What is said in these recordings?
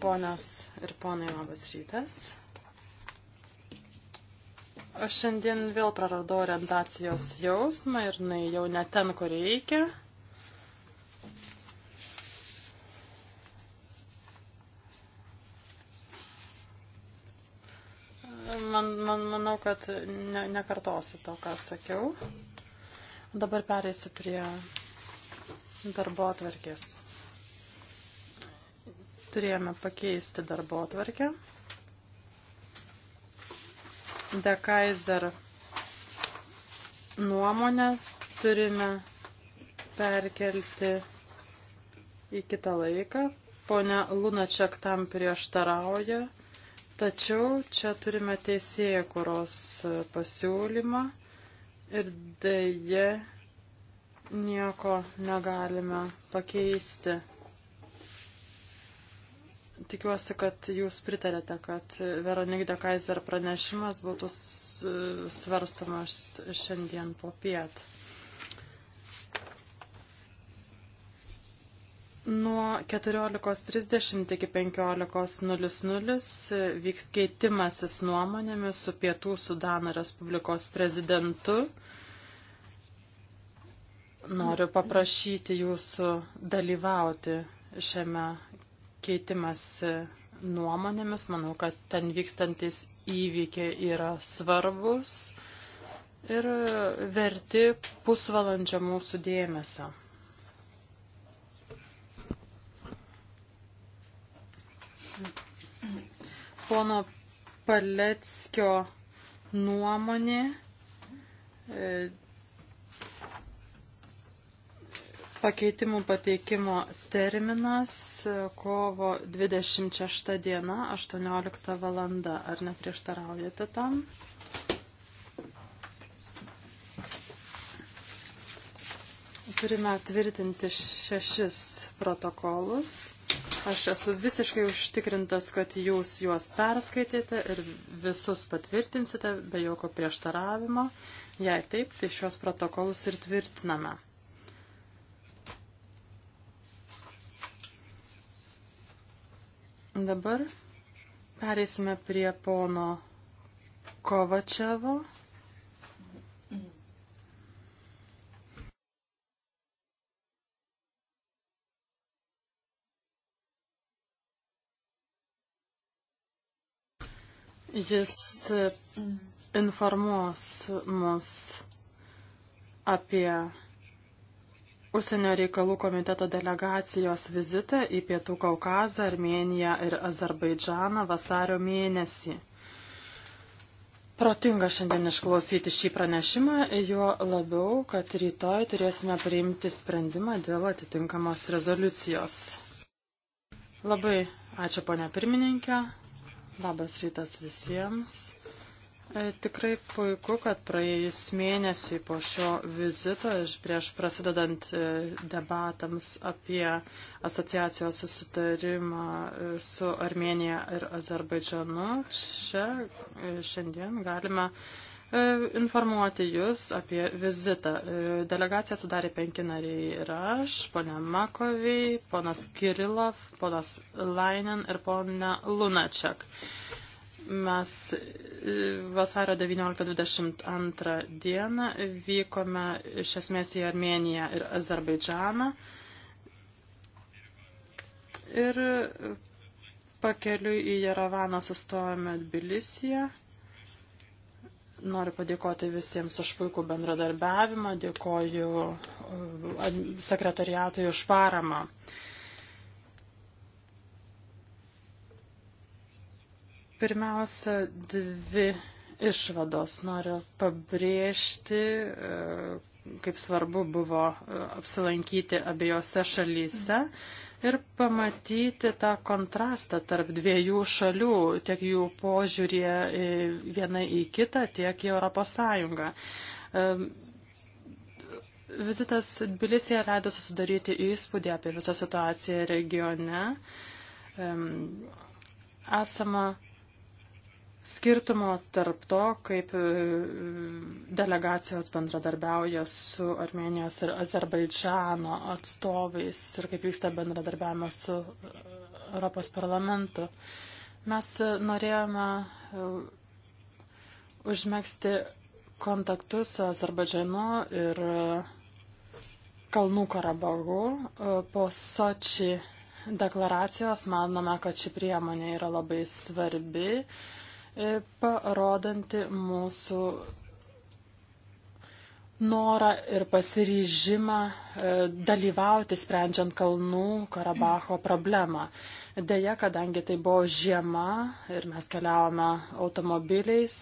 Ponios ir ponai, labas rytas. Aš šiandien vėl praradau orientacijos jausmą ir na, jau ne ten, kur reikia. Man, man, manau, kad ne, nekartosiu to, ką sakiau. Dabar pereisiu prie darbo atvarkės turėjome pakeisti darbo atvarkę. De Kaiser nuomonę turime perkelti į kitą laiką. Pone Lunačiak tam prieštarauja, tačiau čia turime teisėjų kuros pasiūlymą ir dėje nieko negalime pakeisti. Tikiuosi, kad jūs pritarėte, kad Veronik de Kaiser pranešimas būtų svarstamas šiandien po piet. Nuo 14.30 iki 15.00 vyks keitimasis nuomonėmis su Pietų Sudano Respublikos prezidentu. Noriu paprašyti jūsų dalyvauti šiame keitimas e, nuomonėmis. Manau, kad ten vykstantis įvykiai yra svarbus ir e, verti pusvalandžio mūsų dėmesio. Pono Paleckio nuomonė e, Pakeitimų pateikimo terminas e, kovo 26 diena, 18 valanda. Ar neprieštaraujate tam? Turime tvirtinti šešis protokolus. Aš esu visiškai užtikrintas, kad jūs juos perskaitėte ir visus patvirtinsite be jokio prieštaravimo. Jei taip, tai šios protokolus ir tvirtiname. Dabar pereisime prie pono Kovačevo. Jis informuos mus apie Užsienio reikalų komiteto delegacijos vizitą į Pietų Kaukazą, Armeniją ir Azerbaidžaną vasario mėnesį. Protinga šiandien išklausyti šį pranešimą, juo labiau, kad rytoj turėsime priimti sprendimą dėl atitinkamos rezoliucijos. Labai ačiū, ponia pirmininkė. Labas rytas visiems. E, tikrai puiku, kad praėjus mėnesį po šio vizito, prieš prasidedant e, debatams apie asociacijos susitarimą e, su Armenija ir Azerbaidžanu, čia šiandien galime informuoti Jūs apie vizitą. Delegaciją sudarė penki nariai ir aš, ponia Makoviai, ponas Kirilov, ponas Lainen ir ponia Lunačiak. Mes e, vasario 19-22 dieną vykome iš esmės į Armeniją ir Azerbaidžaną. Ir pakeliui į Jaravaną sustojome Tbilisiją. Noriu padėkoti visiems už puikų bendradarbiavimą, dėkoju e, sekretariatui už paramą. Uh, Pirmiausia, dvi išvados noriu pabrėžti, e, kaip svarbu buvo e, apsilankyti abiejose šalyse ir pamatyti tą kontrastą tarp dviejų šalių, tiek jų požiūrė viena į kitą, tiek į Europos Sąjungą. E, vizitas Bilisėje leido susidaryti įspūdį apie visą situaciją regione. Esama skirtumo tarp to, kaip e, delegacijos bendradarbiauja su Armenijos ir Azerbaidžano atstovais ir kaip vyksta bendradarbiavimas su e, Europos parlamentu. Mes e, norėjome užmėgsti kontaktus su Azerbaidžanu ir Kalnų Karabagu po Soči deklaracijos. Manome, kad ši priemonė yra labai svarbi. E, parodanti mūsų norą ir pasiryžimą e, dalyvauti sprendžiant Kalnų Karabacho problemą. Deja, kadangi tai buvo žiema ir mes keliavome automobiliais,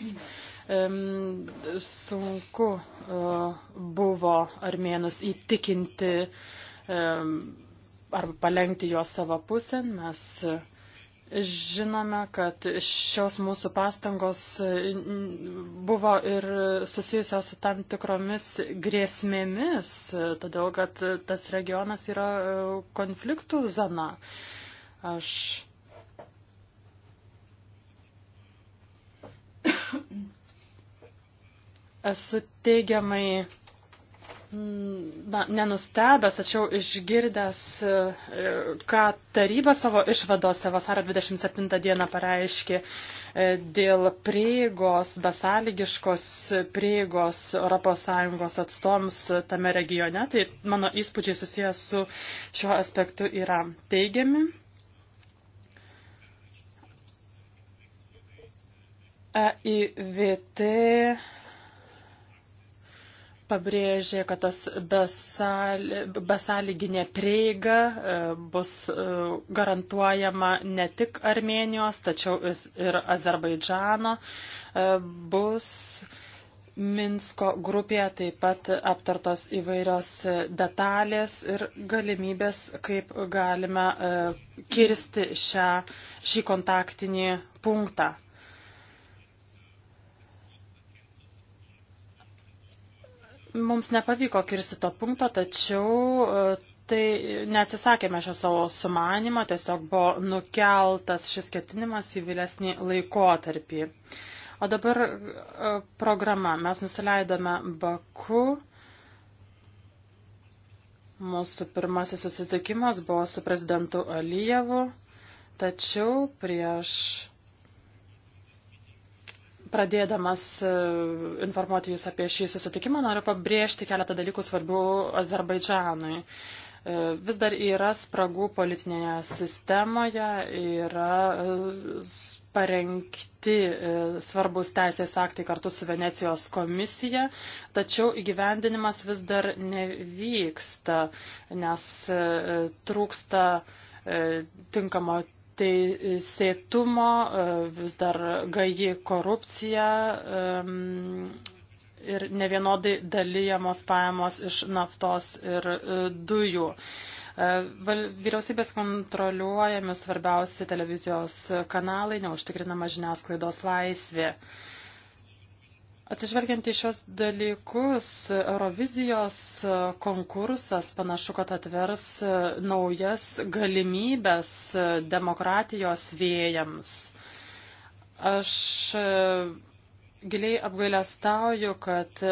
sunku e, buvo armėnus įtikinti arba palengti juos savo pusėn. Mes Žinome, kad šios mūsų pastangos e, buvo ir susijusios su tam tikromis grėsmėmis, e, todėl kad tas regionas yra e, konfliktų zona. Aš esu teigiamai Mm, na, nenustebęs, tačiau išgirdęs, e, ką taryba savo išvadose vasaro 27 dieną pareiškė e, dėl prieigos, besąlygiškos prieigos ES atstovams tame regione, tai mano įspūdžiai susijęs su šiuo aspektu yra teigiami. EIVT pabrėžė, kad tas besąlyginė prieiga e, bus e, garantuojama ne tik Armenijos, tačiau ir Azerbaidžano. E, bus Minsko grupėje taip pat aptartos įvairios detalės ir galimybės, kaip galime kirsti šią, šį kontaktinį punktą. Mums nepavyko kirsti to punkto, tačiau e, tai neatsisakėme šio savo sumanimo, tiesiog buvo nukeltas šis ketinimas į vėlesnį laikotarpį. O dabar e, programa. Mes nusileidome Baku. Mūsų pirmasis susitikimas buvo su prezidentu Alijevu, tačiau prieš Pradėdamas e, informuoti Jūs apie šį susitikimą, noriu pabrėžti keletą dalykų svarbių Azerbaidžanui. E, vis dar yra spragų politinėje sistemoje, yra e, parengti svarbus teisės aktai kartu su Venecijos komisija, tačiau įgyvendinimas vis dar nevyksta, nes trūksta tinkamo teisėtumo, tai, e, vis dar gaji korupcija ir nevienodai dalyjamos pajamos iš naftos ir e, dujų. E, vyriausybės kontroliuojami svarbiausi televizijos kanalai, neužtikrinama žiniasklaidos laisvė. Atsižvelgiant į šios dalykus, Eurovizijos konkursas panašu, kad atvers e, naujas galimybės e, demokratijos vėjams. Aš e, giliai apgailestauju, kad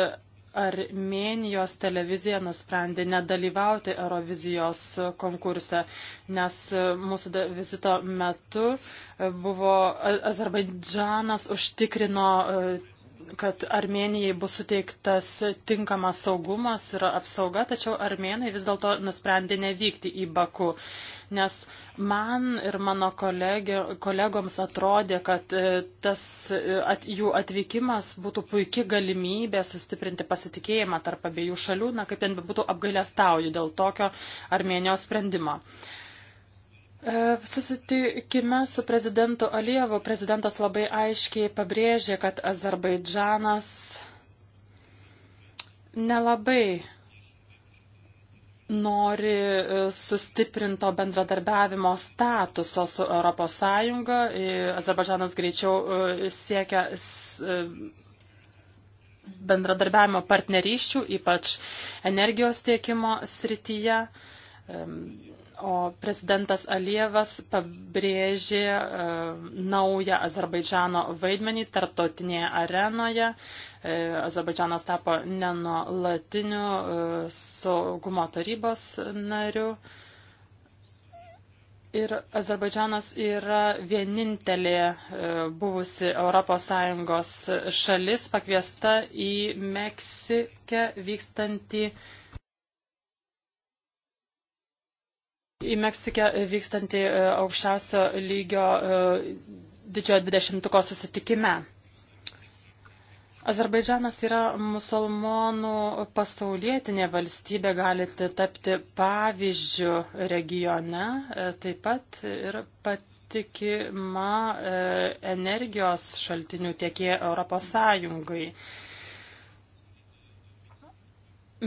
Armenijos televizija nusprendė nedalyvauti Eurovizijos konkurse, nes mūsų vizito metu buvo Azerbaidžanas užtikrino kad Armenijai bus suteiktas tinkamas saugumas ir apsauga, tačiau Armenai vis dėlto nusprendė nevykti į Baku. Nes man ir mano kolegė, kolegoms atrodė, kad e, tas e, at, jų atvykimas būtų puikia galimybė sustiprinti pasitikėjimą tarp abiejų šalių, na kaip ten būtų apgailestauju dėl tokio Armenijos sprendimo. Uh, E, susitikime su prezidentu Alievu prezidentas labai aiškiai pabrėžė, kad Azerbaidžanas nelabai nori e, sustiprinto bendradarbiavimo statuso su ES. E, Azerbaidžanas greičiau siekia bendradarbiavimo partnerysčių, ypač energijos tiekimo srityje O prezidentas Alievas pabrėžė e, naują Azerbaidžiano vaidmenį tarptautinėje arenoje. E, Azerbaidžianas tapo nenolatiniu e, saugumo tarybos nariu. Ir Azerbaidžianas yra vienintelė e, buvusi ES šalis pakviesta į Meksikę vykstantį Į Meksikę vykstantį e, aukščiausio lygio e, didžiojo dvidešimtuko susitikime. Azerbaidžanas yra musulmonų pasaulietinė valstybė, galite tapti pavyzdžių regione, e, taip pat ir patikima energijos šaltinių tiekė Europos Sąjungai.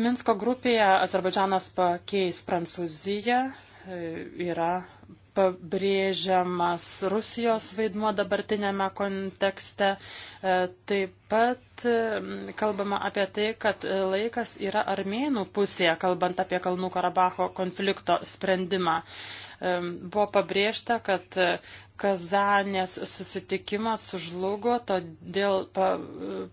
Minsko grupėje Azerbaidžanas pakeis Prancūziją, yra pabrėžiamas Rusijos vaidmuo dabartinėme kontekste. E, taip pat kalbama apie tai, kad laikas yra armėnų pusėje, kalbant apie Kalnų Karabacho konflikto sprendimą. E, buvo pabrėžta, kad Kazanės susitikimas sužlugo, todėl pa,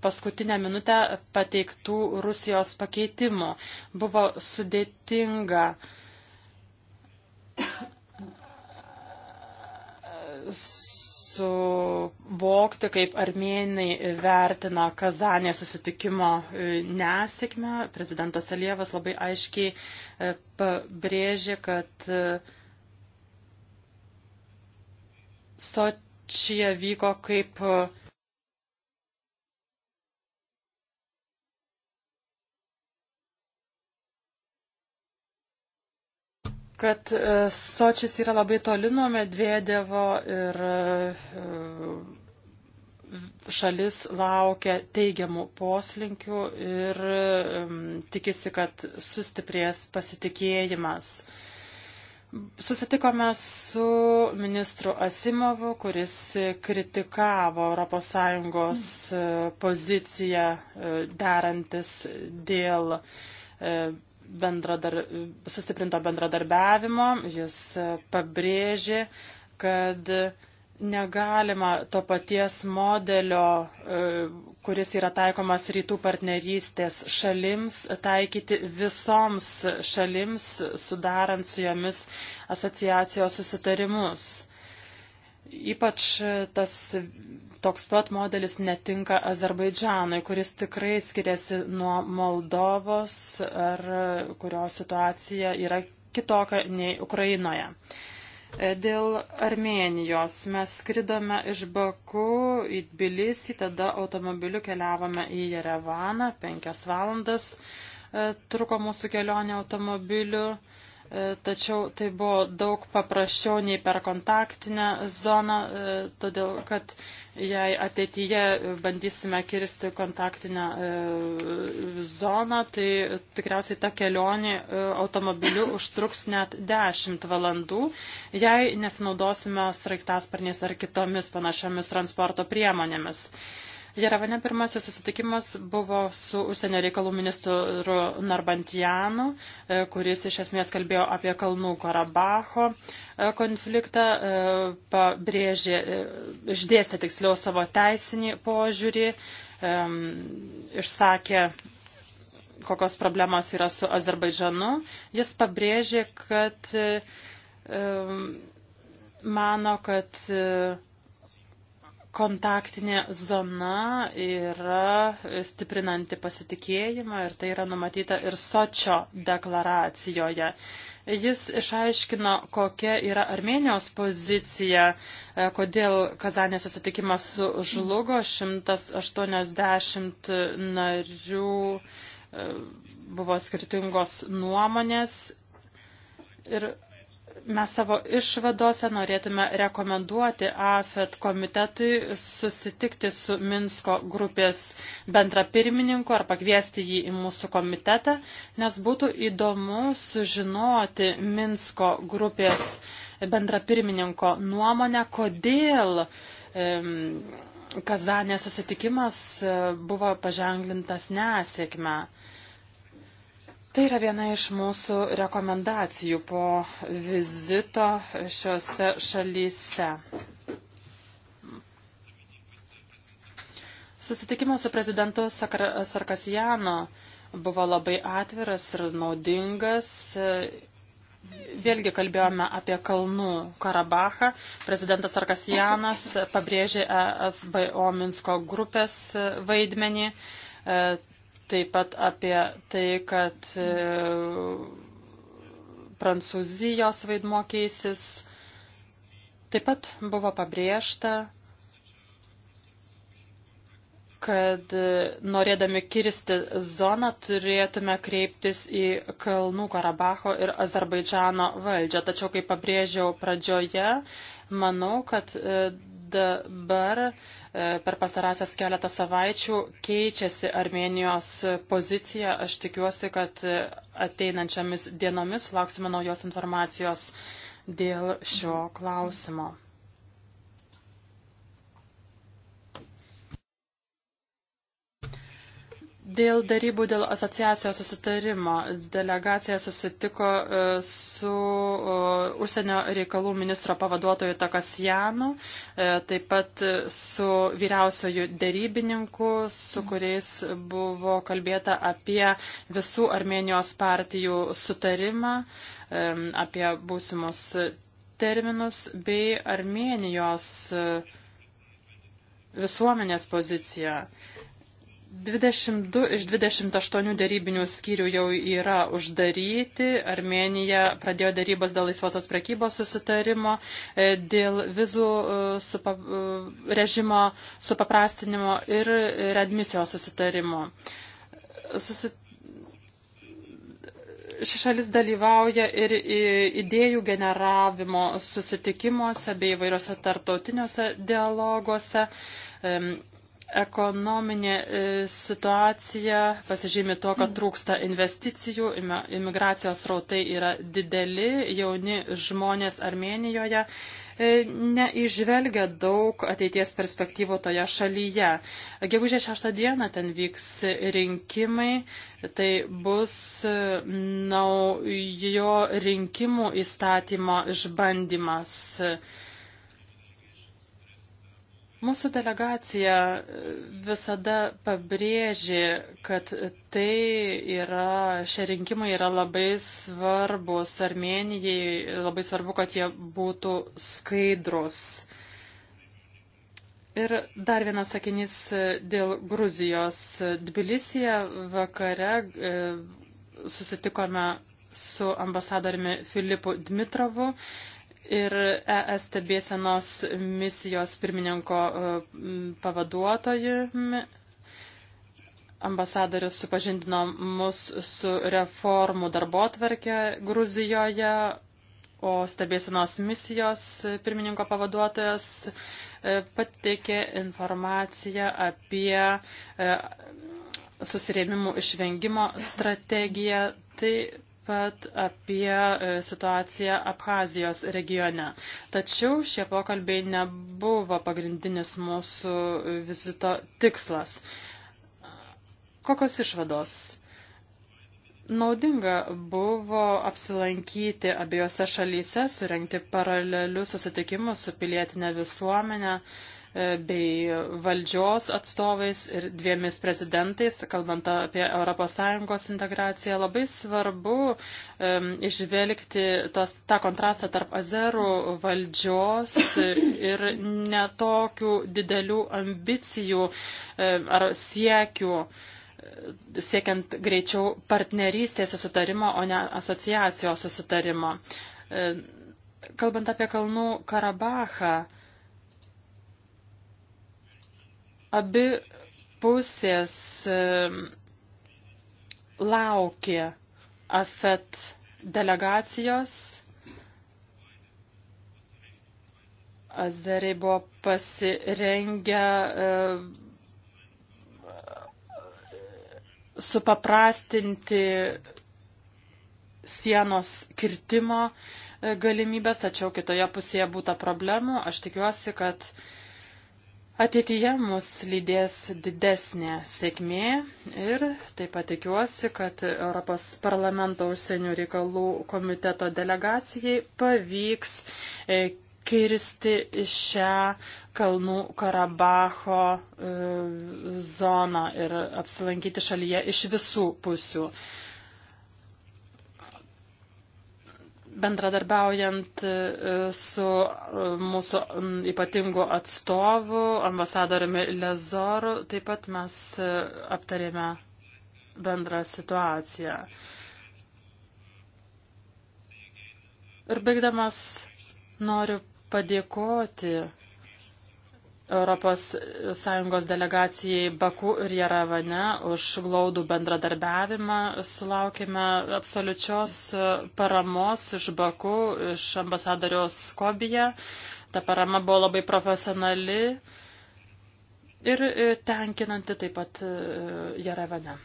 paskutinę minutę pateiktų Rusijos pakeitimų buvo sudėtinga uh, suvokti, kaip armėnai vertina Kazanė susitikimo e, nesėkmę. Prezidentas Alievas labai aiškiai e, pabrėžė, kad e, Sočija vyko kaip kad e, Sočis yra labai toli nuo Medvedevo ir e, šalis laukia teigiamų poslinkių ir tikisi, kad sustiprės pasitikėjimas. Susitikome su ministru Asimovu, kuris kritikavo ES e, poziciją derantis dėl bendradar, sustiprinto bendradarbiavimo. Jis pabrėžė, kad negalima to paties modelio, e, kuris yra taikomas rytų partnerystės šalims, taikyti visoms šalims, sudarant su jomis asociacijos susitarimus. Ypač tas toks pat modelis netinka Azerbaidžanui, kuris tikrai skiriasi nuo Moldovos ar kurio situacija yra kitokia nei Ukrainoje. E, dėl Armenijos mes skridome iš Baku į Tbilisį, tada automobiliu keliavome į Jerevaną, penkias valandas e, truko mūsų kelionė automobiliu. E, tačiau tai buvo daug paprasčiau nei per kontaktinę zoną, e, todėl kad jei ateityje bandysime kirsti kontaktinę e, zoną, tai tikriausiai ta kelionė automobiliu užtruks net 10 valandų, jei nesinaudosime straiktasparniais ar kitomis panašiomis transporto priemonėmis. Jeravane pirmasis susitikimas buvo su užsienio reikalų ministru Narbantijanu, e, kuris iš esmės kalbėjo apie Kalnų Karabaho e, konfliktą, e, pabrėžė, išdėstė tiksliau savo teisinį požiūrį, išsakė kokios problemos yra su Azerbaidžanu. Jis pabrėžė, kad mano, kad kontaktinė zona yra stiprinanti pasitikėjimą ir tai yra numatyta ir Sočio deklaracijoje. Jis išaiškino, kokia yra Armenijos pozicija, e, kodėl Kazanės susitikimas žlugo, 180 narių e, buvo skirtingos nuomonės ir Mes savo išvadose norėtume rekomenduoti AFET komitetui susitikti su Minsko grupės bendrapirmininku ar pakviesti jį į mūsų komitetą, nes būtų įdomu sužinoti Minsko grupės bendrapirmininko nuomonę, kodėl um, Kazanės susitikimas e, buvo paženklintas nesėkme. Uh, Tai yra viena iš mūsų rekomendacijų po vizito šiuose šalyse. Susitikimas su prezidentu Sarkasijano buvo labai atviras ir naudingas. Vėlgi kalbėjome apie kalnų Karabachą. Prezidentas Sarkasijanas pabrėžė e SBO Minsko grupės vaidmenį e, taip pat apie tai, kad e, Prancūzijos vaidmo keisis. Taip pat buvo pabrėžta, kad e, norėdami kirsti zoną turėtume kreiptis į Kalnų Karabacho ir Azerbaidžano valdžią. Tačiau, kaip pabrėžiau pradžioje, manau, kad e, dabar E, per pastarąsias keletą savaičių keičiasi Armenijos pozicija. Aš tikiuosi, kad e, ateinančiamis dienomis sulauksime naujos informacijos dėl šio klausimo. Dėl darybų dėl asociacijos susitarimo delegacija susitiko e, su e, užsienio reikalų ministro pavaduotoju Takasjanu, e, taip pat su vyriausioju darybininku, su kuriais buvo kalbėta apie visų Armenijos partijų sutarimą, apie būsimus terminus bei Armenijos visuomenės poziciją. 22 iš 28 dėrybinių skyrių jau yra uždaryti. Armenija pradėjo dėrybas dėl laisvosios prekybos susitarimo, e, dėl vizų e, supa, e, režimo supaprastinimo ir readmisijos susitarimo. Susit... Ši šalis dalyvauja ir idėjų generavimo susitikimuose bei vairiuose tarptautiniuose dialoguose Ekonominė e, situacija pasižymi tuo, kad trūksta investicijų, imigracijos rautai yra dideli, jauni žmonės Armenijoje e, neižvelgia daug ateities perspektyvų toje šalyje. Gegužė 6 dieną ten vyks rinkimai, tai bus e, naujo rinkimų įstatymo išbandymas. Mūsų delegacija e, visada pabrėžė, kad tai yra, šie rinkimai yra labai svarbus Armenijai, labai svarbu, kad jie būtų skaidrus. Ir dar vienas sakinys e, dėl Gruzijos. Dbilisija vakare e, susitikome su ambasadoriumi Filipu Dmitrovu ir ES stebėsenos misijos pirmininko e, pavaduotojumi. Ambasadorius supažindino mus su reformų darbotvarkė Gruzijoje, o stebėsenos misijos pirmininko pavaduotojas e, pateikė informaciją apie e, susirėmimų išvengimo strategiją. Tai pat apie e, situaciją Abhazijos regione. Tačiau šie pokalbiai nebuvo pagrindinis mūsų vizito tikslas. Kokios išvados? Naudinga buvo apsilankyti abiejose šalyse, surenkti paralelius susitikimus su pilietinė visuomenė, uh, E, bei valdžios atstovais ir dviemis prezidentais, kalbant apie ES integraciją, labai svarbu um, išvelgti tos, tą kontrastą tarp azerų valdžios ir netokių didelių ambicijų um, ar siekių siekiant greičiau partnerystės susitarimo, o ne asociacijos susitarimo. Kalbant apie Kalnų Karabachą, Abi pusės laukė AFET delegacijos. Azeriai buvo pasirengę supaprastinti sienos kirtimo e, galimybės, tačiau kitoje pusėje būta problemų. Aš tikiuosi, kad uh, Ateityje mus lydės didesnė sėkmė ir taip pat tikiuosi, kad Europos parlamento užsienio reikalų komiteto delegacijai pavyks e, kirsti šią Kalnų Karabacho e, zoną ir apsilankyti šalyje iš visų pusių. bendradarbiaujant e, su e, mūsų ypatingu atstovu, ambasadoriumi Lezoru, taip pat mes e, aptarėme bendrą situaciją. Ir baigdamas noriu padėkoti ES delegacijai Baku ir Jaravane už glaudų bendradarbiavimą. Sulaukime absoliučios paramos iš Baku, iš ambasadoriaus Skobija. Ta parama buvo labai profesionali ir tenkinanti taip pat e, Jaravane.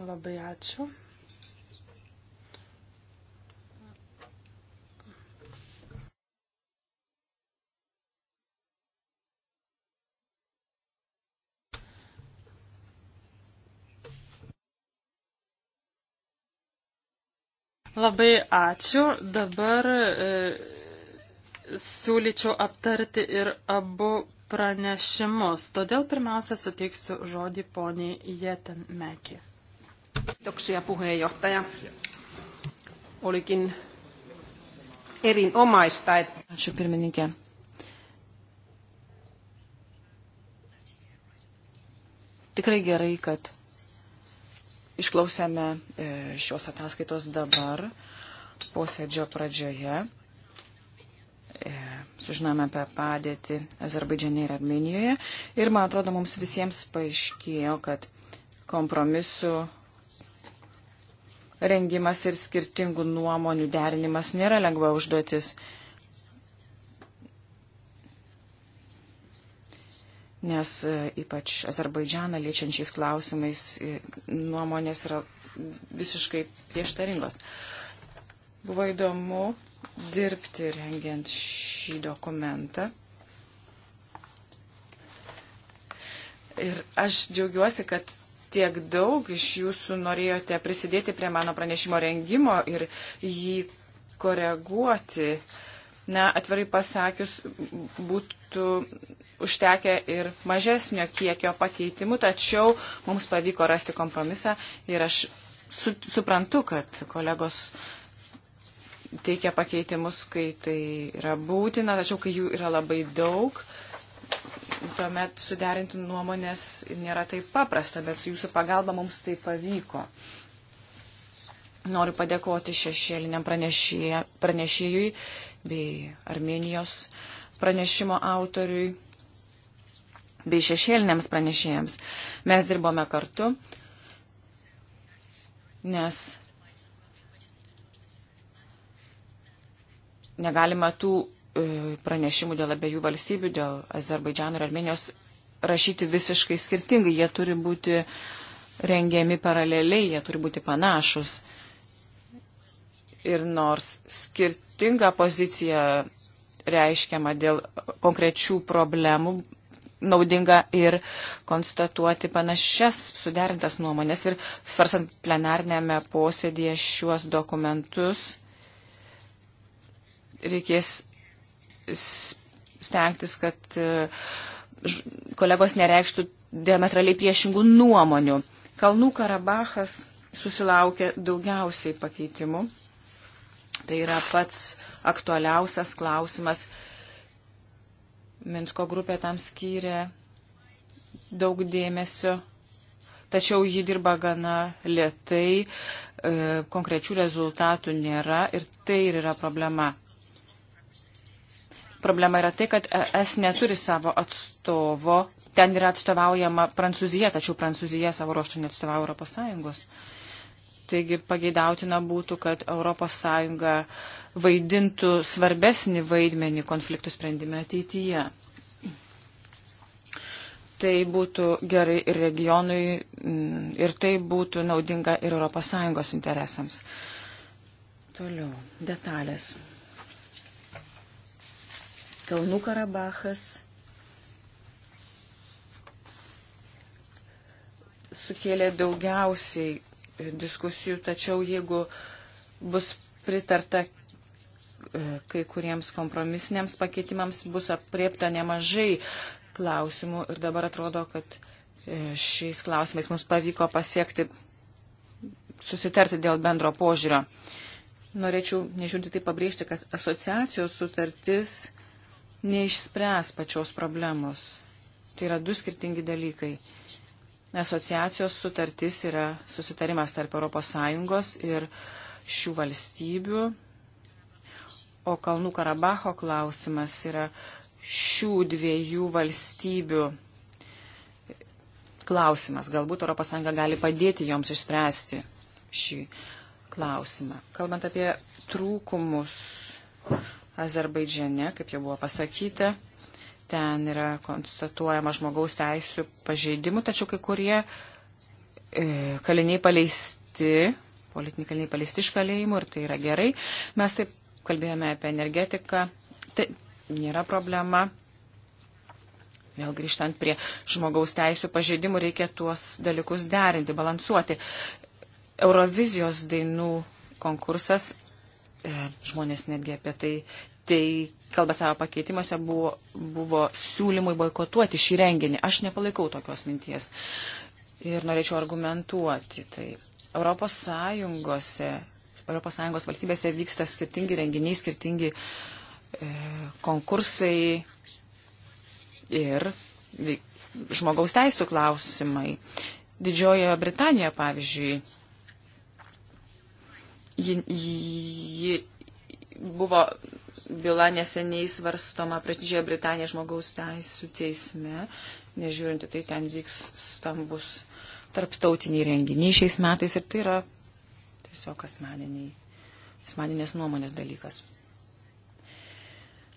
Labai ačiū. Labai ačiū. Dabar e, siūlyčiau aptarti ir abu pranešimus. Todėl pirmiausia suteiksiu žodį poniai Jeten Meki. Kiitoksia puheenjohtaja. Olikin erinomaista. Et... Ačiū pirmininkė. Tikrai gerai, kad Išklausėme e, šios ataskaitos dabar, posėdžio pradžioje. E, Sužinome apie padėtį Azerbaidžiane ir Armenijoje. Ir, man atrodo, mums visiems paaiškėjo, kad kompromisų rengimas ir skirtingų nuomonių derinimas nėra lengva užduotis. nes e, ypač Azerbaidžianą liečiančiais klausimais e, nuomonės yra visiškai prieštaringos. Buvo įdomu dirbti rengiant šį dokumentą. Ir aš džiaugiuosi, kad tiek daug iš jūsų norėjote prisidėti prie mano pranešimo rengimo ir jį koreguoti. Na, atvirai pasakius, būt, būtų užtekę ir mažesnio kiekio pakeitimų, tačiau mums pavyko rasti kompromisą ir aš su, suprantu, kad kolegos teikia pakeitimus, kai tai yra būtina, tačiau kai jų yra labai daug, tuomet suderinti nuomonės nėra taip paprasta, bet su jūsų pagalba mums tai pavyko. Noriu padėkoti šešėliniam pranešėjui bei Armenijos uh, pranešimo autoriui bei šešėliniams pranešėjams. Mes dirbome kartu, nes negalima tų e, pranešimų dėl abiejų valstybių, dėl Azerbaidžiano ir Armenijos rašyti visiškai skirtingai. Jie turi būti rengiami paraleliai, jie turi būti panašus. Ir nors skirtinga pozicija reiškiama dėl konkrečių problemų, naudinga ir konstatuoti panašias suderintas nuomonės ir svarsant plenarnėme posėdėje šiuos dokumentus reikės stengtis, kad e, kolegos nereikštų diametraliai priešingų nuomonių. Kalnų Karabachas susilaukė daugiausiai pakeitimų. Tai yra pats aktualiausias klausimas. Minsko grupė tam skyrė daug dėmesio, tačiau ji dirba gana lietai, e, konkrečių rezultatų nėra ir tai ir yra problema. Problema yra tai, kad ES neturi savo atstovo, ten yra atstovaujama Prancūzija, tačiau Prancūzija savo ruoštų neatstovauja Europos Sąjungos. E, Taigi pageidautina būtų, kad ES vaidintų svarbesnį vaidmenį konfliktų sprendime ateityje. Tai būtų gerai ir regionui, mm, ir tai būtų naudinga ir ES interesams. Toliau, detalės. Kalnų Karabachas sukėlė daugiausiai diskusijų, tačiau jeigu bus pritarta e, kai kuriems kompromisiniams pakeitimams, bus apriepta nemažai klausimų ir dabar atrodo, kad e, šiais klausimais mums pavyko pasiekti, susitarti dėl bendro požiūrio. Norėčiau, nežiūrint, tai pabrėžti, kad asociacijos sutartis neišspręs pačios problemos. Tai yra du skirtingi dalykai. Asociacijos sutartis yra susitarimas tarp ES ir šių valstybių, o Kalnų Karabaho klausimas yra šių dviejų valstybių klausimas. Galbūt ES gali padėti joms išspręsti šį klausimą. Kalbant apie trūkumus Azerbaidžiane, kaip jau buvo pasakyta, Ten yra konstatuojama žmogaus teisų pažeidimų, tačiau kai kurie e, kaliniai paleisti, politiniai kaliniai paleisti iš kalėjimų ir tai yra gerai. Mes taip kalbėjome apie energetiką. Tai nėra problema. Vėl grįžtant prie žmogaus teisų pažeidimų, reikia tuos dalykus derinti, balansuoti. Eurovizijos dainų konkursas, e, žmonės netgi apie tai tai kalba savo pakeitimuose buvo, buvo siūlymui boikotuoti šį renginį. Aš nepalaikau tokios minties ir norėčiau argumentuoti. Tai Europos Sąjungose, Europos Sąjungos valstybėse vyksta skirtingi renginiai, skirtingi e, konkursai ir žmogaus teisų klausimai. Didžiojoje Britanijoje, pavyzdžiui, ji, ji buvo byla neseniai svarstoma prieš Didžiąją Britaniją žmogaus teisų teisme. Nežiūrinti, tai ten vyks stambus tarptautiniai renginiai šiais metais ir tai yra tiesiog asmeniniai, asmeninės nuomonės dalykas.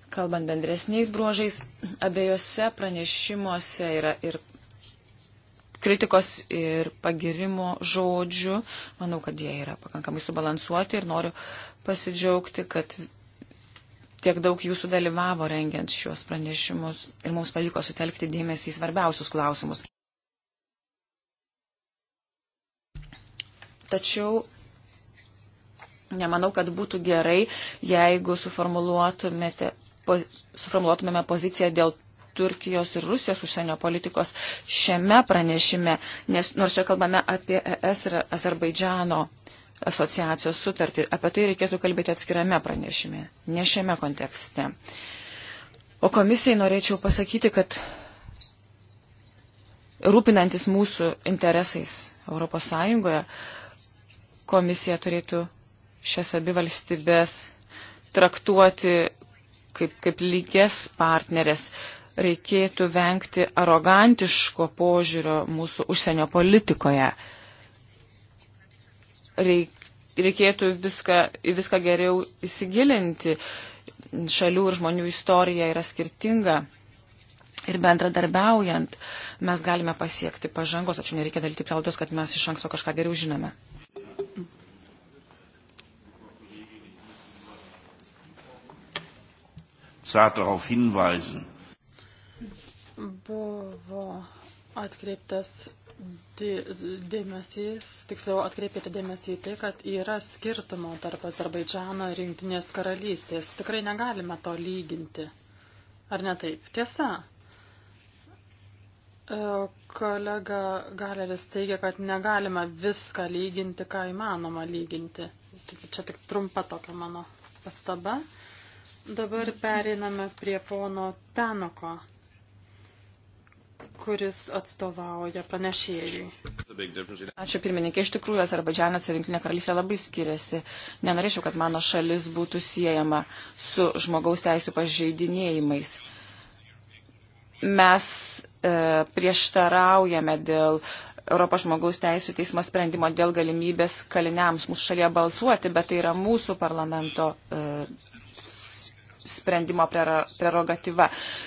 Kalbant bendresniais bruožais, abiejose pranešimuose yra ir kritikos ir pagirimo žodžių. Manau, kad jie yra pakankamai subalansuoti ir noriu pasidžiaugti, kad tiek daug jūsų dalyvavo rengiant šiuos pranešimus ir mums pavyko sutelkti dėmesį į svarbiausius klausimus. Tačiau nemanau, kad būtų gerai, jeigu suformuluotumėme poziciją dėl Turkijos ir Rusijos užsienio politikos šiame pranešime, nes nors čia kalbame apie ES ir Azerbaidžiano uh, asociacijos sutartį. Apie tai reikėtų kalbėti atskirame pranešime, ne šiame kontekste. O komisijai norėčiau pasakyti, kad rūpinantis mūsų interesais Europos Sąjungoje, komisija turėtų šias abi valstybės traktuoti kaip, kaip lygias partnerės. Reikėtų vengti arogantiško požiūrio mūsų užsienio politikoje reik, reikėtų viską, viską geriau įsigilinti. Šalių ir žmonių istorija yra skirtinga. Ir bendradarbiaujant mes galime pasiekti pažangos, tačiau nereikia daryti prielaidos, kad mes iš anksto kažką geriau žinome. zart darauf hinweisen. Buvo atkreiptas dėmesys, tiksliau atkreipėte dėmesį į tai, kad yra skirtumo tarp Azerbaidžano ir Junktinės karalystės. Tikrai negalime to lyginti. Ar ne taip? Tiesa. E, kolega Galeris teigia, kad negalima viską lyginti, ką įmanoma lyginti. Čia tik trumpa tokia mano pastaba. Dabar pereiname prie pono Tenoko kuris atstovauja pranešėjui. Ačiū pirmininkė, iš tikrųjų Azerbaidžianas ir Rinktinė karalystė labai skiriasi. Nenorėčiau, kad mano šalis būtų siejama su žmogaus teisų pažeidinėjimais. Mes e, prieštaraujame dėl Europos žmogaus teisų teismo sprendimo dėl galimybės kaliniams mūsų šalyje balsuoti, bet tai yra mūsų parlamento e, sprendimo prerogatyva.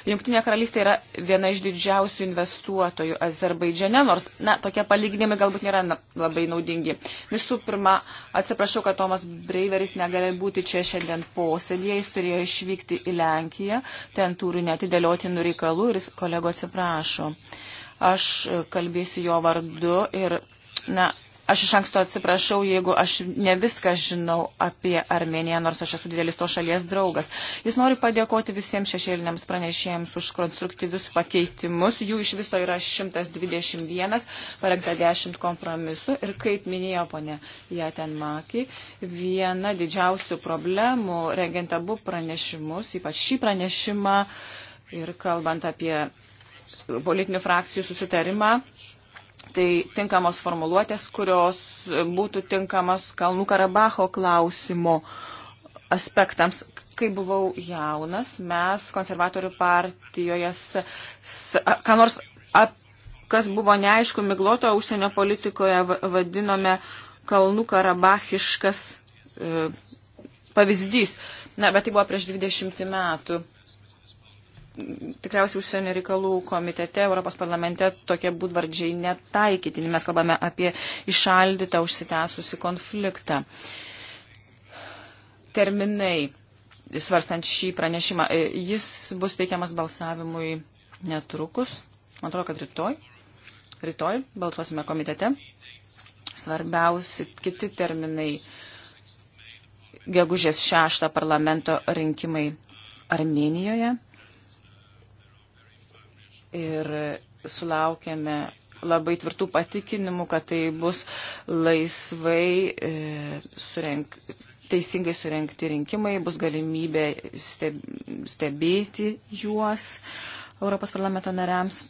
Junktinė karalystė yra viena iš didžiausių investuotojų Azerbaidžiane, nors, na, tokie palyginimai galbūt nėra na, labai naudingi. Visų pirma, atsiprašau, kad Tomas Breiveris negali būti čia šiandien posėdėje, jis turėjo išvykti į Lenkiją, ten turi netidėliotinų reikalų ir jis kolego atsiprašo. Aš kalbėsiu jo vardu ir, na, Aš iš anksto atsiprašau, jeigu aš ne viską žinau apie Armeniją, nors aš esu didelis to šalies draugas. Jis nori padėkoti visiems šešėliniams pranešėjams už konstruktyvius pakeitimus. Jų iš viso yra 121, parengta 10 kompromisų. Ir kaip minėjo ponė Jatenmaki, viena didžiausių problemų rengiant abu pranešimus, ypač šį pranešimą ir kalbant apie politinių frakcijų susitarimą, Tai tinkamos formuluotės, kurios būtų tinkamos Kalnų Karabacho klausimo aspektams. Kai buvau jaunas, mes konservatorių partijoje, ką nors, ap, kas buvo neaišku, migloto užsienio politikoje vadinome Kalnų Karabachiškas e, pavyzdys. Na, bet tai buvo prieš 20 metų tikriausiai užsienio reikalų komitete, Europos parlamente tokie būdvardžiai netaikytini. Mes kalbame apie išaldytą, užsitęsusi konfliktą. Terminai, svarstant šį pranešimą, e, jis bus teikiamas balsavimui netrukus. Man atrodo, kad rytoj. Rytoj balsuosime komitete. Svarbiausi kiti terminai. Gegužės šeštą parlamento rinkimai Armenijoje ir sulaukėme labai tvirtų patikinimų, kad tai bus laisvai e, surenk, teisingai surenkti rinkimai, bus galimybė steb, stebėti juos Europos parlamento nariams.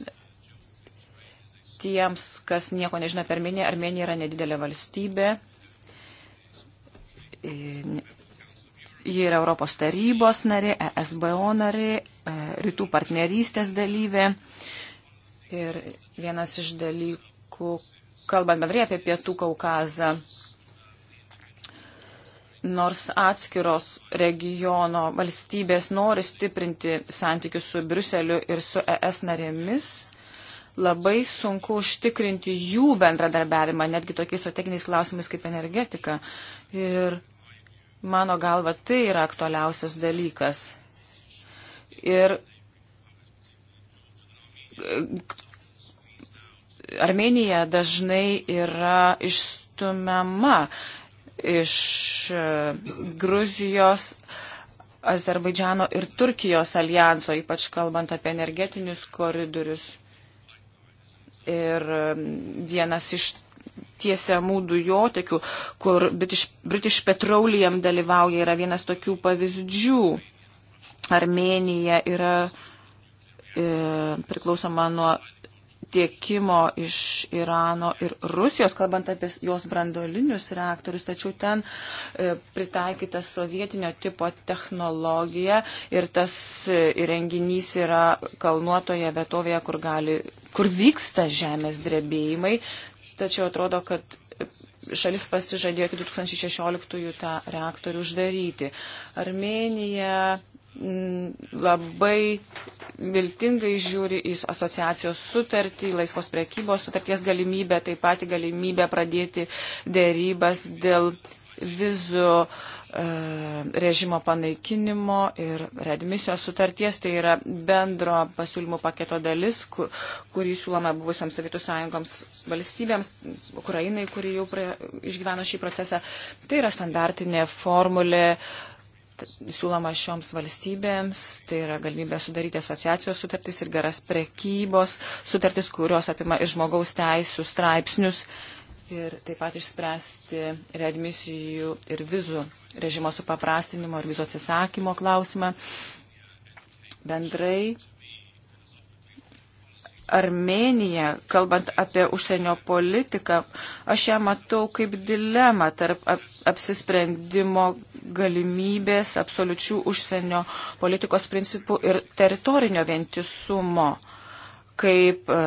Tiems, kas nieko nežino apie Armeniją, Armenija yra nedidelė valstybė. E, Ji yra Europos tarybos narė, ESBO narė, e, rytų partnerystės dalyvė. Ir vienas iš dalykų, kalbant bendrai apie Pietų Kaukazą, nors atskiros regiono valstybės nori stiprinti santykius su Briuseliu ir su ES narėmis, labai sunku užtikrinti jų bendradarbiavimą, netgi tokiais strateginiais klausimais kaip energetika. Ir Mano galva, tai yra aktualiausias dalykas. Ir Armenija dažnai yra išstumiama iš e, Gruzijos, Azerbaidžiano ir Turkijos alijanso, ypač kalbant apie energetinius koridorius. Ir e, vienas iš tiesiamų dujotekių, kur British, British Petroleum dalyvauja, yra vienas tokių pavyzdžių. Armenija yra e, priklausoma nuo tiekimo iš Irano ir Rusijos, kalbant apie jos brandolinius reaktorius, tačiau ten e, pritaikyta sovietinio tipo technologija ir tas e, įrenginys yra kalnuotoje vietovėje, kur, gali, kur vyksta žemės drebėjimai, tačiau atrodo, kad šalis pasižadėjo iki 2016 tą reaktorių uždaryti. Armenija mm, labai viltingai žiūri į asociacijos sutartį, laisvos priekybos sutarties galimybę, taip pat galimybę pradėti dėrybas dėl vizų uh, E, režimo panaikinimo ir redmisijos sutarties. Tai yra bendro pasiūlymų paketo dalis, kur, kurį siūlome buvusiams Sovietų sąjungoms valstybėms, Ukrainai, kuri jau pra, išgyveno šį procesą. Tai yra standartinė formulė siūloma šioms valstybėms, tai yra galimybė sudaryti asociacijos sutartis ir geras prekybos sutartis, kurios apima ir žmogaus teisų straipsnius ir taip pat išspręsti readmisijų ir vizų režimo supaprastinimo ir vizų atsisakymo klausimą. Bendrai Armenija, kalbant apie užsienio politiką, aš ją matau kaip dilemą tarp ap apsisprendimo galimybės, absoliučių užsienio politikos principų ir teritorinio vientisumo, kaip e,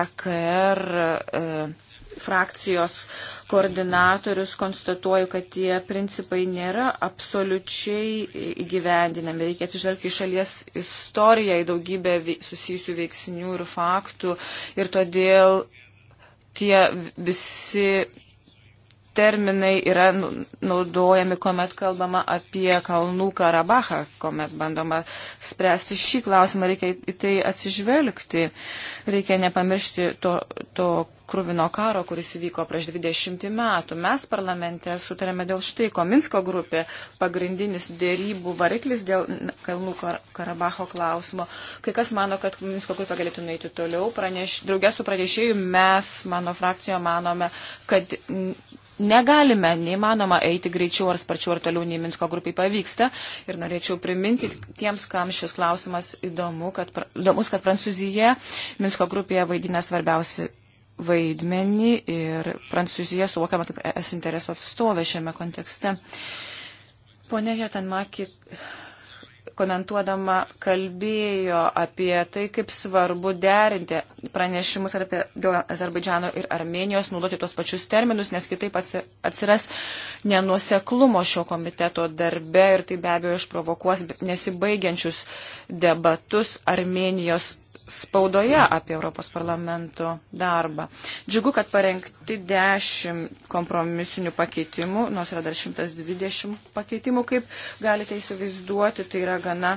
EKR e, frakcijos e, koordinatorius, konstatuoju, kad tie principai nėra absoliučiai įgyvendinami. Reikia atsižvelgti į šalies istoriją, į daugybę susijusių veiksnių ir faktų. Ir todėl tie visi terminai yra nu, naudojami, kuomet kalbama apie Kalnų Karabachą, kuomet bandoma spręsti šį klausimą, reikia į tai atsižvelgti, reikia nepamiršti to, to krūvino karo, kuris vyko prieš 20 metų. Mes parlamente sutarėme dėl štai, ko Minsko grupė pagrindinis dėrybų variklis dėl Kalnų Karabacho klausimo. Kai kas mano, kad Minsko grupė galėtų nueiti toliau, praneš, draugės su pranešėjų mes, mano frakcijoje, manome, kad negalime, neįmanoma eiti greičiau ar sparčiau ar toliau nei Minsko grupiai pavyksta. Ir norėčiau priminti tiems, kam šis klausimas įdomu, kad, įdomus, kad Prancūzija Minsko grupėje vaidina svarbiausi vaidmenį ir Prancūzija suvokiama kaip es interesų atstovė šiame kontekste. Pone Jotanmaki komentuodama kalbėjo apie tai, kaip svarbu derinti pranešimus apie dėl Azerbaidžiano ir Armenijos, naudoti tos pačius terminus, nes kitaip atsiras nenuoseklumo šio komiteto darbe ir tai be abejo išprovokuos nesibaigiančius debatus Armenijos spaudoje apie Europos parlamento darbą. Džiugu, kad parengti 10 kompromisinių pakeitimų, nors yra dar 120 pakeitimų, kaip galite įsivaizduoti, tai yra gana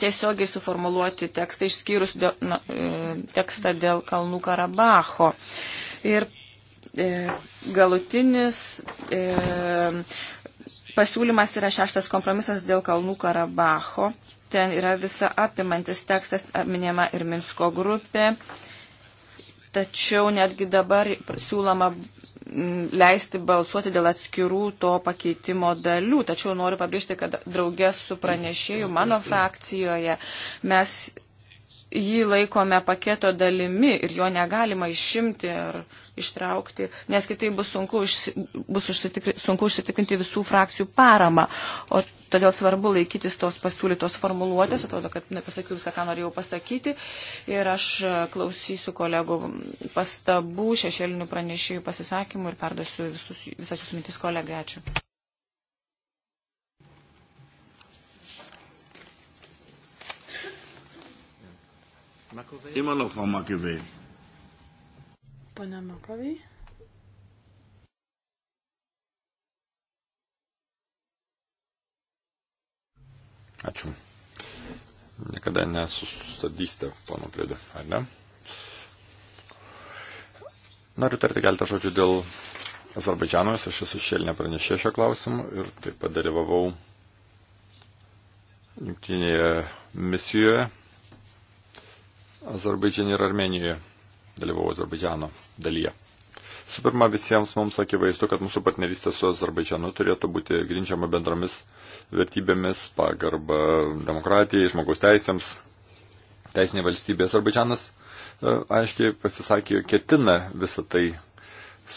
tiesiogiai suformuluoti tekstą, išskyrus dėl, na, e, tekstą dėl Kalnų Karabacho. Ir e, galutinis. E, Pasiūlymas yra šeštas kompromisas dėl Kalnų Karabacho ten yra visa apimantis tekstas, minima ir Minsko grupė, tačiau netgi dabar siūloma leisti balsuoti dėl atskirų to pakeitimo dalių. Tačiau noriu pabrėžti, kad draugė su pranešėju mano frakcijoje mes jį laikome paketo dalimi ir jo negalima išimti. Ir, ištraukti, nes kitaip bus sunku, iš, bus užsitikri, sunku užsitikrinti visų frakcijų paramą. O todėl svarbu laikytis tos pasiūlytos formuluotės, atrodo, kad nepasakiau viską, ką norėjau pasakyti. Ir aš klausysiu kolegų pastabų, šešėlinių pranešėjų pasisakymų ir perduosiu visus, visas jūsų mintis kolegai. Ačiū. Immer noch Frau Makiwey. Pone Makovai. Ačiū. Niekada nesustabdysite, pono Plėdė, ar ne? Noriu tarti keletą žodžių dėl Azerbaidžiano, aš esu šėlinė pranešė šio klausimu ir taip pat dalyvavau jungtinėje misijoje Azerbaidžiane ir Armenijoje dalyvau Azerbaidžiano dalyje. Su pirma, visiems mums akivaizdu, kad mūsų partnerystė su Azerbaidžianu turėtų būti grindžiama bendromis vertybėmis, pagarba demokratijai, žmogaus teisėms, teisinė valstybė. Azerbaidžianas e, aiškiai pasisakė, ketina visą tai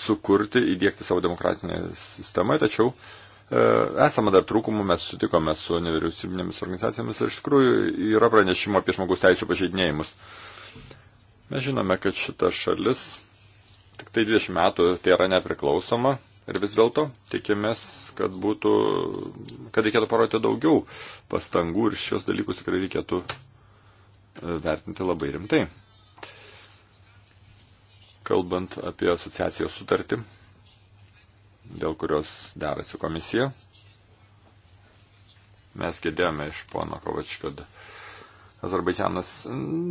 sukurti, įdėkti savo demokratinę sistemą, tačiau e, Esame dar trūkumų, mes sutikome su nevyriausybinėmis organizacijomis ir iš tikrųjų yra pranešimo apie žmogus teisų pažeidinėjimus. Uh, Mes žinome, kad šita šalis tik tai 20 metų tai yra nepriklausoma ir vis dėlto tikimės, kad būtų, kad reikėtų parodyti daugiau pastangų ir šios dalykus tikrai reikėtų e, vertinti labai rimtai. Kalbant apie asociacijos sutartį, dėl kurios derasi komisija, mes girdėjome iš pono Kovač, kad uh, Azerbaidžianas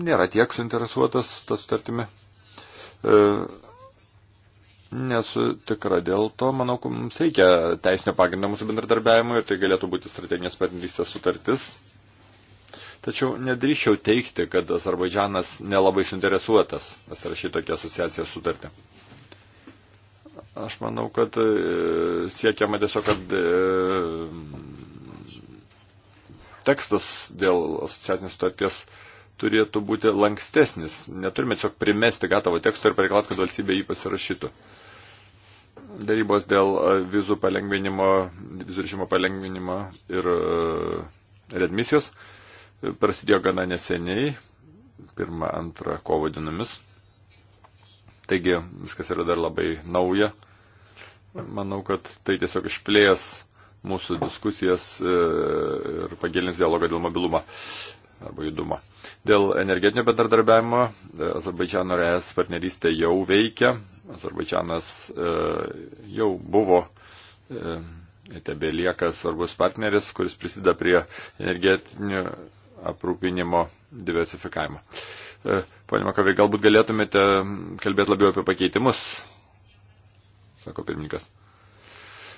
nėra tiek suinteresuotas tą sutartimi. E, nesu tikra dėl to, manau, mums reikia teisinio pagrindo mūsų bendradarbiavimui ir tai galėtų būti strateginės partnerystės sutartis. Tačiau nedrįščiau teikti, kad Azerbaidžianas nelabai suinteresuotas pasirašyti tokią asociacijos sutartį. Aš manau, kad e, siekiama tiesiog, kad e, tekstas dėl asociacinės sutarties turėtų būti lankstesnis. Neturime tiesiog primesti gatavo teksto ir pareikalauti, kad valstybė jį pasirašytų. Darybos dėl e, vizų palengvinimo, vizų režimo palengvinimo ir e, redmisijos e, prasidėjo gana neseniai, pirmą, antrą kovo dienomis. Taigi viskas yra dar labai nauja. Manau, kad tai tiesiog išplės mūsų diskusijas e, ir pagilins dialogą dėl mobilumo arba judumo. Dėl energetinio bendradarbiavimo e, Azerbaidžiano ir ES partnerystė jau veikia. Azerbaidžianas e, jau buvo ir tebe lieka svarbus partneris, kuris prisideda prie energetinio aprūpinimo diversifikavimo. Pone Makavai, galbūt galėtumėte kalbėti labiau apie pakeitimus, sako pirmininkas.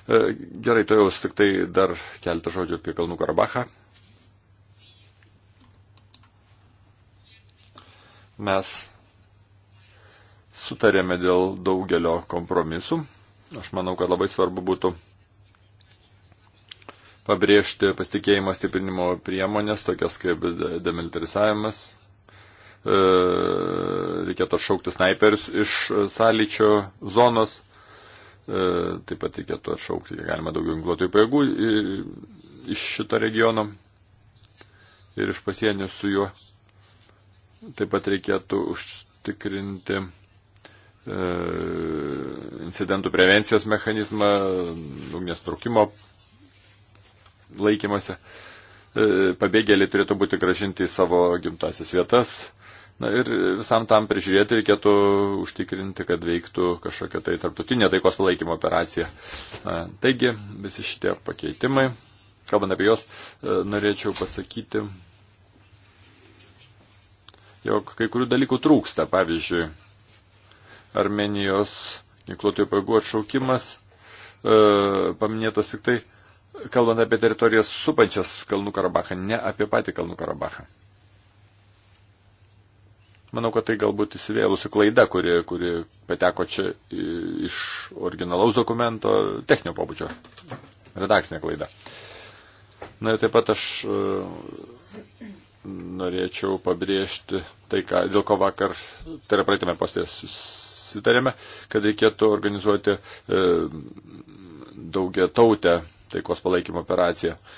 E, gerai, to jau tik tai dar keletą žodžių apie Kalnų Karabachą. Mes sutarėme dėl daugelio kompromisų. Aš manau, kad labai svarbu būtų pabrėžti pasitikėjimo stiprinimo priemonės, tokias kaip demilitarizavimas. E, reikėtų atšaukti snaiperius iš sąlyčio zonos. E, taip pat reikėtų atšaukti, galima daugiau ginkluotojų pajėgų iš šito regiono ir iš pasienio su juo. Taip pat reikėtų užtikrinti e, incidentų prevencijos mechanizmą, ugnies traukimo laikymasi. E, pabėgėliai turėtų būti gražinti į savo gimtasis vietas Na ir visam tam prižiūrėti reikėtų užtikrinti, kad veiktų kažkokia tai tarptautinė taikos palaikymo operacija. Na, taigi, visi šitie pakeitimai, kalbant apie juos, e, norėčiau pasakyti, jog kai kurių dalykų trūksta. Pavyzdžiui, Armenijos ginkluotojų pajėgų atšaukimas e, paminėtas tik tai, kalbant apie teritorijas supančias Kalnų Karabachą, ne apie patį Kalnų Karabachą. Manau, kad tai galbūt įsivėlusi klaida, kuri, kuri pateko čia iš originalaus dokumento techninio pobūdžio. Redakcinė klaida. Na ir taip pat aš e, norėčiau pabrėžti tai, ką, dėl ko vakar, tai yra praeitame postėje susitarėme, kad reikėtų organizuoti e, daugia tautę taikos palaikymo operaciją. E,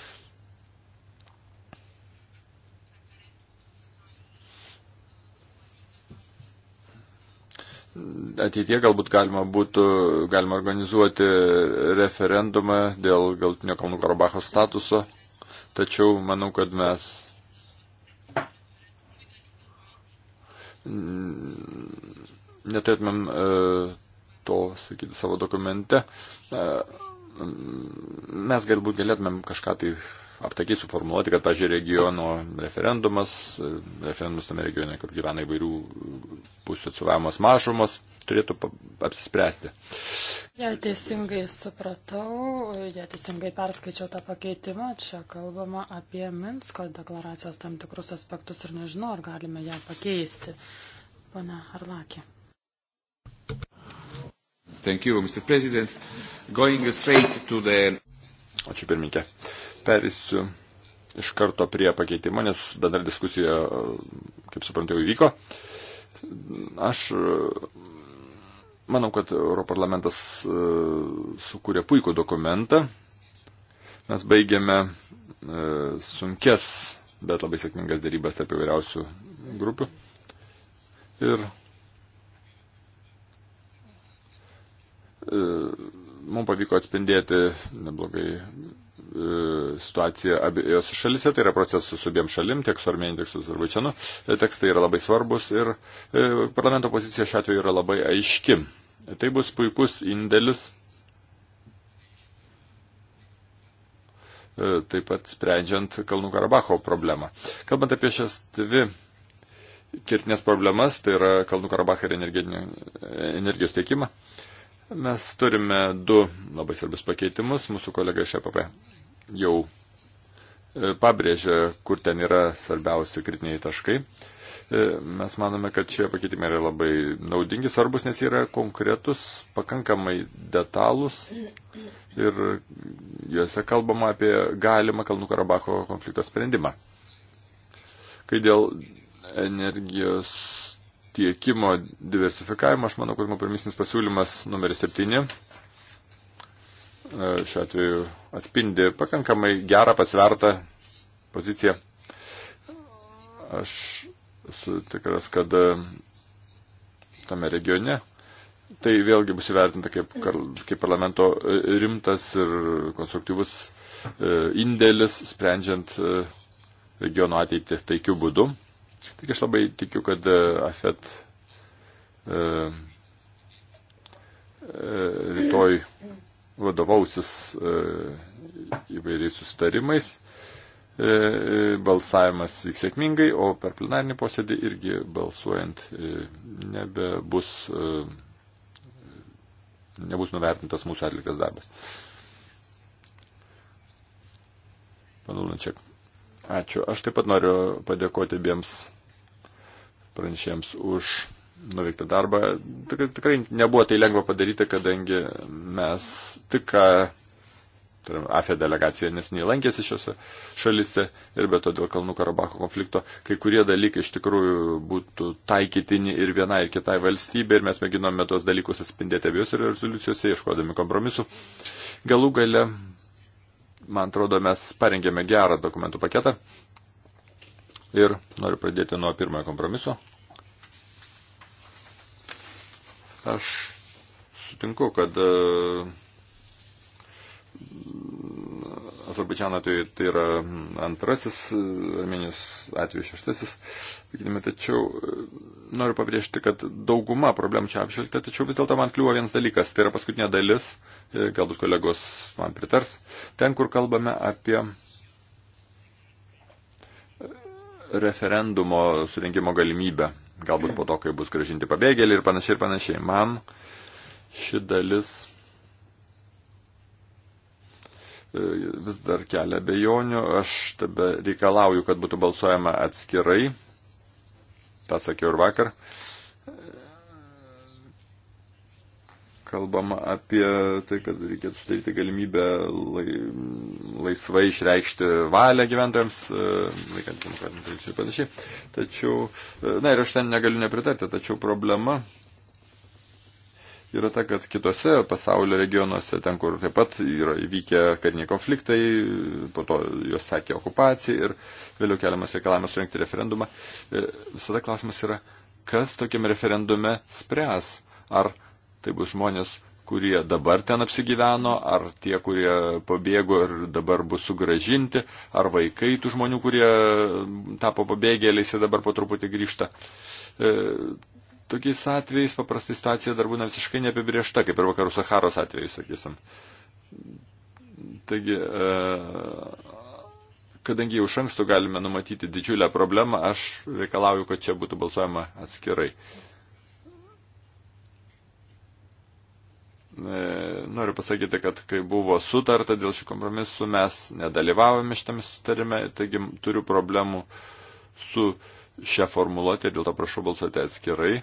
ateitie galbūt galima būtų, galima organizuoti referendumą dėl galtinio Kalnų Karabacho statuso, tačiau manau, kad mes neturėtumėm e, to sakyti savo dokumente. E, mes galbūt galėtumėm kažką tai aptakiai suformuoluoti, kad, pažiūrėjau, regiono referendumas, referendumas tame regione, kur gyvena įvairių pusių atsuvamos mažumos, turėtų apsispręsti. Jei teisingai supratau, jei teisingai perskaičiau tą pakeitimą, čia kalbama apie Minsko deklaracijos tam tikrus aspektus ir nežinau, ar galime ją pakeisti. Pone Arlakė. Thank you, Mr. President. Going straight to the. Ačiū pirmininkė. Uh, perėsiu iš karto prie pakeitimo, nes bendra diskusija, kaip suprantu, jau įvyko. Aš manau, kad Europarlamentas e, sukūrė puikų dokumentą. Mes baigėme e, sunkes, bet labai sėkmingas dėrybas tarp įvairiausių grupių. Ir e, mums pavyko atspindėti neblogai E, situacija abiejose šalise, tai yra procesas su abiem šalim, tiek su Armenija, tiek su Azerbaidžianu. E, tekstai yra labai svarbus ir e, parlamento pozicija šiuo atveju yra labai aiški. Tai bus puikus indėlis taip pat sprendžiant Kalnų Karabacho problemą. Kalbant apie šias dvi kirtinės problemas, tai yra Kalnų Karabachą ir energijos tiekimą, mes turime du labai svarbius pakeitimus. Mūsų kolega iš EPP jau e, pabrėžė, kur ten yra svarbiausi kritiniai taškai. E, mes manome, kad šie pakeitimai yra labai naudingi, svarbus, nes yra konkretus, pakankamai detalus ir juose kalbama apie galimą Kalnų Karabako konflikto sprendimą. Kai dėl energijos tiekimo diversifikavimo, aš manau, kad kompromisinis pasiūlymas numeris 7 E, šiuo atveju atspindi pakankamai gerą pasvertą poziciją. Aš esu tikras, kad e, tame regione tai vėlgi bus įvertinta kaip, kaip parlamento e, rimtas ir konstruktyvus indėlis, sprendžiant regiono ateitį taikių būdų. Tik aš labai tikiu, kad AFET rytoj vadovausis e, įvairiais sustarimais. E, e, balsavimas vyks sėkmingai, o per plenarinį posėdį irgi balsuojant nebebus, nebus nuvertintas mūsų atliktas darbas. Panulunčiak. Ačiū. Aš taip pat noriu padėkoti abiems pranešėjams už nuveiktą darbą. Tikrai, tikrai nebuvo tai lengva padaryti, kadangi mes tik AFE delegacija nesiniai lankėsi šiuose šalise ir be to dėl Kalnų Karabako konflikto kai kurie dalykai iš tikrųjų būtų taikytini ir vienai ir kitai valstybei ir mes mėginome tos dalykus atspindėti abiejose rezoliucijose, ieškodami kompromisų. Galų gale, man atrodo, mes parengėme gerą dokumentų paketą ir noriu pradėti nuo pirmojo kompromiso Aš sutinku, kad e, Azerbaidžiano atveju tai, tai yra antrasis, e, Armenijos atveju šeštasis, sakykime, tačiau e, noriu pabrėžti, kad dauguma problemų čia apžvelgta, tačiau vis dėlto man kliūva vienas dalykas, tai yra paskutinė dalis, galbūt kolegos man pritars, ten, kur kalbame apie referendumo surinkimo galimybę galbūt po to, kai bus gražinti pabėgėliai ir panašiai ir panašiai. Man ši dalis e, vis dar kelia bejonių. Aš tebe reikalauju, kad būtų balsuojama atskirai. Ta sakiau ir vakar. Uh, kalbama apie tai, kad reikėtų sudaryti galimybę lai, laisvai išreikšti valią gyventojams, e, laikant demokratinių tradicijų ir panašiai. Tačiau, e, na ir aš ten negaliu nepritarti, tačiau problema yra ta, kad kitose pasaulio regionuose, ten kur taip pat yra įvykę kariniai konfliktai, po to juos sakė okupacija ir vėliau keliamas reikalavimas surinkti referendumą, e, visada klausimas yra, kas tokiam referendume spręs. Ar uh, Tai bus žmonės, kurie dabar ten apsigyveno, ar tie, kurie pabėgo ir dabar bus sugražinti, ar vaikai tų žmonių, kurie tapo pabėgėliais ir dabar po truputį grįžta. E, tokiais atvejais paprastai situacija dar būna visiškai neapibriešta, kaip ir vakarų Saharos atvejais, sakysim. Taigi, e, kadangi jau iš anksto galime numatyti didžiulę problemą, aš reikalauju, kad čia būtų balsuojama atskirai. E, E, noriu pasakyti, kad kai buvo sutarta dėl šių kompromisų, mes nedalyvavome šitame sutarime, taigi turiu problemų su šią formuluotę, dėl to prašau balsuoti atskirai.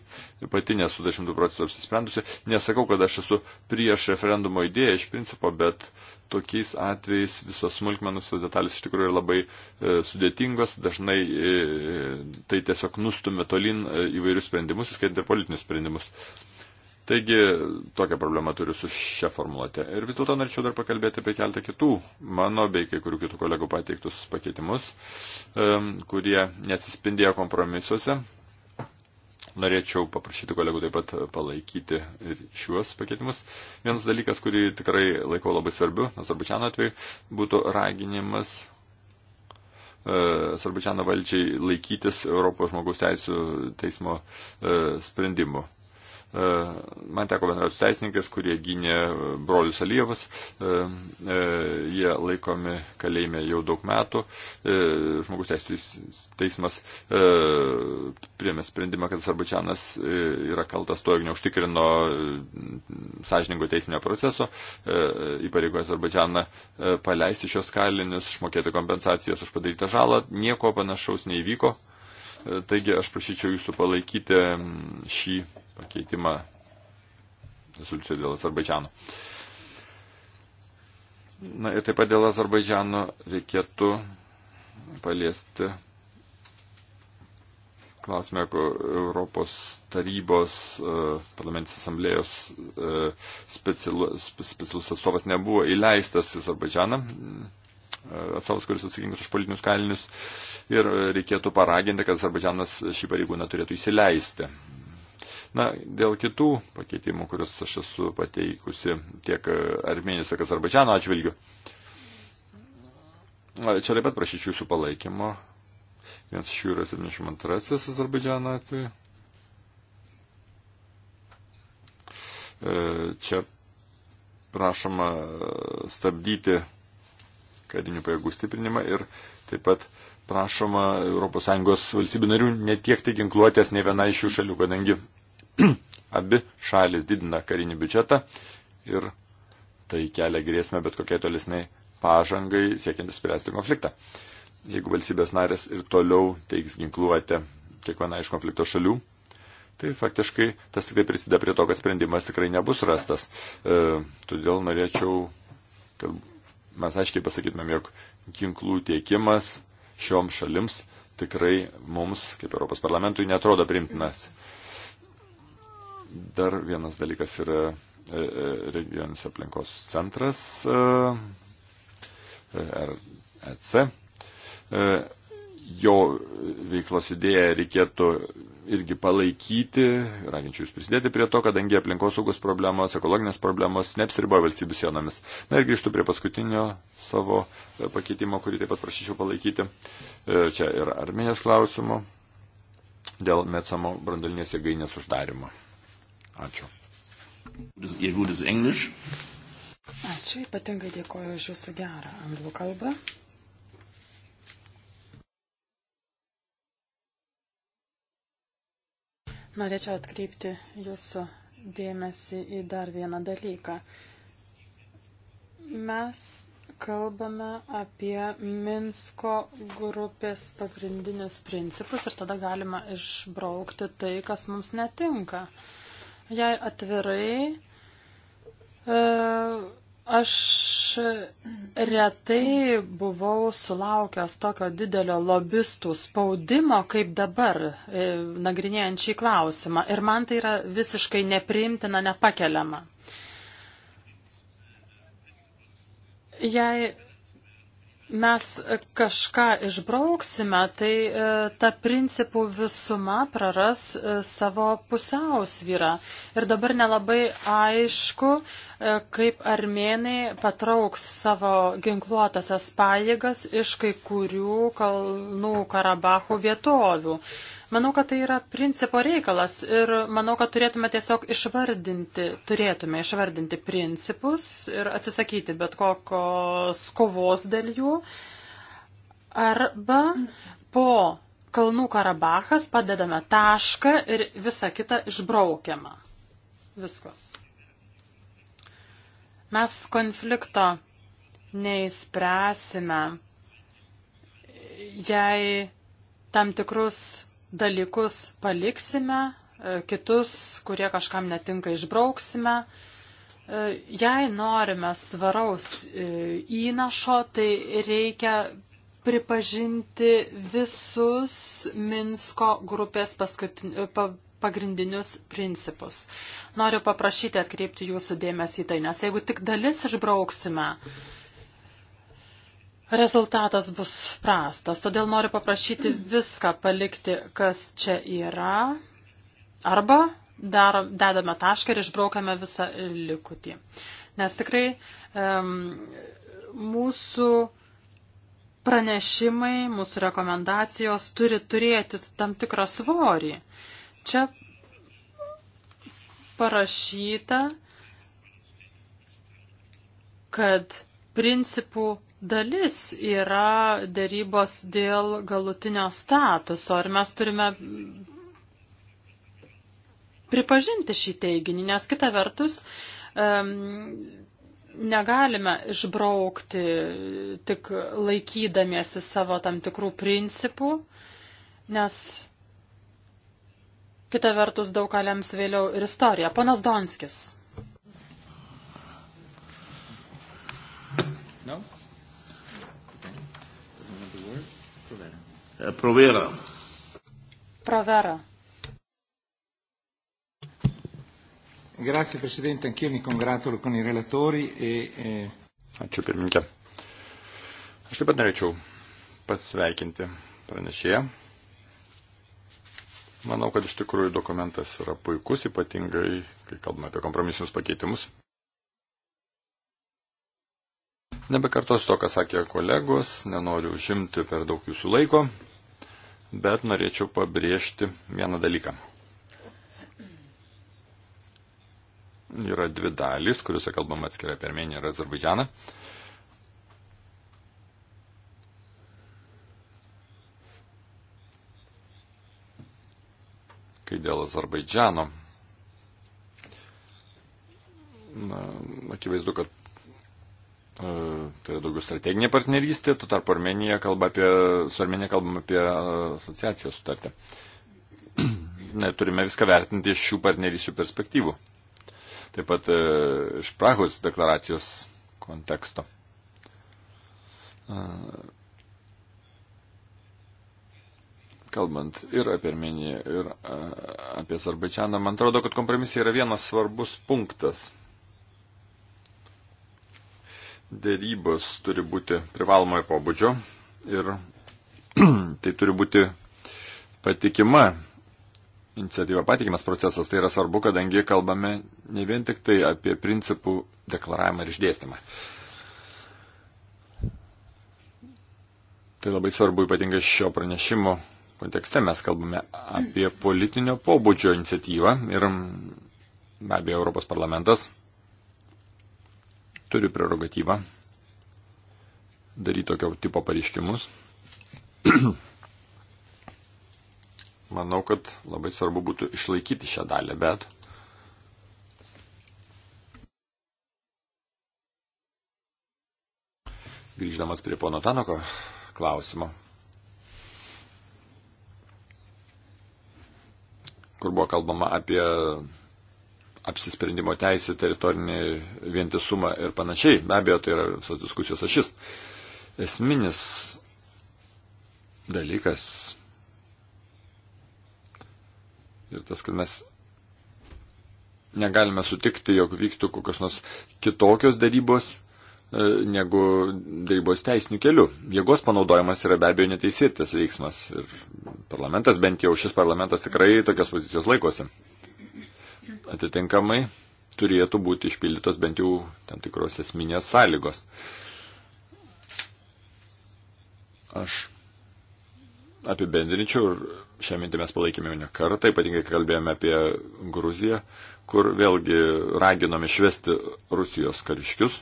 Pati nesu 10 procentų apsisprendusi. Nesakau, kad aš esu prieš referendumo idėją iš principo, bet tokiais atvejais visos smulkmenos detalės iš tikrųjų yra labai e, sudėtingos. Dažnai e, tai tiesiog nustumė tolin e, įvairius sprendimus, įskaitant ir politinius sprendimus. E, Taigi tokią problemą turiu su šia formuluote. Ir vis dėlto norėčiau dar pakalbėti apie keltą kitų mano bei kai kurių kitų kolegų pateiktus pakeitimus, kurie neatsispindėjo kompromisuose. Norėčiau paprašyti kolegų taip pat palaikyti ir šiuos pakeitimus. Vienas dalykas, kurį tikrai laikau labai svarbiu, Azerbaidžiano atveju, būtų raginimas e, Azerbaidžiano valdžiai laikytis Europos žmogaus teisų teismo e, sprendimų. E, man teko bendrauti teisininkės, kurie gynė brolius Alievas. E, e, jie laikomi kalėjime jau daug metų. Žmogus teismas priemė sprendimą, kad Sarbačianas yra kaltas to, jog neužtikrino sąžiningo teisinio proceso. Įpareigojo Sarbačianą paleisti šios kalinius, išmokėti kompensacijas už padarytą žalą. Nieko panašaus neįvyko. Taigi aš prašyčiau jūsų palaikyti šį pakeitimą rezoliuciją dėl Azerbaidžiano. Na ir taip pat dėl Azerbaidžiano reikėtų paliesti klausimą, kur Europos tarybos e, parlamentės asamblėjos e, specialus, specialus atstovas nebuvo įleistas į Azerbaidžianą e, atstovas, kuris atsakingas už politinius kalinius. Ir reikėtų paraginti, kad Azerbaidžianas šį pareigūną turėtų įsileisti. Na, dėl kitų pakeitimų, kuriuos aš esu pateikusi tiek e, Armenijos, tiek Azerbaidžiano atžvilgių. Čia taip pat prašyčiau jūsų palaikymo. Vienas iš jų yra 72 Azerbaidžiano atveju. E, čia prašoma stabdyti karinių pajėgų stiprinimą ir taip pat prašoma ES valstybių narių netiekti ginkluotės ne viena iš šių šalių, kadangi Abi šalis didina karinį biudžetą ir tai kelia grėsmę bet kokiai tolesniai pažangai siekiant spręsti konfliktą. Jeigu valstybės narės ir toliau teiks ginkluotę kiekviena iš konflikto šalių, tai faktiškai tas tikrai prisideda prie to, kad sprendimas tikrai nebus rastas. E, todėl norėčiau, kad mes aiškiai pasakytumėm, jog ginklų tiekimas šioms šalims tikrai mums, kaip Europos parlamentui, netrodo primtinas Dar vienas dalykas yra e, e, regioninis aplinkos centras e, REC. Jo veiklos idėją reikėtų irgi palaikyti, raginčiau jūs prisidėti prie to, kadangi aplinkosaugos problemos, ekologinės problemos neapsiriboja valstybių sienomis. Na ir grįžtu prie paskutinio savo pakeitimo, kurį taip pat prašyčiau palaikyti. Čia yra Armenijos klausimų dėl Metsamo brandalinės jėgainės uždarimo. Ačiū. Ihr gutes Englisch. Ačiū, ypatingai dėkoju už jūsų gerą anglų kalbą. Norėčiau atkreipti jūsų dėmesį į dar vieną dalyką. Mes kalbame apie Minsko grupės pagrindinius principus ir tada galima išbraukti tai, kas mums netinka. Uh, Jei atvirai, e, aš retai buvau sulaukęs tokio didelio lobistų spaudimo, kaip dabar, e, nagrinėjant šį klausimą. Ir man tai yra visiškai nepriimtina, nepakeliama. Jei mes kažką išbrauksime, tai e, ta principų visuma praras e, savo pusiausvyrą. Ir dabar nelabai aišku, e, kaip armenai patrauks savo ginkluotasias pajėgas iš kai kurių kalnų Karabacho vietovių. Manau, kad tai yra principo reikalas ir manau, kad turėtume tiesiog išvardinti, turėtume išvardinti principus ir atsisakyti bet kokios kovos dėl jų. Arba po Kalnų Karabachas padedame tašką ir visa kita išbraukiama. Viskas. Mes konflikto neįspręsime, jei tam tikrus dalykus paliksime, e, kitus, kurie kažkam netinka, išbrauksime. E, jei norime svaraus e, įnašo, tai reikia pripažinti visus Minsko grupės pagrindinius principus. Noriu paprašyti atkreipti jūsų dėmesį į tai, nes jeigu tik dalis išbrauksime, rezultatas bus prastas. Todėl noriu paprašyti viską palikti, kas čia yra. Arba darom, dedame tašką ir išbraukiame visą likutį. Nes tikrai um, mūsų pranešimai, mūsų rekomendacijos turi turėti tam tikrą svorį. Čia parašyta, kad principų dalis yra dėrybos dėl galutinio statuso. Ir mes turime pripažinti šį teiginį, nes kita vertus um, negalime išbraukti tik laikydamiesi savo tam tikrų principų, nes kita vertus daug ką lems vėliau ir istorija. Ponas Donskis. No? Eh, provera. Provera. Grazie Presidente, anch'io mi congratulo con i relatori e... e... Ačiū pirmininkė. Aš taip pat norėčiau pasveikinti pranešėją. Manau, kad iš tikrųjų dokumentas yra puikus, ypatingai, kai kalbame apie kompromisinius pakeitimus. Nebekartosiu to, ką sakė kolegos, nenoriu užimti per daug jūsų laiko bet norėčiau pabrėžti vieną dalyką. Yra dvi dalys, kuriuose kalbama atskirai apie Armeniją ir Azerbaidžianą. Kai dėl Azerbaidžiano na, akivaizdu, kad E, tai yra daugiau strateginė partnerystė, tu tarp Armenija kalba apie, su Armenija kalbam apie e, asociacijos sutartę. Na, turime viską vertinti iš šių partnerysių perspektyvų. Taip pat e, iš Prahos deklaracijos konteksto. Kalbant ir apie Armeniją, ir apie Azerbaidžianą, man atrodo, kad kompromisai yra vienas svarbus punktas dėrybos turi būti privalomojo pobūdžio ir tai turi būti patikima iniciatyva, patikimas procesas. Tai yra svarbu, kadangi kalbame ne vien tik tai apie principų deklaravimą ir išdėstymą. Tai labai svarbu ypatingai šio pranešimo kontekste mes kalbame apie politinio pobūdžio iniciatyvą ir be abejo Europos parlamentas turi prerogatyvą daryti tokio tipo pareiškimus. Manau, kad labai svarbu būtų išlaikyti šią dalį, bet grįždamas prie pono Tanoko klausimo, kur buvo kalbama apie apsisprendimo teisę, teritorinį vientisumą ir panašiai. Be abejo, tai yra visos diskusijos ašis. Esminis dalykas ir tas, kad mes negalime sutikti, jog vyktų kokios nors kitokios darybos e, negu darybos teisinių kelių. Jėgos panaudojimas yra be abejo neteisėtas veiksmas ir parlamentas, bent jau šis parlamentas tikrai tokios pozicijos laikosi atitinkamai turėtų būti išpildytos bent jau tam tikros esminės sąlygos. Aš apibendrinčiau ir šią mintį mes palaikėme jau ne kartą, ypatingai kalbėjome apie Gruziją, kur vėlgi raginome švesti Rusijos kariškius.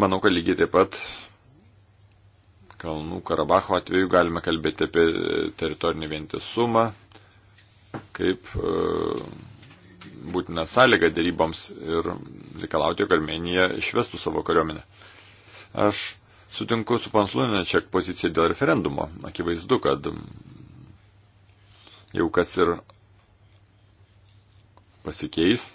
Manau, kad lygiai taip pat Kalnų Karabacho atveju galime kalbėti apie teritorinį vientisumą, kaip e, būtina sąlyga dėryboms ir reikalauti, jog Armenija išvestų savo kariuomenę. Aš sutinku su Panslunečiak pozicija dėl referendumo. Akivaizdu, kad jau kas ir pasikeis,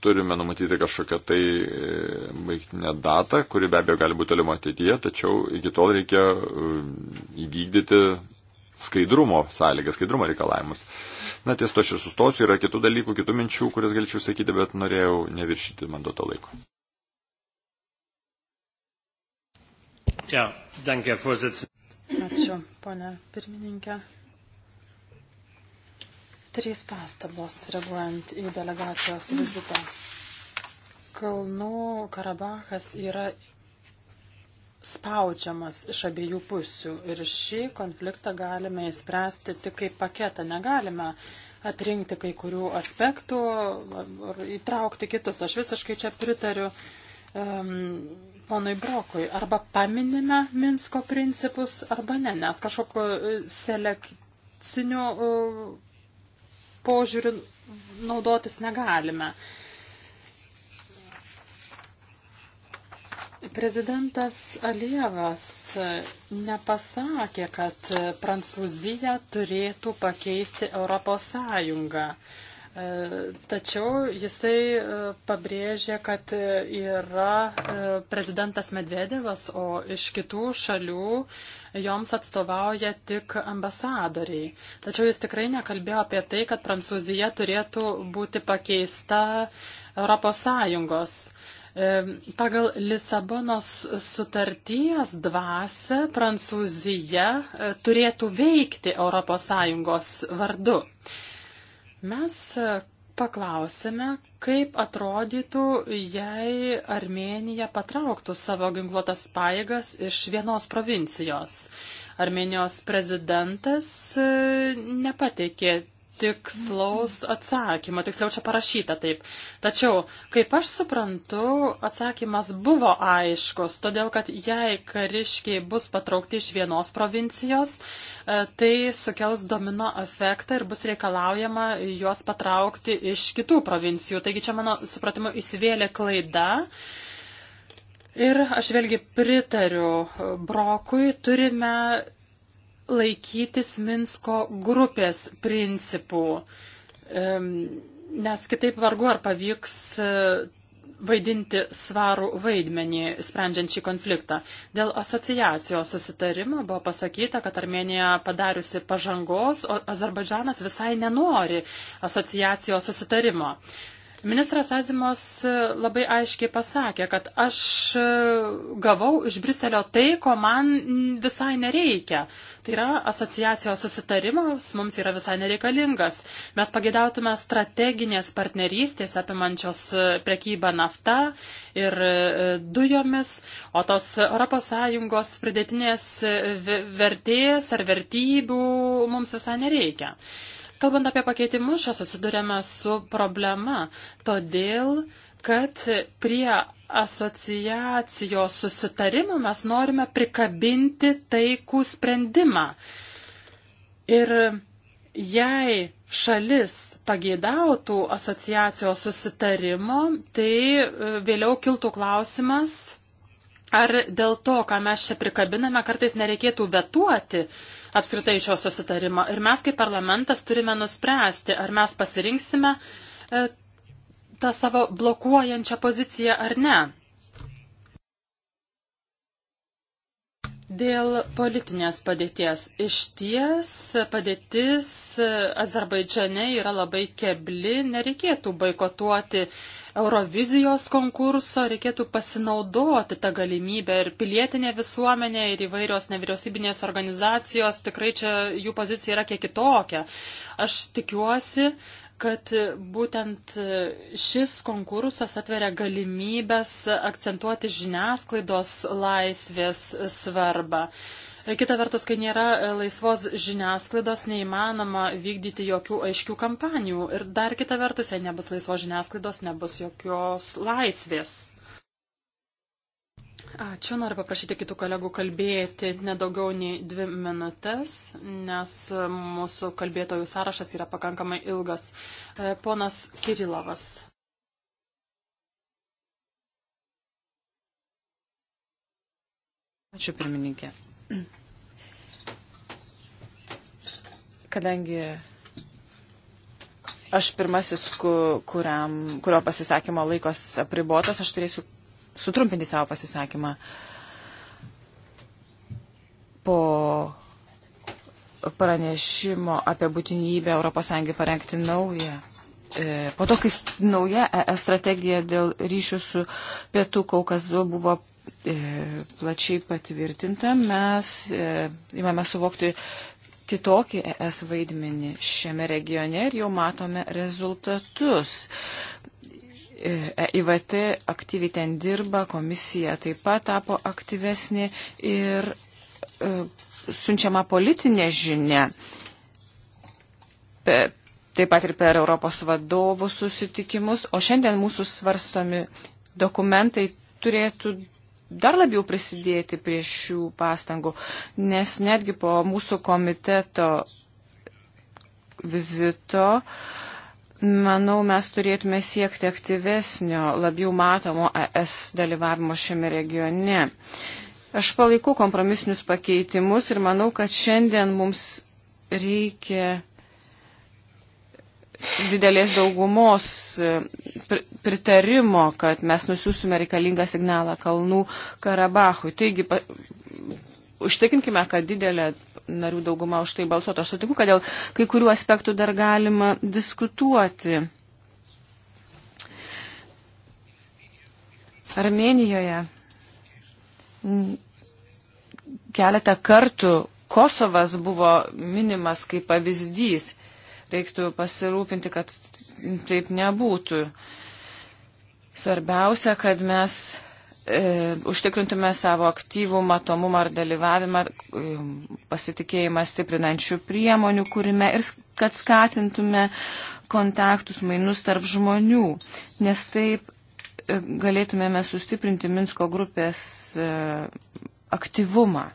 turime numatyti kažkokią tai e, baigtinę datą, kuri be abejo gali būti tolimo ateityje, tačiau iki tol reikia e, įvykdyti skaidrumo sąlygas, skaidrumo reikalavimus. Na, ties to aš ir sustosiu, yra kitų dalykų, kitų minčių, kurias galėčiau sakyti, bet norėjau neviršyti man duoto laiko. Ja, danke, Ačiū, ponia pirmininkė. Trys pastabos reaguojant į delegacijos vizitą. Kalnų Karabachas yra spaudžiamas iš abiejų pusių ir šį konfliktą galime įspręsti tik kaip paketą. Negalime atrinkti kai kurių aspektų ar įtraukti kitus. Aš visiškai čia pritariu um, ponui Brokui. Arba paminime Minsko principus, arba ne, nes kažkokiu selekciniu uh, požiūriu naudotis negalime. Prezidentas Alievas nepasakė, kad Prancūzija turėtų pakeisti Europos Sąjungą. E, tačiau jisai e, pabrėžė, kad e, yra prezidentas Medvedevas, o iš kitų šalių joms atstovauja tik ambasadoriai. Tačiau jis tikrai nekalbėjo apie tai, kad Prancūzija turėtų būti pakeista Europos Sąjungos. Pagal Lisabonos sutarties dvasę Prancūzija turėtų veikti Europos Sąjungos vardu. Mes e, paklausėme, kaip atrodytų, jei Armenija patrauktų savo ginkluotas paėgas iš vienos provincijos. Armenijos prezidentas e, nepateikė tikslaus atsakymo, tiksliau čia parašyta taip. Tačiau, kaip aš suprantu, atsakymas buvo aiškus, todėl kad jei kariškiai bus patraukti iš vienos provincijos, e, tai sukels domino efektą ir bus reikalaujama juos patraukti iš kitų provincijų. Taigi čia mano supratimu įsivėlė klaida. Ir aš vėlgi pritariu Brokui, turime laikytis Minsko grupės principų, nes kitaip vargu ar pavyks e, vaidinti svarų vaidmenį, sprendžiant šį konfliktą. Dėl asociacijos susitarimo buvo pasakyta, kad Armenija padariusi pažangos, o Azerbaidžanas visai nenori asociacijos susitarimo. Uh, Ministras Azimos e, labai aiškiai pasakė, kad aš e, gavau iš Briselio tai, ko man visai nereikia. Tai yra asociacijos susitarimas, mums yra visai nereikalingas. Mes pagėdautume strateginės partnerystės apimančios e, prekybą nafta ir dujomis, o tos ES pridėtinės vertės ar vertybių mums visai nereikia. Kalbant apie pakeitimus, čia susidurėme su problema, todėl, kad prie asociacijos susitarimų mes norime prikabinti taikų sprendimą. Ir jei šalis pageidautų asociacijos susitarimo, tai e, vėliau kiltų klausimas, ar dėl to, ką mes čia prikabiname, kartais nereikėtų vetuoti apskritai šio susitarimo. Ir mes kaip parlamentas turime nuspręsti, ar mes pasirinksime e, tą savo blokuojančią poziciją ar ne. Dėl politinės padėties. Iš ties padėtis Azerbaidžiane yra labai kebli, nereikėtų boikotuoti Eurovizijos konkurso, reikėtų pasinaudoti tą galimybę ir pilietinė visuomenė ir įvairios nevyriausybinės organizacijos, tikrai čia jų pozicija yra kiek kitokia. Aš tikiuosi, kad būtent šis konkursas atveria galimybės akcentuoti žiniasklaidos laisvės svarbą. Kita vertus, kai nėra laisvos žiniasklaidos, neįmanoma vykdyti jokių aiškių kampanijų. Ir dar kita vertus, jei nebus laisvos žiniasklaidos, nebus jokios laisvės. Ačiū, noriu paprašyti kitų kolegų kalbėti nedaugiau nei dvi minutės, nes mūsų kalbėtojų sąrašas yra pakankamai ilgas. E, ponas Kirilovas. Ačiū pirmininkė. Kadangi aš pirmasis, ku, kuriam, kurio pasisakymo laikos apribotas, aš turėsiu sutrumpinti savo pasisakymą. Po pranešimo apie būtinybę ES parengti naują. E, po to, kai nauja ES e strategija dėl ryšių su Pietų Kaukazu buvo e, plačiai patvirtinta, mes įmame suvokti kitokį ES vaidmenį šiame regione ir jau matome rezultatus. EIVT aktyviai ten dirba, komisija taip pat tapo aktyvesnė ir e, siunčiama politinė žinia. Pe, taip pat ir per Europos vadovų susitikimus, o šiandien mūsų svarstomi dokumentai turėtų dar labiau prisidėti prie šių pastangų, nes netgi po mūsų komiteto vizito uh, Manau, mes turėtume siekti aktyvesnio, labiau matomo ES dalyvavimo šiame regione. Aš palaikau kompromisinius pakeitimus ir manau, kad šiandien mums reikia didelės daugumos e, pritarimo, kad mes nusiusime reikalingą signalą Kalnų Karabahui. Taigi užtikrinkime, kad didelė narių dauguma už tai balsuotų. Aš sutiku, kad dėl kai kurių aspektų dar galima diskutuoti. Armenijoje keletą kartų Kosovas buvo minimas kaip pavyzdys. Reiktų pasirūpinti, kad taip nebūtų. Svarbiausia, kad mes e, užtikrintume savo aktyvų matomumą ar dalyvavimą e, pasitikėjimą stiprinančių priemonių kūrime ir kad skatintume kontaktus, mainus tarp žmonių, nes taip e, galėtumėme sustiprinti Minsko grupės e, aktyvumą.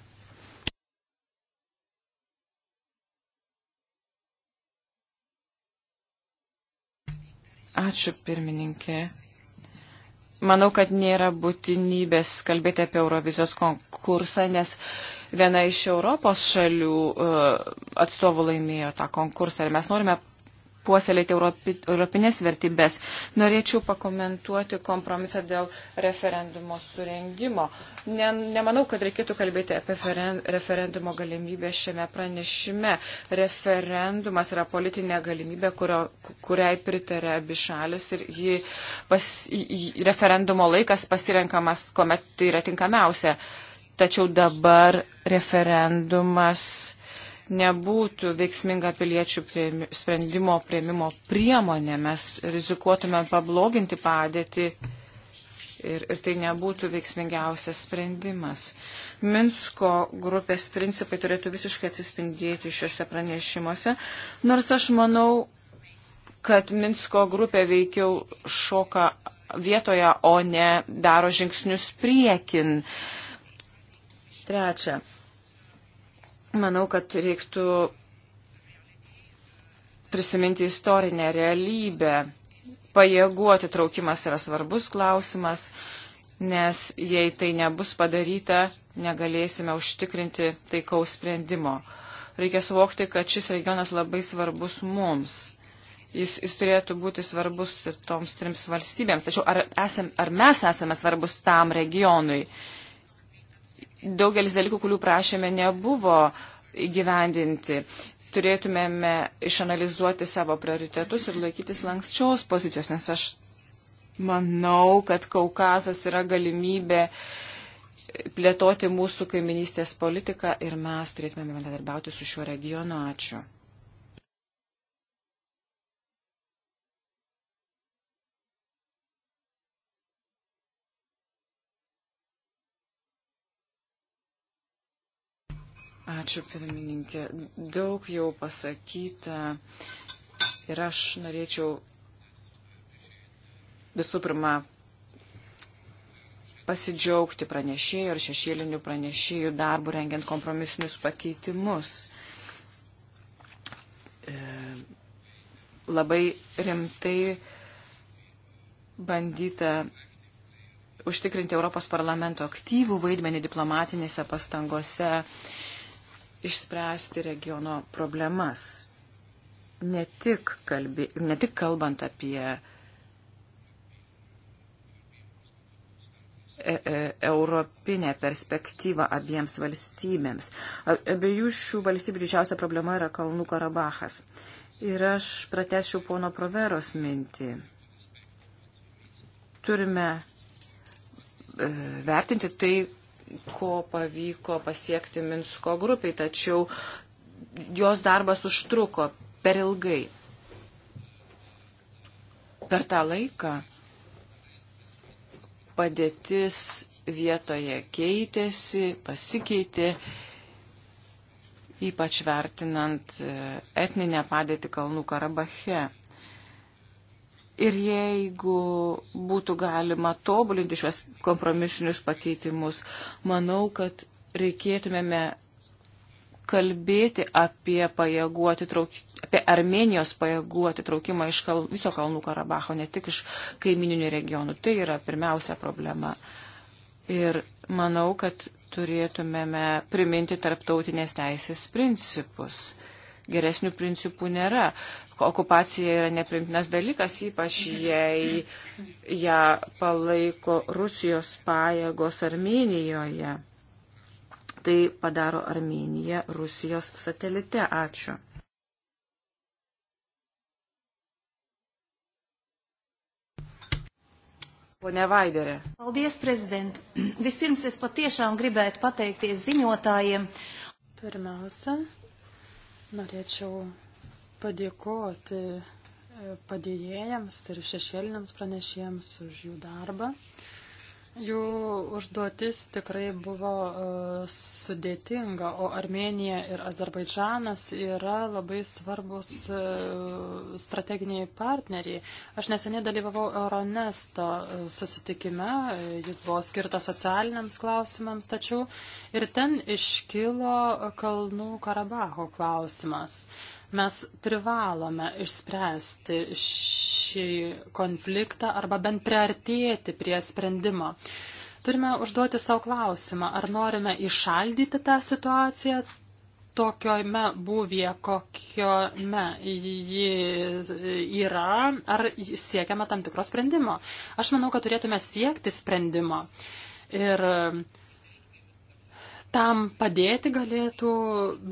Ačiū pirmininkė. Manau, kad nėra būtinybės kalbėti apie Eurovizijos konkursą, nes viena iš Europos šalių uh, atstovų laimėjo tą konkursą ir mes norime puoselėti Europi, europinės vertybės. Norėčiau pakomentuoti kompromisą dėl referendumo surengimo. Ne, nemanau, kad reikėtų kalbėti apie referendumo galimybę šiame pranešime. Referendumas yra politinė galimybė, kurio, kuriai pritarė abi šalis ir ji pas, referendumo laikas pasirenkamas, kuomet tai yra tinkamiausia. Tačiau dabar referendumas nebūtų veiksminga piliečių prieimi, sprendimo prieimimo priemonė, mes rizikuotume pabloginti padėtį ir, ir tai nebūtų veiksmingiausias sprendimas. Minsko grupės principai turėtų visiškai atsispindėti šiuose pranešimuose, nors aš manau, kad Minsko grupė veikiau šoka vietoje, o ne daro žingsnius priekin. Trečia, Manau, kad reiktų prisiminti istorinę realybę. Pajėgų atitraukimas yra svarbus klausimas, nes jei tai nebus padaryta, negalėsime užtikrinti taikaus sprendimo. Reikia suvokti, kad šis regionas labai svarbus mums. Jis, jis turėtų būti svarbus ir toms trims valstybėms. Tačiau ar, esam, ar mes esame svarbus tam regionui? Uh, daugelis dalykų, kurių prašėme, nebuvo įgyvendinti. Turėtumėme išanalizuoti savo prioritetus ir laikytis lankščios pozicijos, nes aš manau, kad Kaukazas yra galimybė plėtoti mūsų kaiminystės politiką ir mes turėtume bendradarbiauti su šiuo regionu. Ačiū. Ačiū pirmininkė. Daug jau pasakyta ir aš norėčiau visų pirma pasidžiaugti pranešėjų ir šešėlinių pranešėjų darbų rengiant kompromisinius pakeitimus. E, labai rimtai bandyta užtikrinti Europos parlamento aktyvų vaidmenį diplomatinėse pastangose išspręsti regiono problemas. Ne tik, kalbė, ne tik kalbant apie e, e, europinę perspektyvą abiems valstybėms. Abiejų šių valstybių didžiausia problema yra Kalnų Karabachas. Ir aš pratesčiau pono Proveros mintį. Turime e, vertinti tai, ko pavyko pasiekti Minsko grupiai, tačiau jos darbas užtruko per ilgai. Per tą laiką padėtis vietoje keitėsi, pasikeitė, ypač vertinant e, etninę padėtį Kalnų Karabache. Ir jeigu būtų galima tobulinti šios kompromisinius pakeitimus, manau, kad reikėtumėme kalbėti apie, pajėgų atitrauk... apie Armenijos pajėgų atitraukimą iš kal... viso Kalnų Karabacho, ne tik iš kaimininių regionų. Tai yra pirmiausia problema. Ir manau, kad turėtumėme priminti tarptautinės teisės principus. Geresnių principų nėra okupacija yra neprimtinas dalykas, ypač jei ją palaiko Rusijos pajėgos Armenijoje. Tai padaro Armenija Rusijos satelite. Ačiū. Pone Vaidere. Paldies, prezident. Vispirms es patiešām gribētu pateikties ziņotājiem. Pirmiausia, norėčiau padėkoti e, padėjėjams ir šešėliniams pranešėjams už jų darbą. Jų užduotis tikrai buvo e, sudėtinga, o Armenija ir Azerbaidžanas yra labai svarbus e, strateginiai partneriai. Aš neseniai dalyvavau Euronesto susitikime, jis buvo skirtas socialiniams klausimams, tačiau ir ten iškilo Kalnų Karabaho klausimas. Mes privalome išspręsti šį konfliktą arba bent priartėti prie sprendimo. Turime užduoti savo klausimą, ar norime išaldyti tą situaciją tokiojme būvėje, kokiojme ji yra, ar siekiame tam tikro sprendimo. Aš manau, kad turėtume siekti sprendimo. Ir uh, tam padėti galėtų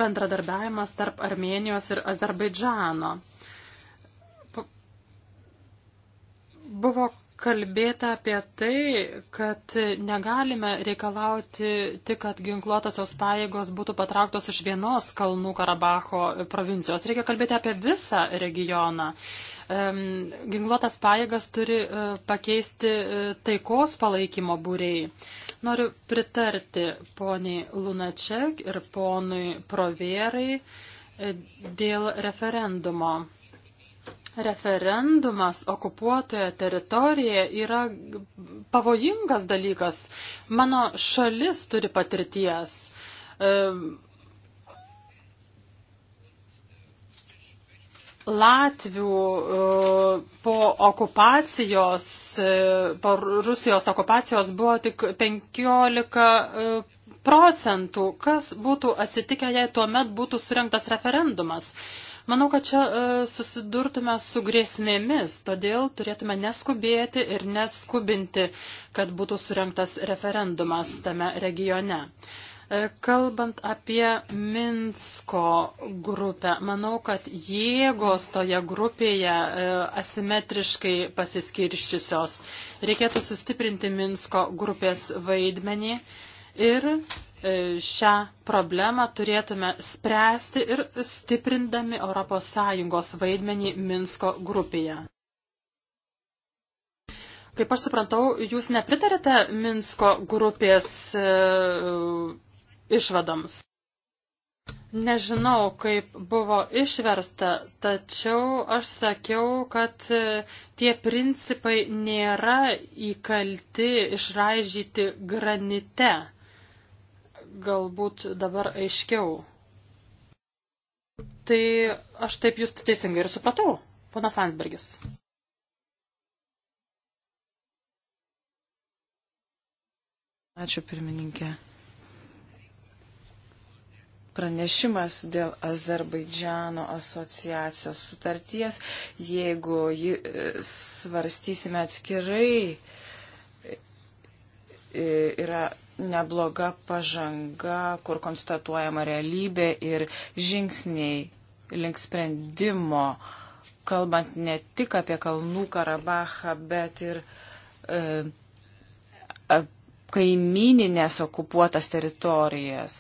bendradarbiavimas tarp Armenijos ir Azerbaidžano. Buvo kalbėta apie tai, kad negalime reikalauti tik, kad ginkluotosios pajėgos būtų patrauktos iš vienos Kalnų Karabacho provincijos. Reikia kalbėti apie visą regioną. Ginkluotas pajėgas turi e, pakeisti e, taikos palaikymo būrėjai. Noriu pritarti poniai Lunaček ir ponui Provierai e, dėl referendumo. Referendumas okupuotoje teritorijoje yra pavojingas dalykas. Mano šalis turi patirties e, Latvių e, po okupacijos, e, po Rusijos okupacijos buvo tik 15 e, procentų. Kas būtų atsitikę, jei tuo met būtų surinktas referendumas? Manau, kad čia susidurtume su grėsmėmis, todėl turėtume neskubėti ir neskubinti, kad būtų surinktas referendumas tame regione. Uh, E, kalbant apie Minsko grupę, manau, kad jėgos toje grupėje e, asimetriškai pasiskirščiusios. Reikėtų sustiprinti Minsko grupės vaidmenį ir e, šią problemą turėtume spręsti ir stiprindami ES vaidmenį Minsko grupėje. Kaip aš suprantau, jūs nepritarėte Minsko grupės išvadoms. Nežinau, kaip buvo išversta, tačiau aš sakiau, kad e, tie principai nėra įkalti, išraižyti granite. Galbūt dabar aiškiau. Tai aš taip jūs teisingai ir supratau, ponas Landsbergis. Ačiū pirmininkė pranešimas dėl Azerbaidžiano asociacijos sutarties, jeigu jį e, svarstysime atskirai, e, yra nebloga pažanga, kur konstatuojama realybė ir žingsniai link sprendimo, kalbant ne tik apie Kalnų Karabachą, bet ir e, kaimininės okupuotas teritorijas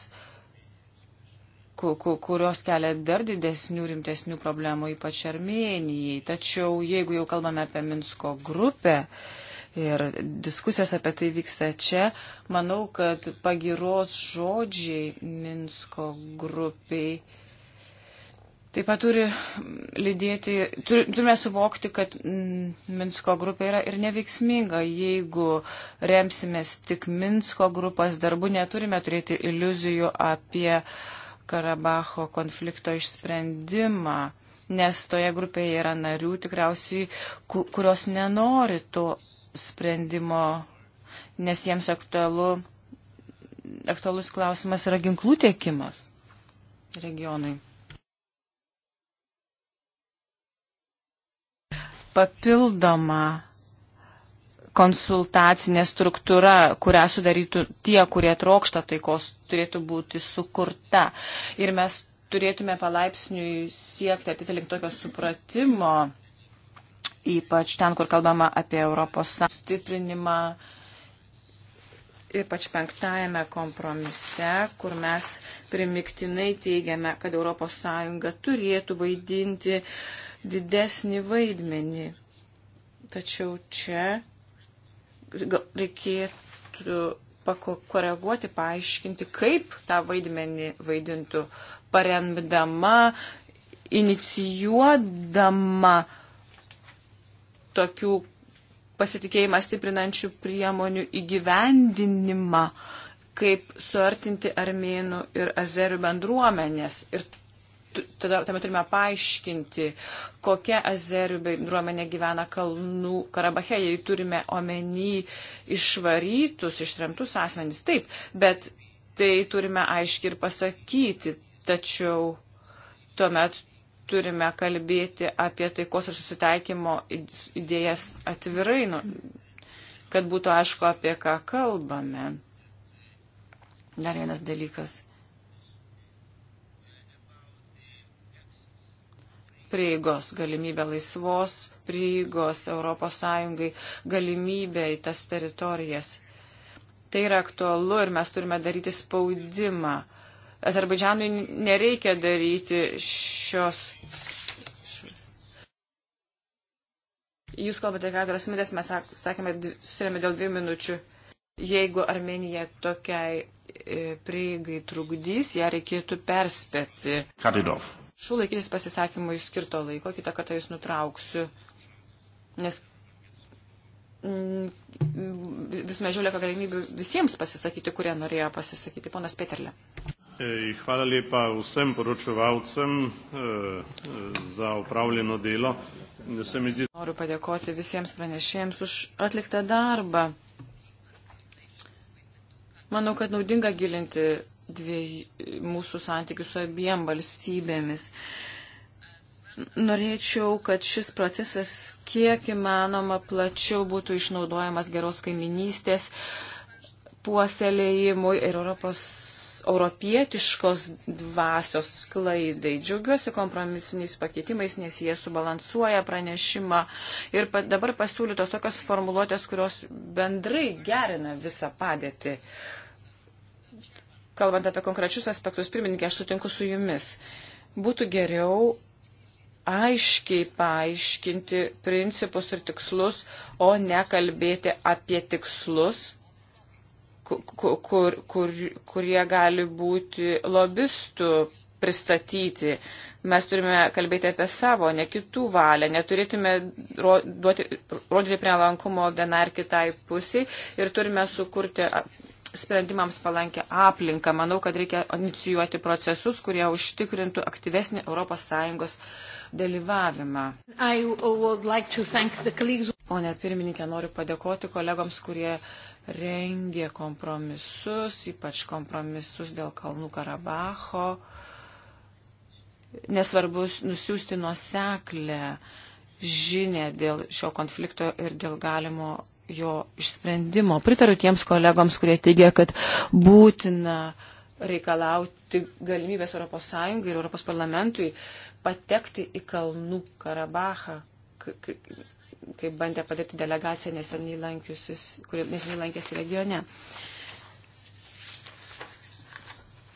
kurios kelia dar didesnių, rimtesnių problemų, ypač Armenijai. Tačiau jeigu jau kalbame apie Minsko grupę ir diskusijos apie tai vyksta čia, manau, kad pagiros žodžiai Minsko grupiai taip pat turi lydėti, turime suvokti, kad mm, Minsko grupė yra ir neveiksminga. Jeigu remsimės tik Minsko grupės darbu, neturime turėti iliuzijų apie uh, Karabacho konflikto išsprendimą, nes toje grupėje yra narių tikriausiai, kurios nenori to sprendimo, nes jiems aktualu, aktualus klausimas yra ginklų tiekimas regionai. Papildoma konsultacinė struktūra, kurią sudarytų tie, kurie trokšta taikos turėtų būti sukurta. Ir mes turėtume palaipsniui siekti atitink tokio supratimo, ypač ten, kur kalbama apie Europos stiprinimą, ypač penktajame kompromise, kur mes primiktinai teigiame, kad ES turėtų vaidinti didesnį vaidmenį. Tačiau čia reikėtų pakoreguoti, paaiškinti, kaip tą vaidmenį vaidintų, paremdama, inicijuodama tokių pasitikėjimą stiprinančių priemonių įgyvendinimą, kaip suartinti armėnų ir azerių bendruomenės. Ir tada tame turime paaiškinti, kokia azerių bendruomenė gyvena Kalnų Karabache, jei turime omeny išvarytus, ištremtus asmenys, taip, bet tai turime aiškiai ir pasakyti, tačiau tuomet turime kalbėti apie taikos ir susitaikymo idėjas atvirai, nu, kad būtų aišku, apie ką kalbame. Dar vienas dalykas prieigos, galimybę laisvos prieigos ES, galimybę į tas teritorijas. Tai yra aktualu ir mes turime daryti spaudimą. Azerbaidžianui nereikia daryti šios. Jūs kalbate keturias minutės, mes sakėme, surėmė dėl dviejų minučių. Jeigu Armenija tokiai e, prieigai trukdys, ją reikėtų perspėti. Kadidov. Šų laikytis pasisakymui skirto laiko, kitą kartą jūs nutrauksiu, nes mm, vis mažiau lieka galimybių visiems pasisakyti, kurie norėjo pasisakyti. Ponas Peterle. Hvala lepa vsem poročevalcem eh, eh, za upravljeno delo. Noriu padėkoti visiems pranešėjams už atliktą darbą. Manau, kad naudinga gilinti dviejų, mūsų santykių su abiem valstybėmis. Norėčiau, kad šis procesas kiek įmanoma plačiau būtų išnaudojamas geros kaiminystės puoselėjimui ir Europos europietiškos dvasios sklaidai. Džiaugiuosi kompromisiniais pakeitimais, nes jie subalansuoja pranešimą ir pa, dabar pasiūlytos tokios formuluotės, kurios bendrai gerina visą padėtį. Uh, kalbant apie konkrečius aspektus, pirmininkė, aš sutinku su jumis. Būtų geriau aiškiai paaiškinti principus ir tikslus, o ne kalbėti apie tikslus, kur, kur, kur, kurie gali būti lobistų pristatyti. Mes turime kalbėti apie savo, ne kitų valią, neturėtume duoti, rodyti prielankumo vienai ar kitai pusiai ir turime sukurti sprendimams palankę aplinką. Manau, kad reikia inicijuoti procesus, kurie užtikrintų aktyvesnį ES dalyvavimą. Like Pone pirmininkė, noriu padėkoti kolegoms, kurie rengė kompromisus, ypač kompromisus dėl Kalnų Karabacho. Nesvarbu nusiųsti nuoseklę žinę dėl šio konflikto ir dėl galimo jo išsprendimo. Pritariu tiems kolegoms, kurie teigia, kad būtina reikalauti galimybės ES ir ES parlamentui patekti į Kalnų Karabachą, kaip bandė padaryti delegacija neseniai, neseniai lankėsi regione.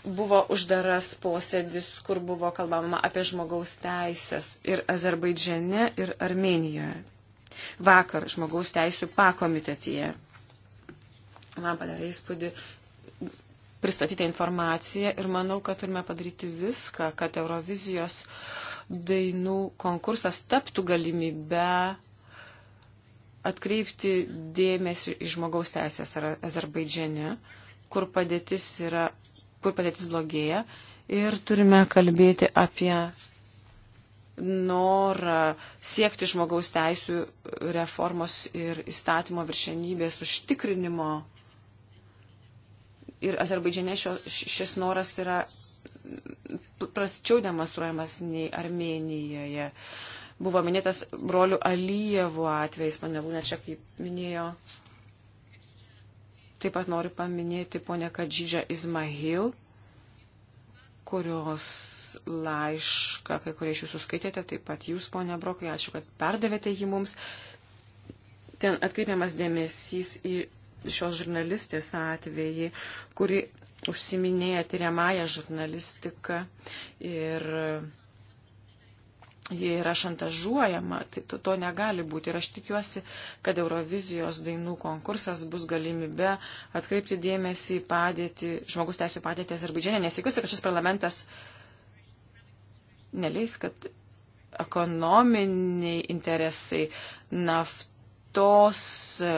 Buvo uždaras posėdis, kur buvo kalbama apie žmogaus teisės ir Azerbaidžiane, ir Armenijoje vakar žmogaus teisų pakomitetyje. Man padarė įspūdį pristatytą informaciją ir manau, kad turime padaryti viską, kad Eurovizijos dainų konkursas taptų galimybę atkreipti dėmesį į žmogaus teisės Azerbaidžiane, kur padėtis, yra, kur padėtis blogėja ir turime kalbėti apie norą siekti žmogaus teisų reformos ir įstatymo viršenybės užtikrinimo. Ir Azerbaidžiane šis noras yra prasčiau demonstruojamas nei Armenijoje. Buvo minėtas brolių Alyjevų atvejs, pane Lūnečia, kaip minėjo. Taip pat noriu paminėti ponę Kadžydžią Izmahil, kurios laišką, kai kurie iš jūsų skaitėte, taip pat jūs, ponia Brokai, ačiū, kad perdavėte jį mums. Ten atkreipiamas dėmesys į šios žurnalistės atvejį, kuri užsiminėja tyriamąją žurnalistiką ir ji yra šantažuojama, tai to, to negali būti. Ir aš tikiuosi, kad Eurovizijos dainų konkursas bus galimybė atkreipti dėmesį į padėtį, žmogus teisų padėtį Azerbaidžiane, nes tikiuosi, kad šis parlamentas uh, neleis, kad ekonominiai interesai, naftos e,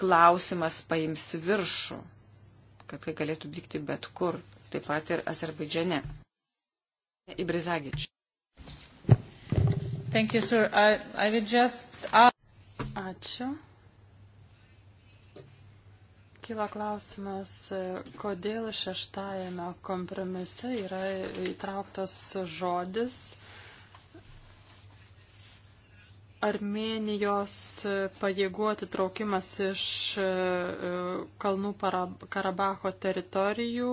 klausimas paims viršų, kad tai galėtų vykti bet kur, taip pat ir Azerbaidžiane. E, Ibrizagič. Thank you, sir. I, I will just... Ačiū. Kila klausimas, kodėl šeštajame kompromise yra įtrauktas žodis Armenijos pajėgų atitraukimas iš e, Kalnų Karabaho teritorijų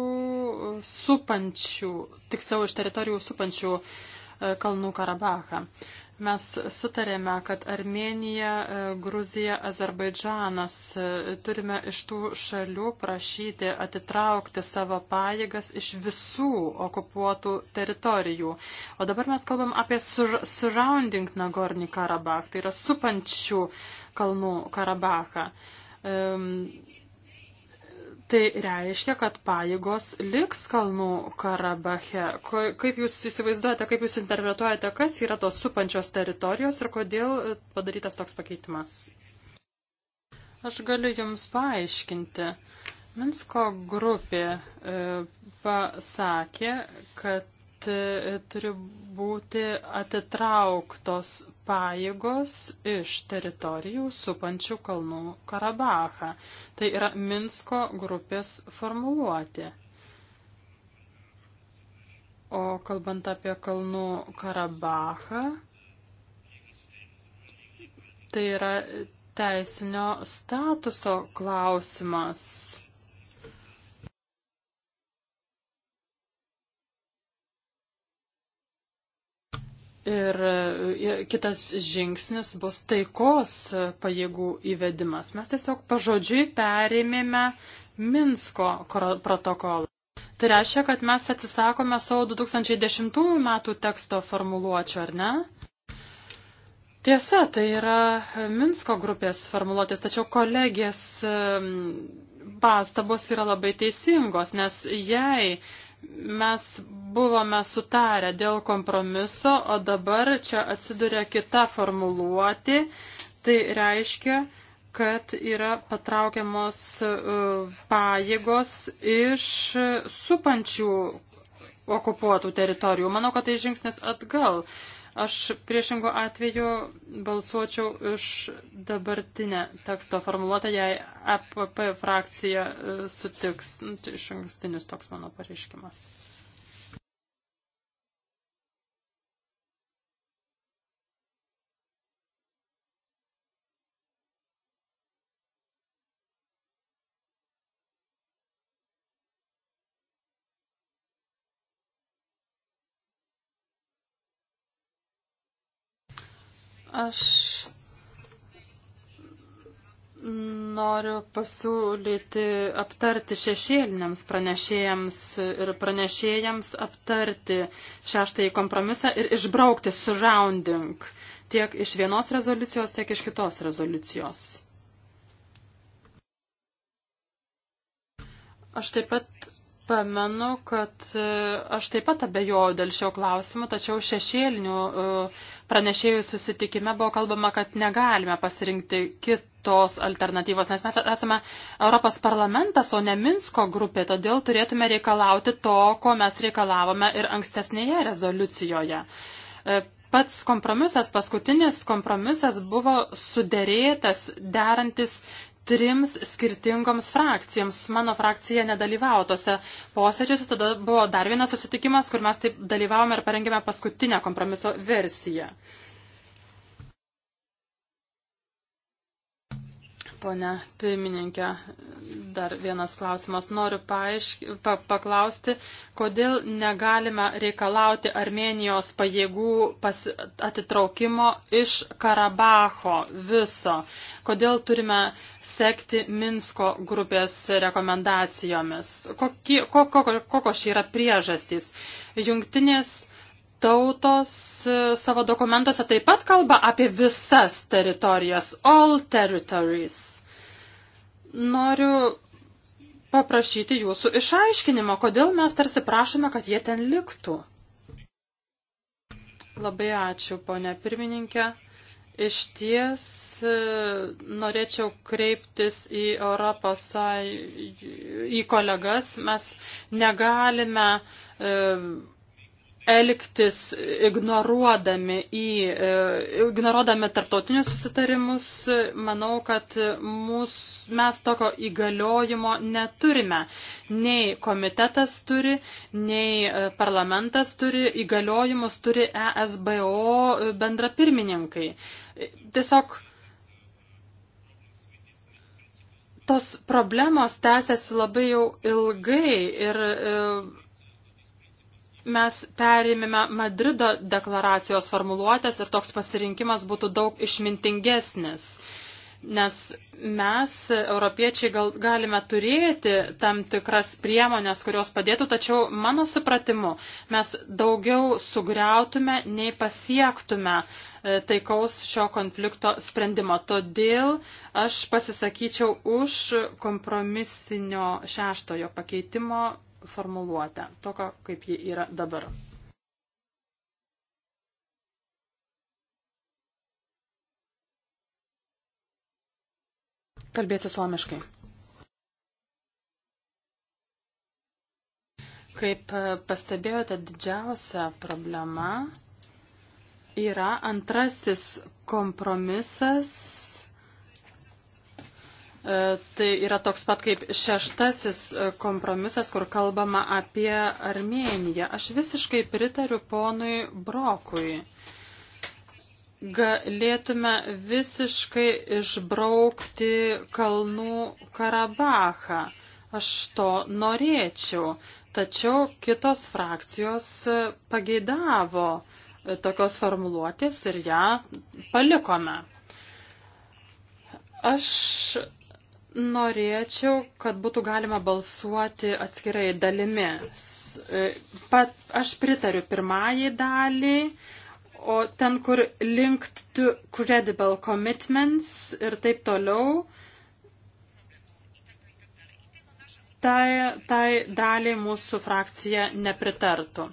supančių, tiksliau iš teritorijų supančių e, Kalnų Karabachą. Uh, Mes sutarėme, kad Armenija, e, Gruzija, Azerbaidžanas e, turime iš tų šalių prašyti atitraukti savo pajėgas iš visų okupuotų teritorijų. O dabar mes kalbam apie sur surrounding Nagornį Karabach, tai yra supančių kalnų Karabachą. Um, Tai reiškia, kad pajėgos liks Kalnų Karabache. Kaip jūs įsivaizduojate, kaip jūs interpretuojate, kas yra tos supančios teritorijos ir kodėl e, padarytas toks pakeitimas? Aš galiu Jums paaiškinti. Minsko grupė e, pasakė, kad kad e, turi būti atitrauktos pajėgos iš teritorijų supančių kalnų Karabachą. Tai yra Minsko grupės formuluotė. O kalbant apie kalnų Karabachą, tai yra teisinio statuso klausimas. Ir e, kitas žingsnis bus taikos e, pajėgų įvedimas. Mes tiesiog pažodžiui perėmėme Minsko protokolą. Tai reiškia, kad mes atsisakome savo 2010 metų teksto formuluočio, ar ne? Tiesa, tai yra Minsko grupės formuluotės, tačiau kolegės e, pastabos yra labai teisingos, nes jei mes buvome sutarę dėl kompromiso, o dabar čia atsiduria kita formuluoti. Tai reiškia, kad yra patraukiamos e, pajėgos iš supančių okupuotų teritorijų. Manau, kad tai žingsnis atgal. Aš priešingų atveju balsuočiau už dabartinę teksto formuluotę, jei APP e frakcija e, sutiks. Nu, tai iš ankstinis toks mano pareiškimas. Aš noriu pasiūlyti aptarti šešėliniams pranešėjams ir pranešėjams aptarti šeštąjį kompromisą ir išbraukti surrounding tiek iš vienos rezoliucijos, tiek iš kitos rezoliucijos. Aš taip pat pamenu, kad e, aš taip pat abejoju dėl šio klausimo, tačiau šešėlinių uh, pranešėjų susitikime buvo kalbama, kad negalime pasirinkti kitos alternatyvos, nes mes esame Europos parlamentas, o ne Minsko grupė, todėl turėtume reikalauti to, ko mes reikalavome ir ankstesnėje rezoliucijoje. E, pats kompromisas, paskutinis kompromisas buvo sudėrėtas derantis trims skirtingoms frakcijoms. Mano frakcija nedalyvavo tose posėdžiuose, tada buvo dar vienas susitikimas, kur mes taip dalyvavome ir parengėme paskutinę kompromiso versiją. Uh, ponia pirmininkė. Dar vienas klausimas. Noriu paaišk... pa paklausti, kodėl negalime reikalauti Armenijos pajėgų pas... atitraukimo iš Karabaho viso. Kodėl turime sekti Minsko grupės rekomendacijomis. Kokie... Kokios čia yra priežastys? Jungtinės tautos e, savo dokumentuose taip pat kalba apie visas teritorijas, all territories. Noriu paprašyti jūsų išaiškinimo, kodėl mes tarsi prašome, kad jie ten liktų. Labai ačiū, ponė pirmininkė. Iš ties e, norėčiau kreiptis į Europos, į kolegas. Mes negalime e, elgtis ignoruodami, į, e, ignoruodami tarptautinius susitarimus, manau, kad mūs, mes tokio įgaliojimo neturime. Nei komitetas turi, nei e, parlamentas turi, įgaliojimus turi ESBO e, bendrapirmininkai. Tiesiog tos problemos tęsiasi labai jau ilgai ir mes perėmėme Madrido deklaracijos formuluotės ir toks pasirinkimas būtų daug išmintingesnis. Nes mes, europiečiai, gal, galime turėti tam tikras priemonės, kurios padėtų, tačiau mano supratimu, mes daugiau sugriautume, nei pasiektume e, taikaus šio konflikto sprendimo. Todėl aš pasisakyčiau už kompromisinio šeštojo pakeitimo formuluotę, tokio kaip ji yra dabar. Kalbėsiu suomiškai. Kaip pastebėjote, didžiausia problema yra antrasis kompromisas E, tai yra toks pat kaip šeštasis e, kompromisas, kur kalbama apie Armėniją. Aš visiškai pritariu ponui Brokui. Galėtume visiškai išbraukti Kalnų Karabachą. Aš to norėčiau. Tačiau kitos frakcijos e, pageidavo tokios formuluotės ir ją palikome. Aš Norėčiau, kad būtų galima balsuoti atskirai dalimis. E, pat aš pritariu pirmajai daliai, o ten, kur linked to credible commitments ir taip toliau, tai, tai daliai mūsų frakcija nepritartų.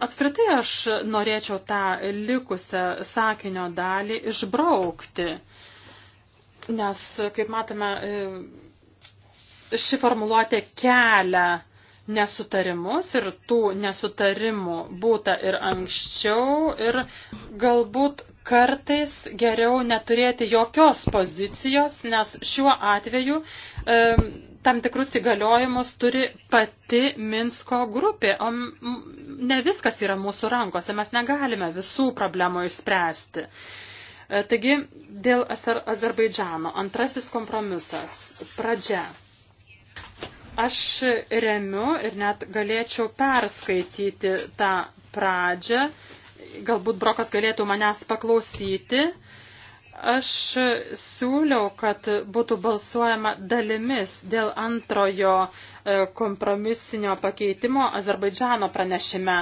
Apskritai aš norėčiau tą likusią sakinio dalį išbraukti Nes, kaip matome, ši formuluotė kelia nesutarimus ir tų nesutarimų būta ir anksčiau ir galbūt kartais geriau neturėti jokios pozicijos, nes šiuo atveju e, tam tikrus įgaliojimus turi pati Minsko grupė, o ne viskas yra mūsų rankose, mes negalime visų problemų išspręsti. E, taigi, dėl Azerbaidžano antrasis kompromisas, pradžia. Aš remiu ir net galėčiau perskaityti tą pradžią. Galbūt Brokas galėtų manęs paklausyti. Aš siūliau, kad būtų balsuojama dalimis dėl antrojo e, kompromisinio pakeitimo Azerbaidžano pranešime.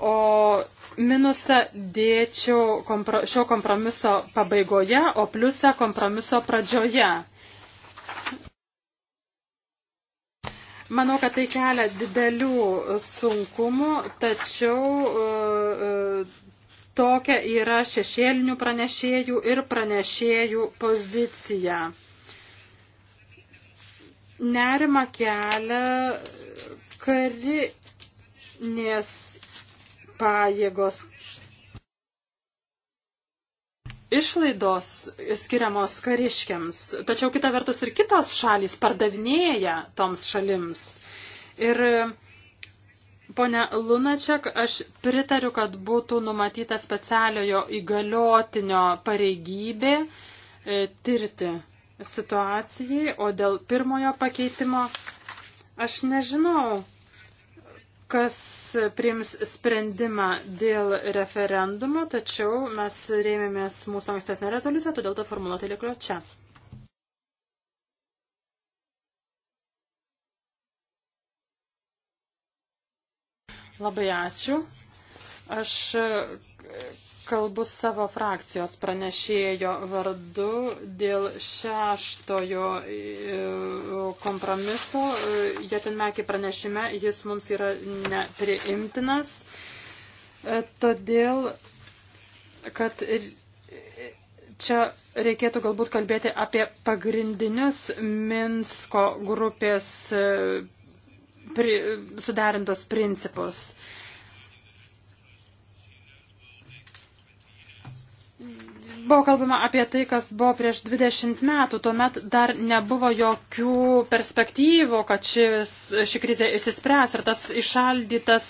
o minusą dėčiau kompro, šio kompromiso pabaigoje, o pliusą kompromiso pradžioje. Manau, kad tai kelia didelių sunkumų, tačiau e, e, tokia yra šešėlinių pranešėjų ir pranešėjų pozicija. Nerima kelia karinės pajėgos. Išlaidos skiriamos kariškiams, tačiau kita vertus ir kitos šalys pardavinėja toms šalims. Ir Pone Lunačiak, aš pritariu, kad būtų numatyta specialiojo įgaliotinio pareigybė e, tirti situacijai, o dėl pirmojo pakeitimo aš nežinau, kas priims sprendimą dėl referendumo, tačiau mes rėmėmės mūsų ankstesnę rezoliuciją, todėl ta formuluotė liko čia. Labai ačiū. Aš kalbu savo frakcijos pranešėjo vardu dėl šeštojo e, kompromiso. E, Jatinmekį pranešime jis mums yra nepriimtinas, e, todėl, kad čia reikėtų galbūt kalbėti apie pagrindinius Minsko grupės pri, suderintos principus. Uh, Buvo kalbama apie tai, kas buvo prieš 20 metų. Tuomet dar nebuvo jokių perspektyvų, kad šis, ši krizė įsispręs ir tas išaldytas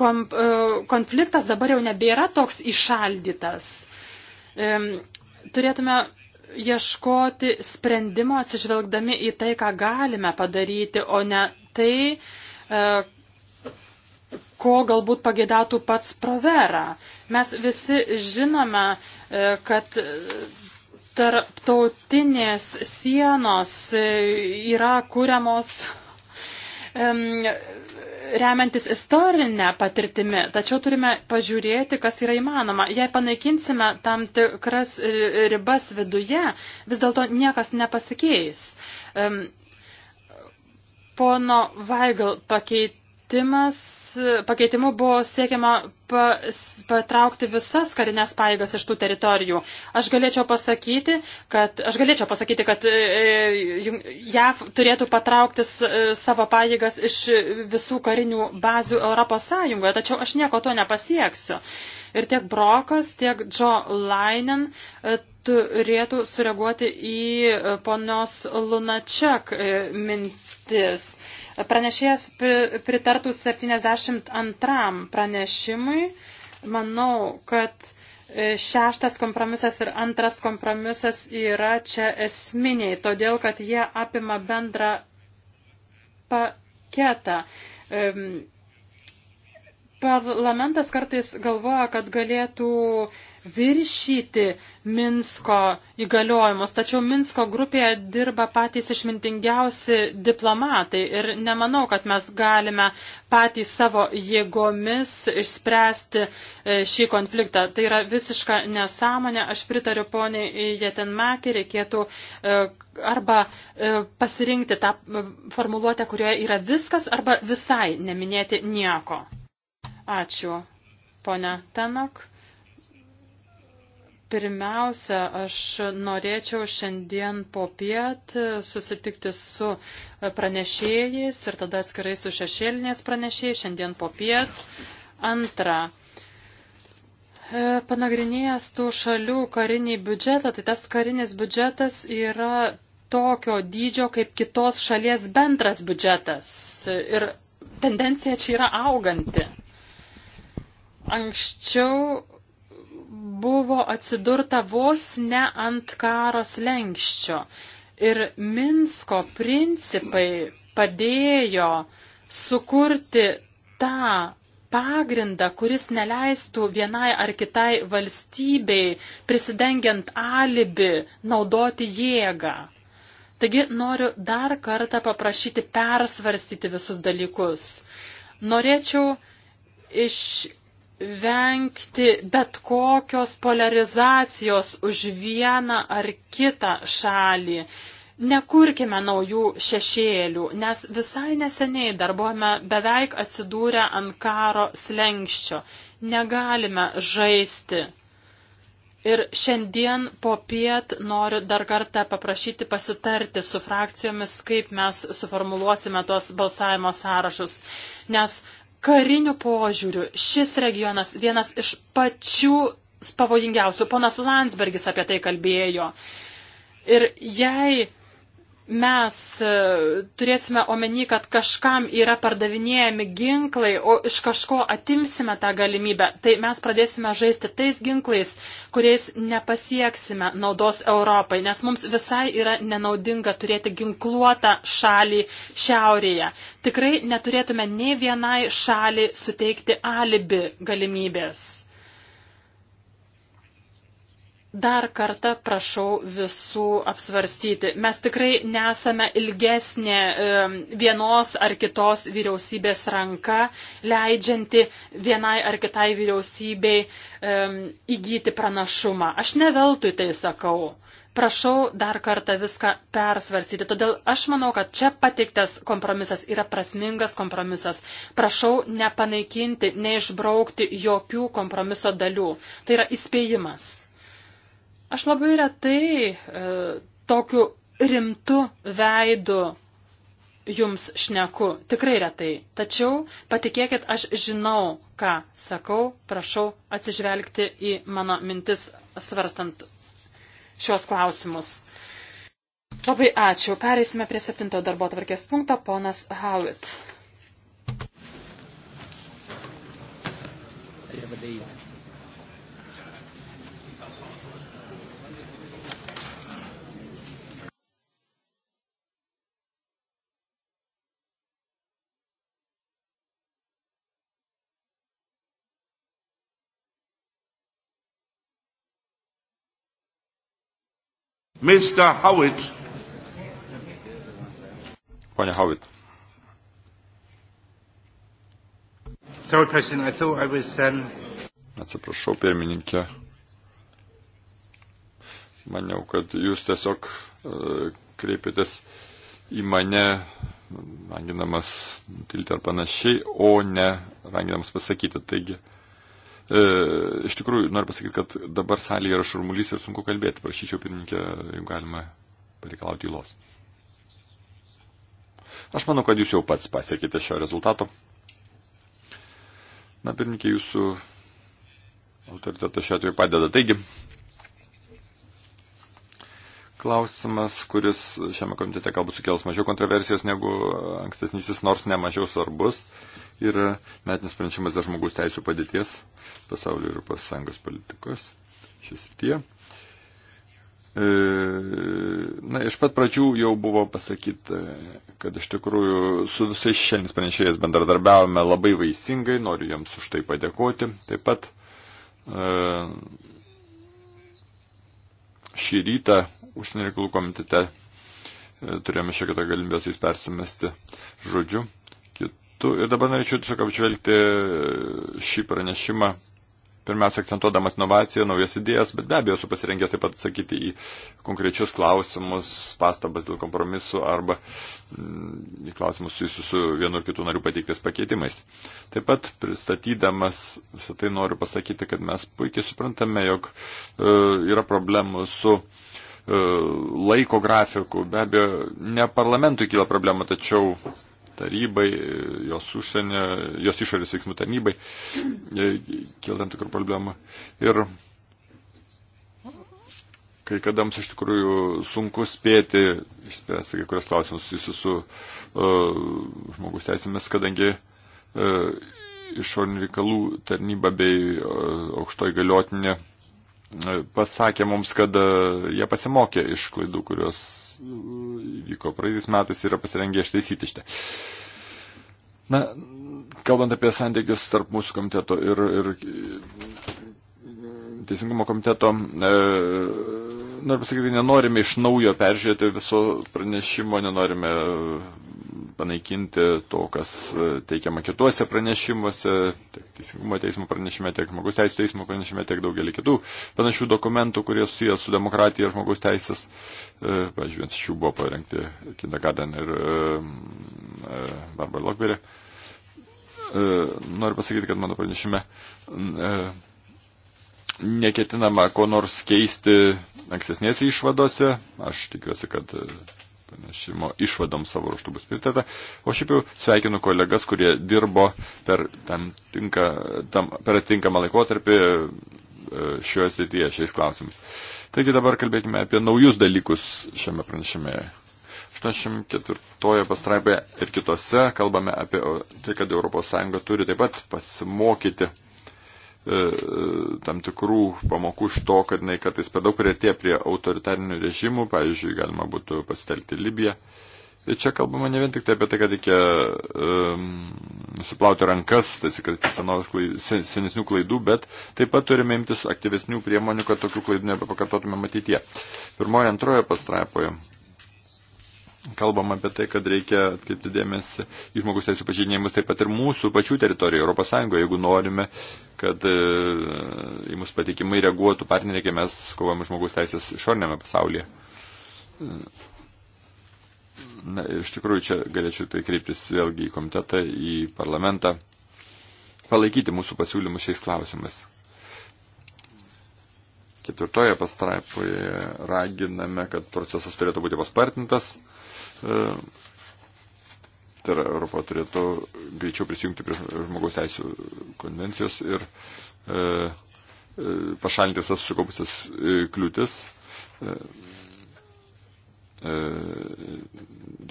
komp, e, konfliktas dabar jau nebėra toks išaldytas. Turėtume ieškoti sprendimo atsižvelgdami į tai, ką galime padaryti, o ne tai, e, ko galbūt pagėdatų pats Provera. Mes visi žinome, e, kad tarptautinės sienos e, yra kuriamos remiantis istorinę patirtimi, tačiau turime pažiūrėti, kas yra įmanoma. Jei panaikinsime tam tikras ribas viduje, vis dėlto niekas nepasikeis. Pono Vaigal pakeit pakeitimu buvo siekiama pas, patraukti visas karinės paėgas iš tų teritorijų. Aš galėčiau pasakyti, kad, aš galėčiau pasakyti, kad e, e JAV turėtų patraukti e, savo paėgas iš visų karinių bazių Europos Sąjungoje, tačiau aš nieko to nepasieksiu. Ir tiek Brokas, tiek Joe Lainen. E, turėtų sureaguoti į e, ponios Lunačiak e, mintis. Pranešėjas pritartų 72 pranešimui. Manau, kad e, šeštas kompromisas ir antras kompromisas yra čia esminiai, todėl kad jie apima bendrą paketą. Parlamentas kartais galvoja, kad galėtų uh, viršyti Minsko įgaliojimus, tačiau Minsko grupėje dirba patys išmintingiausi diplomatai ir nemanau, kad mes galime patys savo jėgomis išspręsti e, šį konfliktą. Tai yra visiška nesąmonė. Aš pritariu poniai Jetenmakį, reikėtų e, arba e, pasirinkti tą formuluotę, kurioje yra viskas, arba visai neminėti nieko. Ačiū, ponia Tenok. Pirmiausia, aš norėčiau šiandien po piet susitikti su pranešėjais ir tada atskirai su šešėlinės pranešėjais šiandien po piet. Antra, e, panagrinėjęs tų šalių karinį biudžetą, tai tas karinis biudžetas yra tokio dydžio kaip kitos šalies bendras biudžetas. Ir tendencija čia yra auganti. Anksčiau buvo atsidurta vos ne ant karos lenkščio. Ir Minsko principai padėjo sukurti tą pagrindą, kuris neleistų vienai ar kitai valstybei, prisidengiant alibi, naudoti jėgą. Taigi noriu dar kartą paprašyti persvarstyti visus dalykus. Norėčiau iš vengti bet kokios polarizacijos už vieną ar kitą šalį. Nekurkime naujų šešėlių, nes visai neseniai dar buvome beveik atsidūrę ant karo slengščio. Negalime žaisti Ir šiandien po piet noriu dar kartą paprašyti pasitarti su frakcijomis, kaip mes suformuluosime tuos balsavimo sąrašus, nes karinių požiūrių šis regionas vienas iš pačių pavojingiausių. Ponas Landsbergis apie tai kalbėjo. Ir jei mes e, turėsime omeny, kad kažkam yra pardavinėjami ginklai, o iš kažko atimsime tą galimybę, tai mes pradėsime žaisti tais ginklais, kuriais nepasieksime naudos Europai, nes mums visai yra nenaudinga turėti ginkluotą šalį šiaurėje. Tikrai neturėtume nei vienai šaliai suteikti alibi galimybės. Dar kartą prašau visų apsvarstyti. Mes tikrai nesame ilgesnė vienos ar kitos vyriausybės ranka, leidžianti vienai ar kitai vyriausybei įgyti pranašumą. Aš neveltui tai sakau. Prašau dar kartą viską persvarstyti. Todėl aš manau, kad čia pateiktas kompromisas yra prasmingas kompromisas. Prašau nepanaikinti, neišbraukti jokių kompromiso dalių. Tai yra įspėjimas. Aš labai retai e, tokiu rimtu veidu jums šneku, tikrai retai. Tačiau patikėkit, aš žinau, ką sakau, prašau atsižvelgti į mano mintis svarstant šios klausimus. Labai ačiū. Pereisime prie septinto darbo tvarkės punkto, ponas Howitt. Mr. Howitt. Pone Howitt. Sorry, President, I thought I was... Um... Atsiprašau, pirmininkė. Maniau, kad jūs tiesiog uh, kreipėtės į mane, ranginamas tilti ar panašiai, o ne ranginamas pasakyti. Taigi, uh, E, iš tikrųjų, noriu pasakyti, kad dabar salėje yra šurmulys ir sunku kalbėti. Prašyčiau, pirmininkė, jeigu galima pareikalauti įlos. Aš manau, kad jūs jau pats pasiekite šio rezultato. Na, pirmininkė, jūsų autoritetas šiuo atveju padeda. Taigi, klausimas, kuris šiame komitete galbūt sukels mažiau kontroversijos negu ankstesnysis, nors nemažiau svarbus. E, yra metinis pranešimas dėl žmogaus teisų padėties pasaulio ir pasangos politikos šis rytyje. E, na, iš pat pradžių jau buvo pasakyta, kad iš tikrųjų su visais šiandien pranešėjais bendradarbiavome labai vaisingai, noriu jiems už tai padėkoti. Taip pat e, šį rytą užsienio reikalų komitete e, turėjome šiek tiek galimybės jais persimesti žodžiu metu. Ir dabar norėčiau tiesiog apžvelgti šį pranešimą. Pirmiausia, akcentuodamas inovaciją, naujas idėjas, bet be abejo, esu pasirengęs taip pat atsakyti į konkrečius klausimus, pastabas dėl kompromisu arba mm, į klausimus susijusius su vienu ar kitu nariu pateiktais pakeitimais. Taip pat pristatydamas visą tai noriu pasakyti, kad mes puikiai suprantame, jog e, yra problemų su e, laiko grafiku. Be abejo, ne parlamentui kyla problema, tačiau tarybai, jos užsienio, jos išorės veiksmų tarnybai, e, kėl tam tikrų problemų. Ir kai kadams iš tikrųjų sunku spėti išspręsti kai kurias klausimus susijusius su uh, e, žmogus teisėmis, kadangi uh, išorinių reikalų tarnyba bei uh, aukštoji galiotinė uh, pasakė mums, kad uh, jie pasimokė iš klaidų, kurios įvyko praeitais metais, yra pasirengę ištaisyti šitą. Na, kalbant apie santykius tarp mūsų komiteto ir, ir teisingumo komiteto, e, noriu pasakyti, nenorime iš naujo peržiūrėti viso pranešimo, nenorime panaikinti to, kas e, teikiama kituose pranešimuose, tiek Teisingumo teismo pranešime, tiek Žmogaus teisų teismo pranešime, tiek daugelį kitų panašių dokumentų, kurie susijęs su demokratija ir žmogaus teisės. E, Pažiūrėjant, iš jų buvo parengti Kindergarten ir e, Barbara Lokberė. Noriu pasakyti, kad mano pranešime neketinama ko nors keisti ankstesnėse išvadose. Aš tikiuosi, kad pranešimo išvadom savo ruštų bus pritarta. O šiaip jau sveikinu kolegas, kurie dirbo per, tam tinka, tam, per atinkamą laikotarpį e, šioje srityje šiais klausimais. Taigi dabar kalbėkime apie naujus dalykus šiame pranešime. 84 pastraipoje ir kitose kalbame apie tai, kad ES turi taip pat pasimokyti E, tam tikrų pamokų iš to, kad jinai kartais per daug prieartė prie autoritarinių režimų, pavyzdžiui, galima būtų pasitelti Libiją. Ir čia kalbama ne vien tik tai apie tai, kad reikia um, suplauti rankas, atsikratyti senovės klaidų, sen, senesnių klaidų, bet taip pat turime imtis aktyvesnių priemonių, kad tokių klaidų nebepakartotume ateityje. Pirmoje, antroje pastraipoje kalbam apie tai, kad reikia atkreipti dėmesį į žmogus teisų pažydinėjimus taip pat ir mūsų pačių teritorijoje, Europos Sąjungoje, jeigu norime kad e, į mus patikimai reaguotų partneriai, kai mes kovojame žmogus teisės išornėme pasaulyje. Na, iš tikrųjų, čia galėčiau tai kreiptis vėlgi į komitetą, į parlamentą, palaikyti mūsų pasiūlymus šiais klausimais. Ketvirtoje pastraipoje raginame, kad procesas turėtų būti paspartintas e, Tai yra Europa turėtų greičiau prisijungti prie žmogaus teisų konvencijos ir e, e, pašalinti visas sukaupusias e, kliūtis. E, e,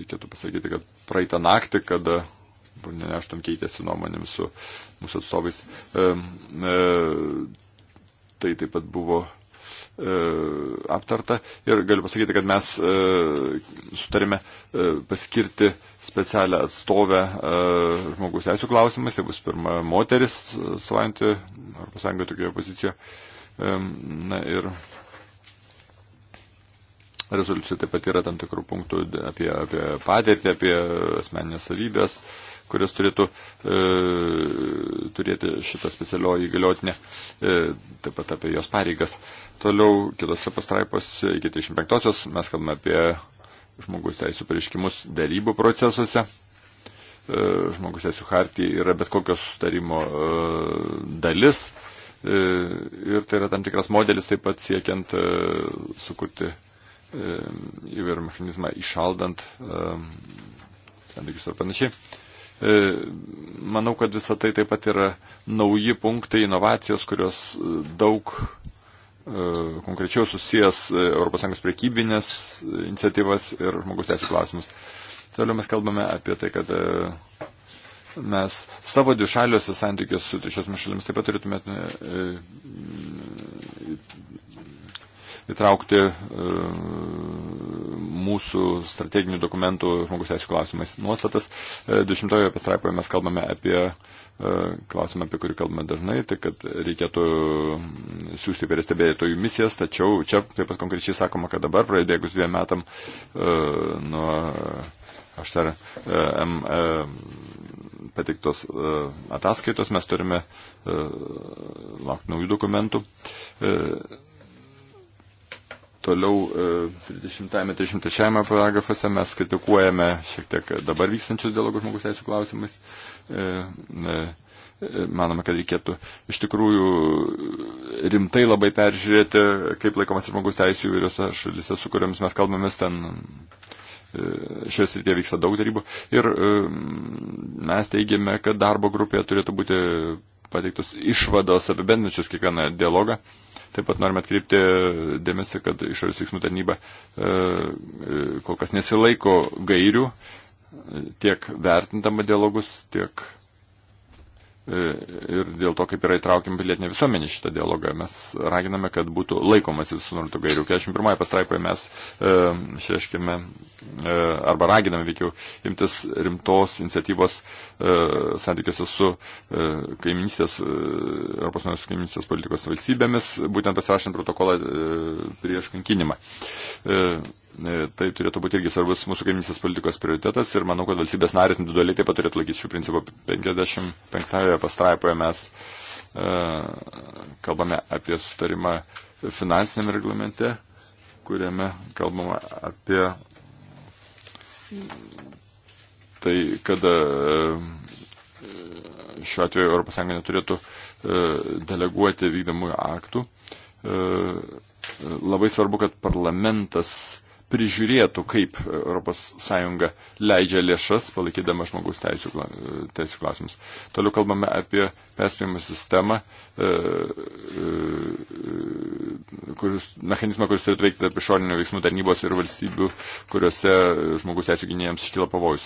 reikėtų pasakyti, kad praeitą naktį, kada neštam keitėsi nuomonėms su mūsų atstovais, e, e, tai taip pat buvo e, aptarta ir galiu pasakyti, kad mes e, sutarėme e, paskirti specialią atstovę e, žmogus teisų klausimais, tai bus pirma moteris e, svanti, Europos Sąjungoje tokioje pozicijoje. Na ir rezoliucijoje taip pat yra tam tikrų punktų apie, apie patirtį, apie asmeninės savybės, kurias turėtų e, turėti šitą specialioji įgaliotinė, e, taip pat apie jos pareigas. Toliau kitose pastraipos, iki 35-osios, mes kalbame apie žmogus teisų pareiškimus darybų procesuose. E, žmogus teisų hartija yra bet kokios sutarimo e, dalis e, ir tai yra tam tikras modelis taip pat siekiant sukurti įvairių mechanizmą išaldant santykius ar panašiai. Manau, kad visa tai taip pat yra nauji punktai, inovacijos, kurios daug E, konkrečiau susijęs e, ES prekybinės iniciatyvas ir žmogus teisų klausimus. Toliau mes kalbame apie tai, kad e, mes savo dvišaliuose santykiuose su trečiosiomis šalimis taip pat turėtume įtraukti mūsų strateginių dokumentų žmogus teisų klausimais nuostatas. 20 pastraipoje mes kalbame apie E, klausimą, apie kurį kalbame dažnai, tai kad reikėtų siūsti per stebėtojų misijas, tačiau čia taip pat konkrečiai sakoma, kad dabar praėdėgus dviem metam e, nuo aš dar e, M pateiktos ataskaitos mes turime laukti naujų dokumentų. Toliau 30-33 paragrafuose mes kritikuojame šiek tiek dabar vykstančius dialogus žmogus teisų klausimais. E, E, e, e, manome, kad reikėtų iš tikrųjų rimtai labai peržiūrėti, kaip laikomas žmogus teisų įvairiose šalise, su kuriamis mes kalbamės ten. Šioje srityje vyksta daug darybų ir mes teigiame, kad darbo grupėje turėtų būti pateiktos išvados apibendrinčios kiekvieną dialogą. Taip pat norime atkreipti dėmesį, kad išorės veiksmų tarnyba kol kas nesilaiko gairių tiek vertindama dialogus, tiek e, ir dėl to, kaip yra įtraukiam pilietinė visuomenė šitą dialogą. Mes raginame, kad būtų laikomas visų nortų gairių. 41 pastraipoje mes e, išreiškėme E, arba raginami veikiau imtis rimtos iniciatyvos e, santykiuose su e, kaiminystės, Europos Sąjungos kaiminystės politikos valstybėmis, būtent pasirašant protokolą prieš kankinimą tai turėtų būti irgi svarbus mūsų kaiminysės politikos prioritetas ir manau, kad valstybės narės individualiai taip pat turėtų laikytis šių principų. 55 pastraipoje mes uh, kalbame apie sutarimą finansiniam reglamente, kuriame kalbama apie Tai kada e, šiuo atveju ES neturėtų e, deleguoti vykdomųjų aktų. E, labai svarbu, kad parlamentas prižiūrėtų, kaip ES leidžia lėšas, palaikydama žmogaus teisų, teisų klausimus. Toliau kalbame apie perspėjimo sistemą, e, e, kuris, mechanizmą, kuris turi veikti tarp išorinių veiksmų tarnybos ir valstybių, kuriuose žmogus teisų gynėjams iškyla pavojus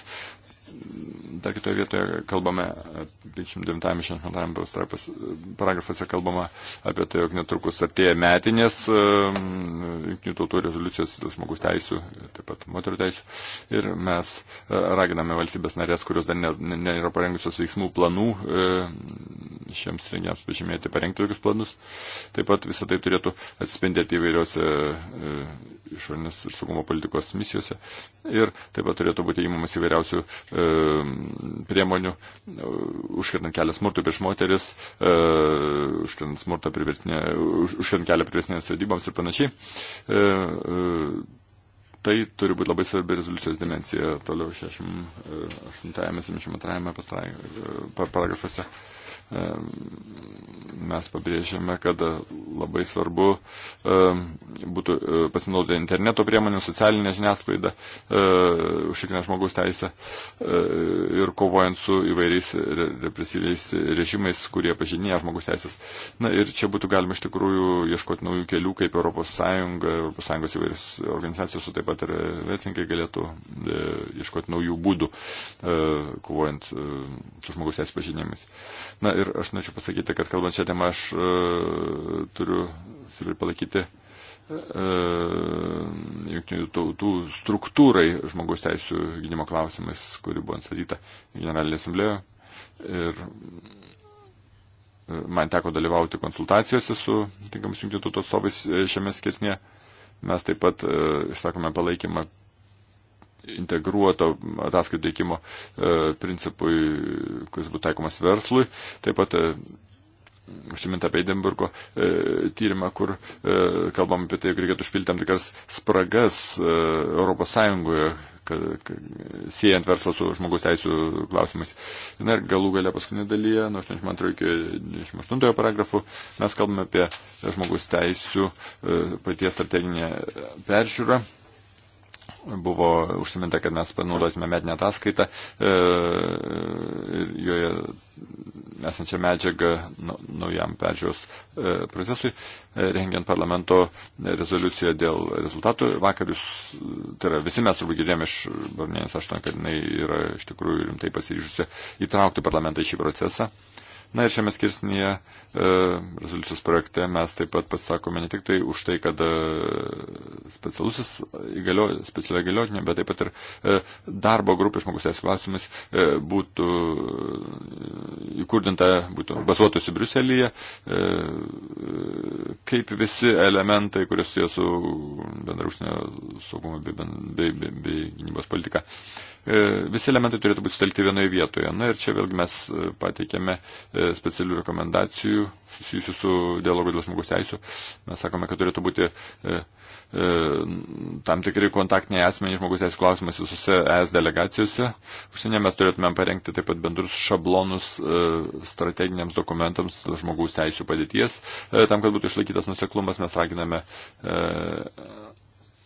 dar kitoje vietoje kalbame, 59-68 paragrafuose kalbama apie tai, jog netrukus artėja metinės jungtinių tautų rezoliucijos dėl žmogus teisų, taip pat moterų teisų. Ir mes e, raginame valstybės narės, kurios dar nėra ne, ne, ne parengusios veiksmų planų, e, šiems renginiams pažymėti parengti tokius planus. Taip pat visą tai turėtų atspindėti įvairiuose e, išorinės ir saugumo politikos misijose. Ir taip pat turėtų būti įmamas įvairiausių e, priemonių, e, užkirtant kelią smurtui prieš moteris, e, užkirtant smurtą priverstinė, už, užkirtant kelią priverstinėms vedybams ir panašiai. E, e, tai turi būti labai svarbi rezoliucijos dimensija toliau 68-72 e, pastraipose. E, mes pabrėžėme, kad e, labai svarbu e, būtų e, pasinaudoti interneto priemonių, socialinę žiniasklaidą, užtikrinę žmogaus teisę ir kovojant su įvairiais represyviais režimais, kurie pažinėja žmogaus teisės. Na ir čia būtų galima iš tikrųjų ieškoti naujų kelių, kaip ES, ES įvairios organizacijos, o taip pat ir vecinkai galėtų ieškoti naujų būdų kovojant su žmogaus teisės pažinėjimais. Na ir aš norėčiau pasakyti, kad kalbant šią temą aš e, turiu ir palaikyti e, jungtinių tautų struktūrai žmogaus teisų gynimo klausimais, kuri buvo atstatyta Generalinė asamblėje. Ir e, man teko dalyvauti konsultacijose su tinkamus jungtinių tautų atstovais e, šiame skirsnėje. Mes taip pat e, išsakome palaikymą integruoto ataskaitų teikimo e, principui, kuris būtų taikomas verslui. Taip pat e, užsiminta apie Edinburgo e, tyrimą, kur e, kalbam apie tai, jog reikėtų užpilti tam tikras spragas e, Europos Sąjungoje, kad, kad, siejant verslą su žmogus teisų klausimais. Na ir galų galia paskutinė dalyje, nuo 82 iki 98 paragrafų, mes kalbame apie žmogus teisų e, paties strateginę peržiūrą buvo užsiminta, kad mes panaudosime medinę ataskaitą e, ir joje esančią medžiagą nu, naujam peržiūros e, procesui, e, rengiant parlamento rezoliuciją dėl rezultatų. Vakar jūs, tai yra visi mes turbūt girdėjome iš Barnienės Ašton, kad jinai yra iš tikrųjų rimtai pasiryžusi įtraukti parlamentą į šį procesą. Na ir šiame skirsnyje e, rezoliucijos projekte mes taip pat pasakome ne tik tai už tai, kad e, specialusis įgalio, specialiai galiotinė, bet taip pat ir e, darbo grupė žmogus teisų klausimais būtų įkurdinta, būtų bazuotųsi Briuselėje, kaip visi elementai, kurie susiję su bendrausinio saugumo bei, bei, bei, bei gynybos politika. Visi elementai turėtų būti sutelkti vienoje vietoje. Na ir čia vėlgi mes pateikėme E, specialių rekomendacijų susijusių su dialogu dėl žmogus teisų. Mes sakome, kad turėtų būti e, e, tam tikri kontaktiniai asmenys žmogus teisų klausimais visose ES delegacijose. Užsienė mes turėtumėm parengti taip pat bendrus šablonus strateginiams dokumentams žmogaus teisų padėties. Tam, kad būtų išlaikytas nuseklumas, mes raginame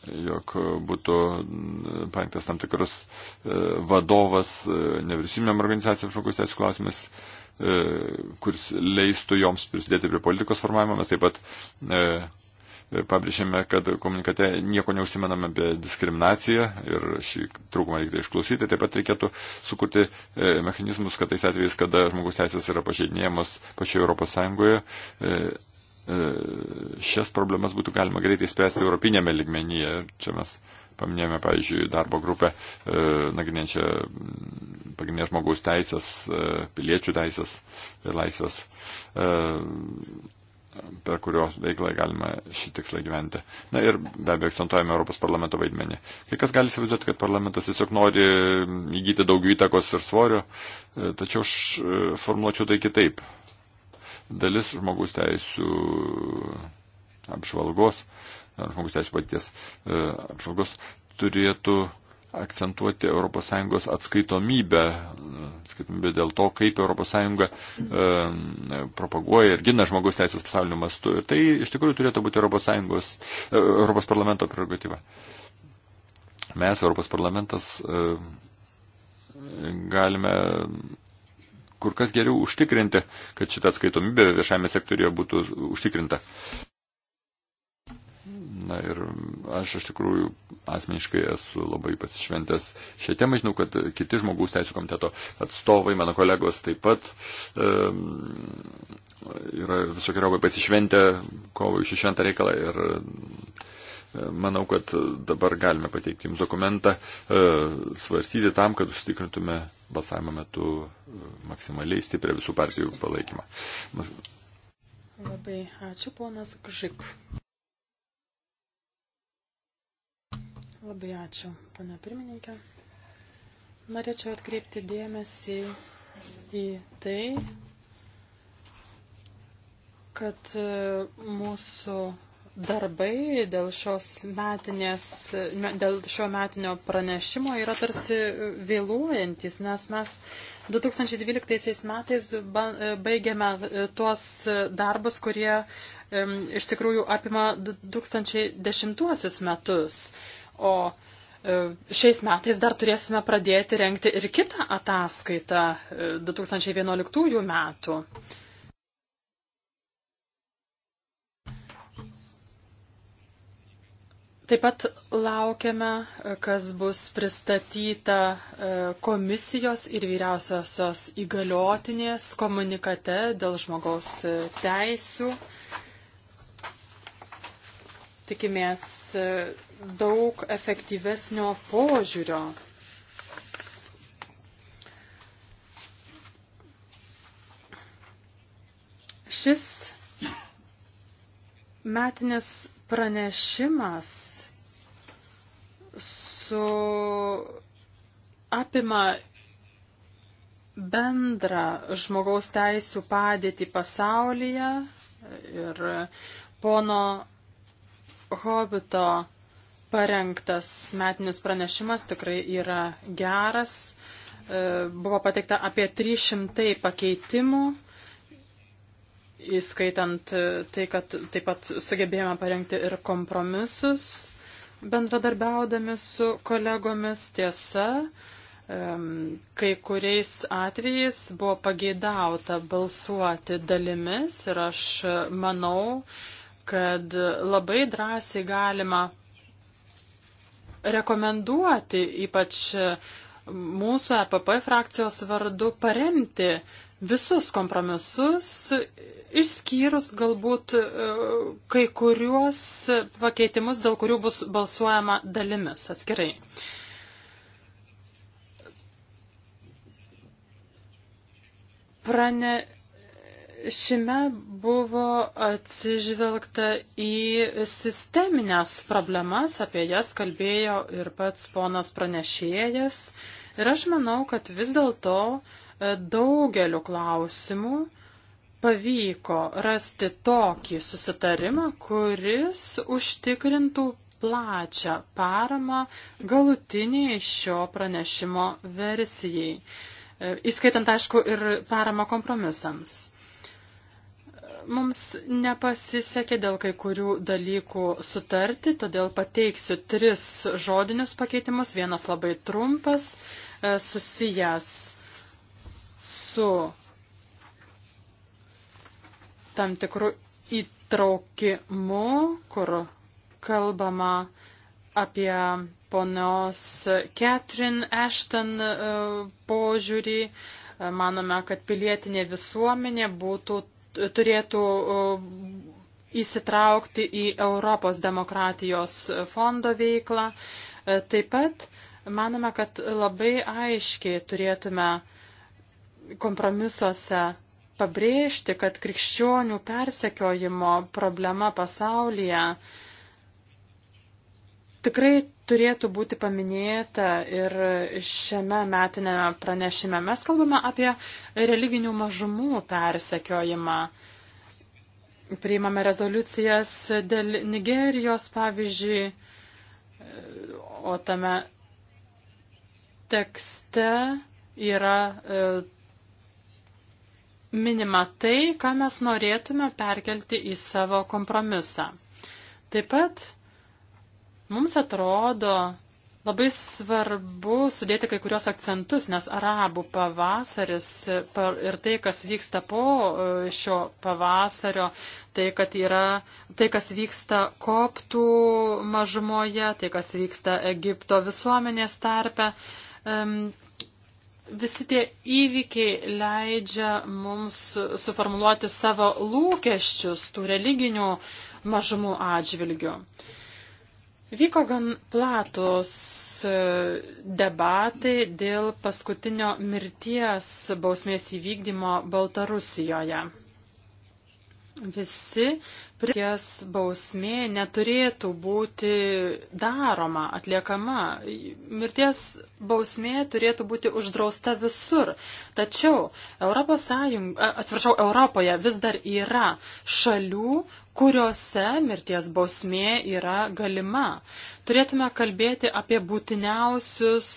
jog būtų parengtas tam tikras vadovas nevyriausybinėm organizacijom žmogaus teisų klausimais. E, kuris leistų joms prisidėti prie politikos formavimo. Mes taip pat e, e, pabrėžėme, kad komunikate nieko neužsimename apie diskriminaciją ir šį trūkumą reikia išklausyti. Taip pat reikėtų sukurti mechanizmus, kad tais atvejais, kada žmogus teisės yra pažeidinėjamas pačioje Europos Sąjungoje, šias problemas būtų galima greitai spręsti europinėme ligmenyje. Čia mes Paminėjome, pavyzdžiui, darbo grupę e, nagrinėčią pagrindinės žmogaus teisės, e, piliečių teisės ir laisvės, e, per kurios veiklą galima šį tikslą gyventi. Na ir be abejo, akcentuojame Europos parlamento vaidmenį. Kai kas gali įsivaizduoti, kad parlamentas tiesiog nori įgyti daug įtakos ir svorio, tačiau aš formuočiau tai kitaip. Dalis žmogaus teisų apžvalgos žmogus teisų paties e, apžvalgos turėtų akcentuoti ES atskaitomybę, atskaitomybę dėl to, kaip ES e, propaguoja ir gina žmogaus teisės pasaulio mastu. Ir tai iš tikrųjų turėtų būti ES, e, Europos parlamento prerogatyva. Mes, Europos parlamentas, e, galime kur kas geriau užtikrinti, kad šita atskaitomybė viešame sektorijoje būtų užtikrinta. Na ir aš iš tikrųjų asmeniškai esu labai pasišventęs šią temą. Žinau, kad kiti žmogaus teisų komiteto atstovai, mano kolegos taip pat e, yra visokiojobai pasišventę kovai šį šventą reikalą ir e, manau, kad dabar galime pateikti jums dokumentą, e, svarstyti tam, kad užsitikrintume balsavimo metu e, maksimaliai stiprią visų partijų palaikymą. Labai ačiū, ponas Gžik. Labai ačiū, pana pirmininkė. Norėčiau atkreipti dėmesį į tai, kad e, mūsų darbai dėl, metinės, dėl šio metinio pranešimo yra tarsi e, vėluojantis, nes mes 2012 metais e, baigėme tuos darbus, kurie iš tikrųjų apima 2010 metus, o e, šiais metais dar turėsime pradėti renkti ir kitą ataskaitą 2011 e, metų. Taip pat laukiame, e, kas bus pristatyta komisijos ir vyriausiosios įgaliotinės komunikate dėl žmogaus teisų. Tikimės e, daug efektyvesnio požiūrio. Šis metinis pranešimas su apima bendrą žmogaus teisų padėtį pasaulyje ir pono Hobito parengtas metinis pranešimas tikrai yra geras. E, buvo pateikta apie 300 pakeitimų, įskaitant e, tai, kad taip pat sugebėjome parengti ir kompromisus bendradarbiaudami su kolegomis tiesa. E, kai kuriais atvejais buvo pageidauta balsuoti dalimis ir aš manau, kad labai drąsiai galima rekomenduoti, ypač mūsų EPP frakcijos vardu, paremti visus kompromisus, išskyrus galbūt e, kai kuriuos pakeitimus, dėl kurių bus balsuojama dalimis atskirai. Prane Šiame buvo atsižvelgta į sisteminės problemas, apie jas kalbėjo ir pats ponas pranešėjas. Ir aš manau, kad vis dėlto e, daugeliu klausimų pavyko rasti tokį susitarimą, kuris užtikrintų plačią paramą galutiniai šio pranešimo versijai, e, įskaitant aišku ir paramą kompromisams. Mums nepasisekė dėl kai kurių dalykų sutarti, todėl pateiksiu tris žodinius pakeitimus. Vienas labai trumpas, e, susijęs su tam tikru įtraukimu, kur kalbama apie ponios Catherine Ashton e, požiūrį. E, manome, kad pilietinė visuomenė būtų turėtų įsitraukti į Europos demokratijos fondo veiklą. E, taip pat manome, kad labai aiškiai turėtume kompromisuose pabrėžti, kad krikščionių persekiojimo problema pasaulyje uh, tikrai turėtų būti paminėta ir šiame metinėme pranešime. Mes kalbame apie religinių mažumų persekiojimą. Priimame rezoliucijas dėl Nigerijos, pavyzdžiui, o tame tekste yra e, minima tai, ką mes norėtume perkelti į savo kompromisą. Taip pat Mums atrodo labai svarbu sudėti kai kurios akcentus, nes arabų pavasaris ir tai, kas vyksta po e, šio pavasario, tai, kad yra tai, kas vyksta koptų mažumoje, tai, kas vyksta Egipto visuomenės tarpe. Visi tie įvykiai leidžia mums suformuluoti savo lūkesčius tų religinių mažumų atžvilgių. Vyko gan platus e, debatai dėl paskutinio mirties bausmės įvykdymo Baltarusijoje. Visi mirties bausmė neturėtų būti daroma, atliekama. Mirties bausmė turėtų būti uždrausta visur. Tačiau Europos Sąjung, atsiprašau, Europoje vis dar yra šalių, kuriuose mirties bausmė yra galima. Turėtume kalbėti apie būtiniausius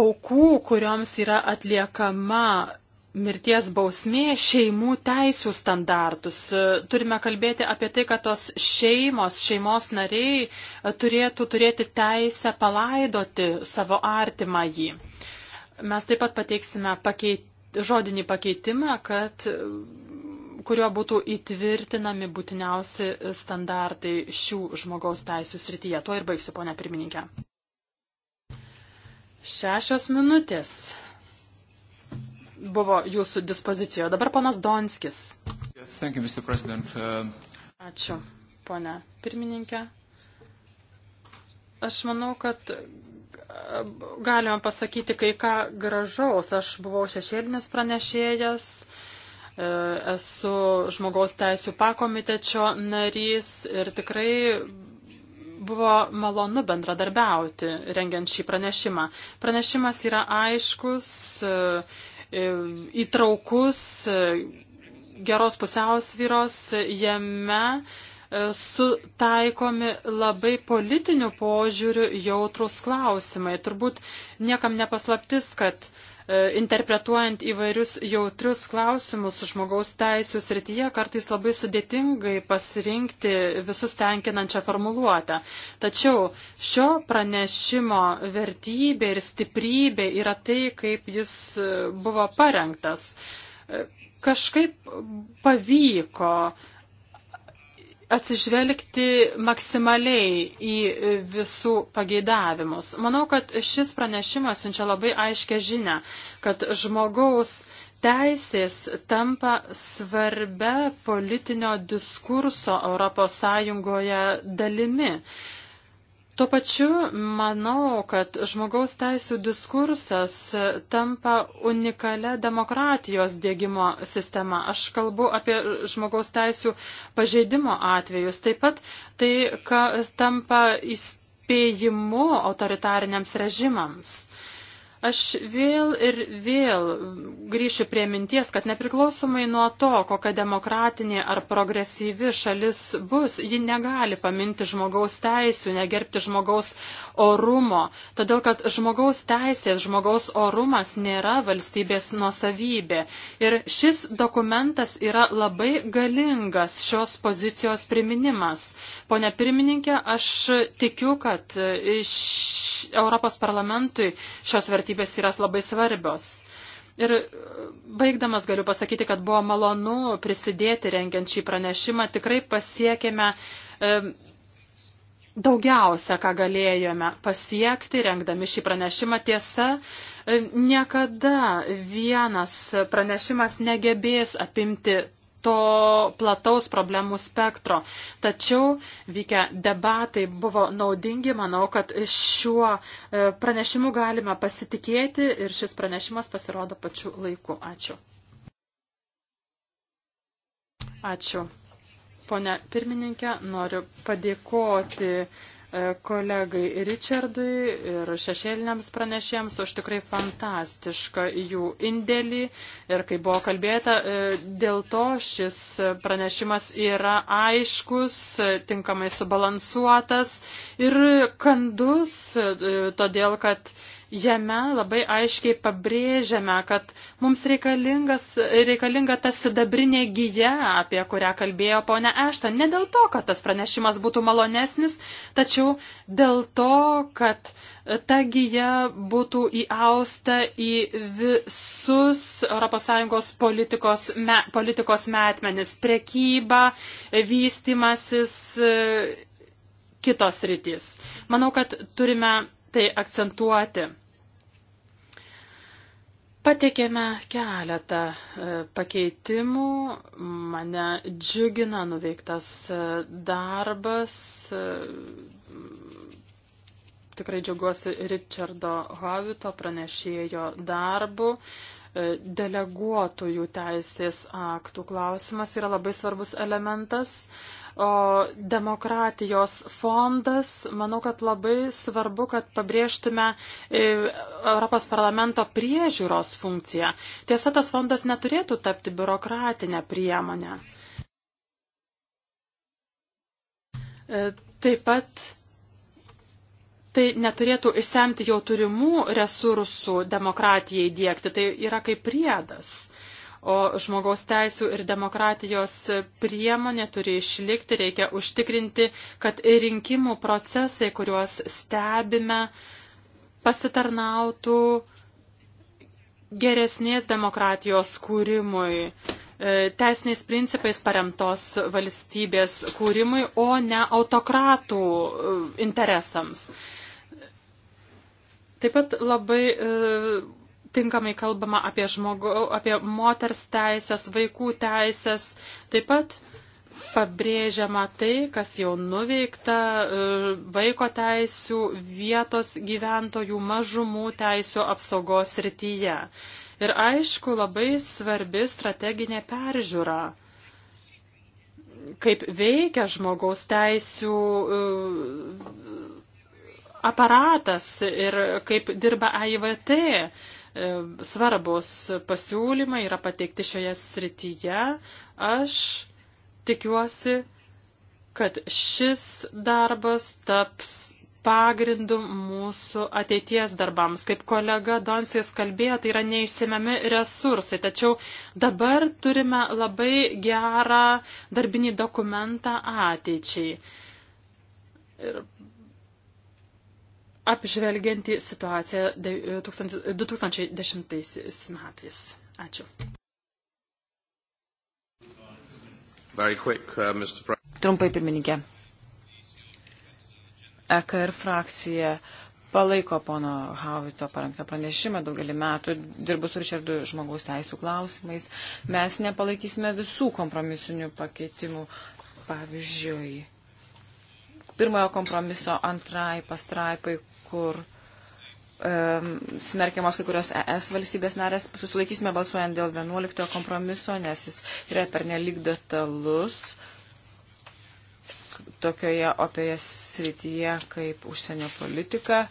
aukų, kurioms yra atliekama mirties bausmė šeimų teisų standartus. Turime kalbėti apie tai, kad tos šeimos, šeimos nariai turėtų turėti teisę palaidoti savo artimąjį. Mes taip pat pateiksime pakeitimą žodinį pakeitimą, kad kurio būtų įtvirtinami būtiniausi standartai šių žmogaus teisų srityje. Tuo ir baigsiu, ponia pirmininkė. Šešios minutės buvo jūsų dispozicijoje. Dabar ponas Donskis. Thank you, Mr. President. Ačiū, ponia pirmininkė. Aš manau, kad galima pasakyti kai ką gražaus. Aš buvau šešėlinis pranešėjas, e, esu žmogaus teisų pakomitečio narys ir tikrai buvo malonu bendradarbiauti rengiant šį pranešimą. Pranešimas yra aiškus, e, e, įtraukus, geros pusiausvyros jame E, sutaikomi labai politinių požiūrių jautrus klausimai. Turbūt niekam nepaslaptis, kad e, interpretuojant įvairius jautrius klausimus žmogaus teisų srityje, kartais labai sudėtingai pasirinkti visus tenkinančią formuluotę. Tačiau šio pranešimo vertybė ir stiprybė yra tai, kaip jis e, buvo parengtas. Kažkaip pavyko uh, atsižvelgti maksimaliai į visų pageidavimus. Manau, kad šis pranešimas siunčia labai aiškę žinę, kad žmogaus teisės tampa svarbia politinio diskurso ES dalimi. Tuo pačiu manau, kad žmogaus teisų diskursas tampa unikalia demokratijos dėgymo sistema. Aš kalbu apie žmogaus teisų pažeidimo atvejus. Taip pat tai, kas tampa įspėjimu autoritariniams režimams. Aš vėl ir vėl grįšiu prie minties, kad nepriklausomai nuo to, kokia demokratinė ar progresyvi šalis bus, ji negali paminti žmogaus teisų, negerbti žmogaus orumo, todėl kad žmogaus teisės, žmogaus orumas nėra valstybės nuosavybė. Ir šis dokumentas yra labai galingas šios pozicijos priminimas. Pone pirmininkė, aš tikiu, kad Europos parlamentui šios vertybės vertybės yra labai svarbios. Ir baigdamas galiu pasakyti, kad buvo malonu prisidėti rengiant šį pranešimą. Tikrai pasiekėme e, daugiausia, ką galėjome pasiekti rengdami šį pranešimą. Tiesa, e, niekada vienas pranešimas negebės apimti to plataus problemų spektro. Tačiau vykę debatai buvo naudingi, manau, kad šiuo e, pranešimu galime pasitikėti ir šis pranešimas pasirodo pačiu laiku. Ačiū. Ačiū. Pone pirmininkė, noriu padėkoti E, kolegai Richardui ir šešėliniams pranešėjams už tikrai fantastišką jų indėlį. Ir kaip buvo kalbėta, e, dėl to šis pranešimas yra aiškus, tinkamai subalansuotas ir kandus, e, todėl kad Jame labai aiškiai pabrėžiame, kad mums reikalinga ta sidabrinė gyja, apie kurią kalbėjo ponia Ešta. Ne dėl to, kad tas pranešimas būtų malonesnis, tačiau dėl to, kad ta gyja būtų įausta į visus ES politikos, me, politikos metmenis - prekyba, vystimasis, kitos rytis. Manau, kad turime tai akcentuoti. Pateikėme keletą e, pakeitimų, mane džiugina nuveiktas e, darbas. E, tikrai džiaugiuosi Richardo Havito pranešėjo darbu. Deleguotojų teisės aktų klausimas yra labai svarbus elementas. O demokratijos fondas, manau, kad labai svarbu, kad pabrėžtume e, Europos parlamento priežiūros funkciją. Tiesa, tas fondas neturėtų tapti biurokratinę priemonę. E, taip pat tai neturėtų išsemti jau turimų resursų demokratijai dėkti, tai yra kaip priedas. Uh, O žmogaus teisų ir demokratijos priemonė turi išlikti, reikia užtikrinti, kad rinkimų procesai, kuriuos stebime, pasitarnautų geresnės demokratijos kūrimui, e, teisiniais principais paremtos valstybės kūrimui, o ne autokratų e, interesams. Taip pat labai e, tinkamai kalbama apie, žmogu, apie moters teisės, vaikų teisės, taip pat pabrėžiama tai, kas jau nuveikta e, vaiko teisų vietos gyventojų mažumų teisų apsaugos rytyje. Ir aišku, labai svarbi strateginė peržiūra, kaip veikia žmogaus teisų e, aparatas ir kaip dirba AIVT svarbus pasiūlymai yra pateikti šioje srityje. Aš tikiuosi, kad šis darbas taps pagrindu mūsų ateities darbams. Kaip kolega Donsijas kalbėjo, tai yra neišsimami resursai, tačiau dabar turime labai gerą darbinį dokumentą ateičiai. Ir apžvelgianti situaciją 2010 metais. Ačiū. Quick, uh, Trumpai pirmininkė. EKR frakcija palaiko pono Havito parengtą pranešimą daugelį metų, dirbu su Richardu žmogaus teisų klausimais. Mes nepalaikysime visų kompromisinių pakeitimų. Pavyzdžiui, pirmojo kompromiso antrai pastraipai, kur um, smerkiamos kai kurios ES valstybės narės. Susilaikysime balsuojant dėl 11 kompromiso, nes jis yra pernelyg detalus tokioje opioje srityje kaip užsienio politika.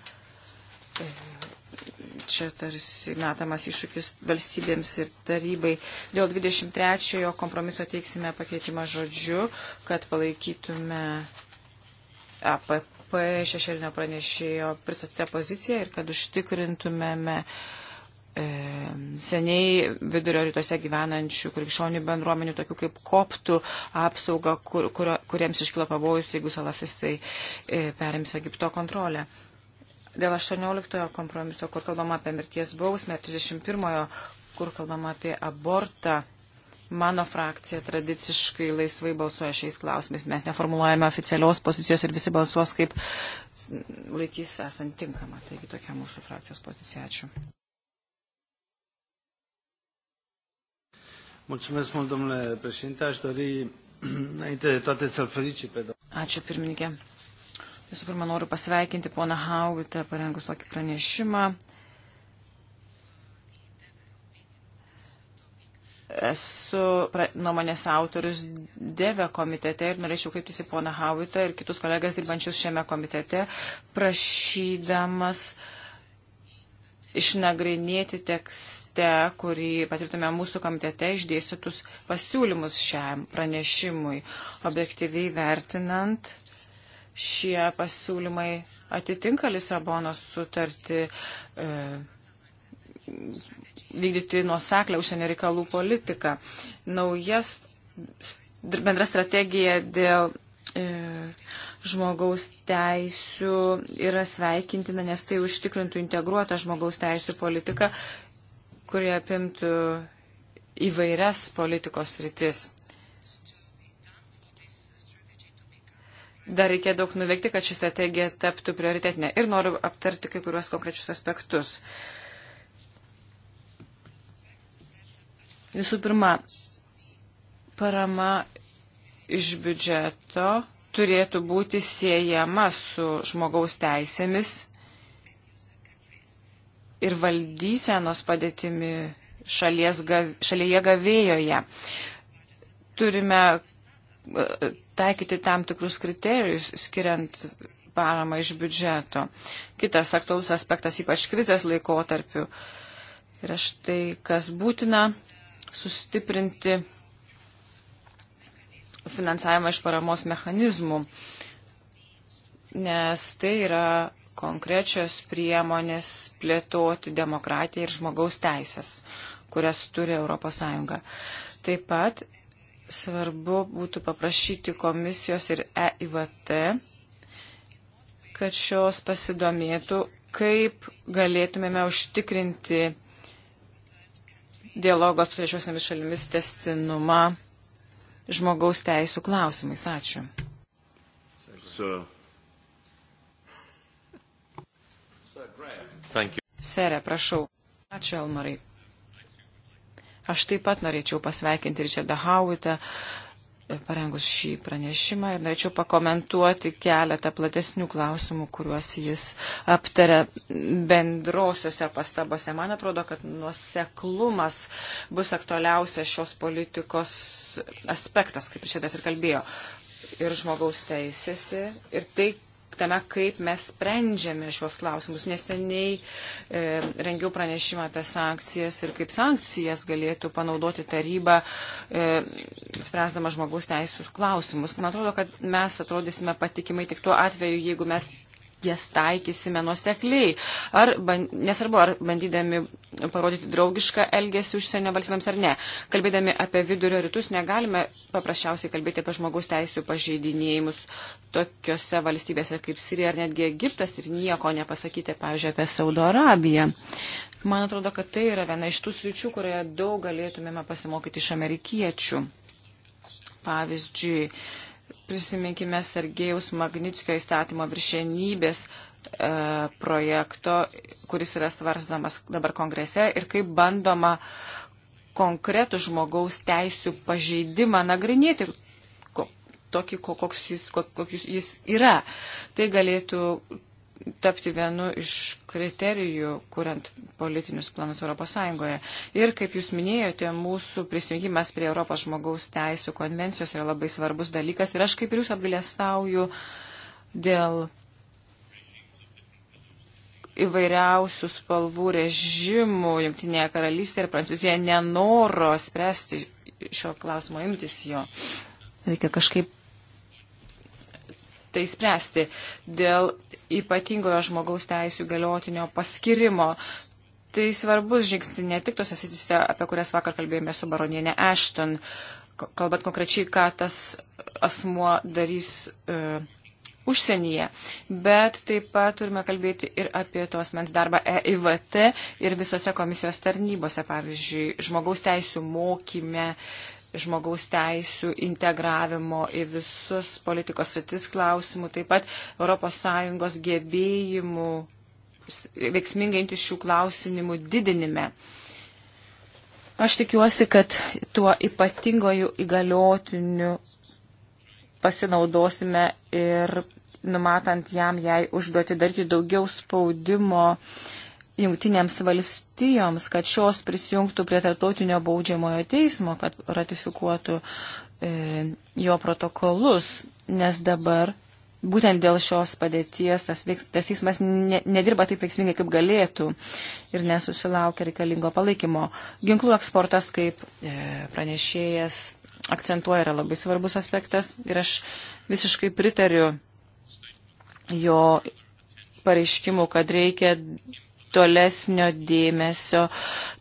Čia tarsi metamas iššūkis valstybėms ir tarybai. Dėl 23 kompromiso teiksime pakeitimą žodžiu, kad palaikytume APP e šešėlinio pranešėjo pristatytą poziciją ir kad užtikrintumėme e, seniai vidurio rytuose gyvenančių krikščionių bendruomenių, tokių kaip koptų apsauga, kur, kur, kuriems iškilo pavojus, jeigu salafistai e, perims Egipto kontrolę. Dėl 18 kompromiso, kur kalbama apie mirties bausmę, 31 kur kalbama apie abortą Mano frakcija tradiciškai laisvai balsuoja šiais klausimais. Mes neformuluojame oficialios pozicijos ir visi balsuos, kaip laikys esant tinkama. Taigi tokia mūsų frakcijos pozicija. Ačiū. Mulțumesc mult, domnule președinte. Aș dori, înainte de toate, să-l felicit pe domnul. Ačiū, pirmininkė. Visų pirma, noriu pasveikinti poną Haugitą, parengus tokį pranešimą. Esu nuomonės autorius Deve komitete ir norėčiau kreiptis į poną Havitą ir kitus kolegas dirbančius šiame komitete, prašydamas išnagrinėti tekste, kurį patirtume mūsų komitete išdėstytus pasiūlymus šiam pranešimui, objektyviai vertinant šie pasiūlymai atitinka Lisabonos sutartį. E, vykdyti nuoseklę užsienio reikalų politiką. Naujas bendra strategija dėl e, žmogaus teisų yra sveikintina, nes tai užtikrintų integruotą žmogaus teisų politiką, kurie apimtų įvairias politikos rytis. Dar reikia daug nuveikti, kad ši strategija taptų prioritetinė. Ir noriu aptarti kai kuriuos konkrečius aspektus. E, Visų pirma, parama iš biudžeto turėtų būti siejama su žmogaus teisėmis ir valdysenos padėtimi šalies, šalyje gavėjoje. Turime e, taikyti tam tikrus kriterijus, skiriant paramą iš biudžeto. Kitas aktualus aspektas, ypač krizės laikotarpiu, yra štai, kas būtina sustiprinti finansavimą iš paramos mechanizmų, nes tai yra konkrečios priemonės plėtoti demokratiją ir žmogaus teisės, kurias turi ES. Taip pat svarbu būtų paprašyti komisijos ir EIVT, kad šios pasidomėtų, kaip galėtumėme užtikrinti dialogo su trečiosiamis šalimis testinumą žmogaus teisų klausimais. Ačiū. So. Serė, prašau. Ačiū, Elmarai. Aš taip pat norėčiau pasveikinti Richardą Howitą, parengus šį pranešimą ir norėčiau pakomentuoti keletą platesnių klausimų, kuriuos jis aptarė bendrosiuose pastabose. Man atrodo, kad nuoseklumas bus aktualiausias šios politikos aspektas, kaip šitas ir kalbėjo. Ir žmogaus teisėsi, ir tai, tame, kaip mes sprendžiame šios klausimus. Neseniai e, rengiau pranešimą apie sankcijas ir kaip sankcijas galėtų panaudoti taryba, e, spręsdama žmogaus teisų klausimus. Man atrodo, kad mes atrodysime patikimai tik tuo atveju, jeigu mes jas taikysime nuosekliai. Ar, nesvarbu, ar bandydami parodyti draugišką elgesį užsienio valstybėms ar ne. Kalbėdami apie vidurio rytus negalime paprasčiausiai kalbėti apie žmogaus teisų pažeidinėjimus tokiose valstybėse kaip Sirija ar netgi Egiptas ir nieko nepasakyti, pavyzdžiui, apie Saudo Arabiją. Man atrodo, kad tai yra viena iš tų sričių, kurioje daug galėtumėme pasimokyti iš amerikiečių. Pavyzdžiui, Prisiminkime Sergejaus Magnitskio įstatymo viršenybės e, projekto, kuris yra svarstamas dabar kongrese ir kaip bandoma konkretų žmogaus teisų pažeidimą nagrinėti tokį, koks jis, koks jis yra. Tai galėtų tapti vienu iš kriterijų, kuriant politinius planus ES. Ir, kaip jūs minėjote, mūsų prisijungimas prie Europos žmogaus teisų konvencijos yra labai svarbus dalykas. Ir aš kaip ir jūs apgalėstauju dėl įvairiausių spalvų režimų Junktinėje karalystėje ir Prancūzijoje nenoro spręsti šio klausimo imtis jo. Reikia kažkaip tai spręsti dėl ypatingojo žmogaus teisų galiotinio paskirimo. Tai svarbus žingsnis ne tik tose sitise, apie kurias vakar kalbėjome su baronienė Ashton, kalbant konkrečiai, ką tas asmuo darys. E, užsienyje. Bet taip pat turime kalbėti ir apie tos mens darbą EIVT ir visose komisijos tarnybose, pavyzdžiui, žmogaus teisų mokyme, žmogaus teisų integravimo į visus politikos sritis klausimų, taip pat ES gebėjimų veiksmingai imtis šių klausimų didinime. Aš tikiuosi, kad tuo ypatingoju įgaliotiniu pasinaudosime ir numatant jam jai užduoti daryti daugiau spaudimo uh, jungtinėms valstijoms, kad šios prisijungtų prie tarptautinio baudžiamojo teismo, kad ratifikuotų e, jo protokolus, nes dabar būtent dėl šios padėties tas, veiks, tas teismas ne, nedirba taip veiksmingai, kaip galėtų ir nesusilaukia reikalingo palaikymo. Ginklų eksportas, kaip e, pranešėjas akcentuoja, yra labai svarbus aspektas ir aš visiškai pritariu jo pareiškimu, kad reikia tolesnio dėmesio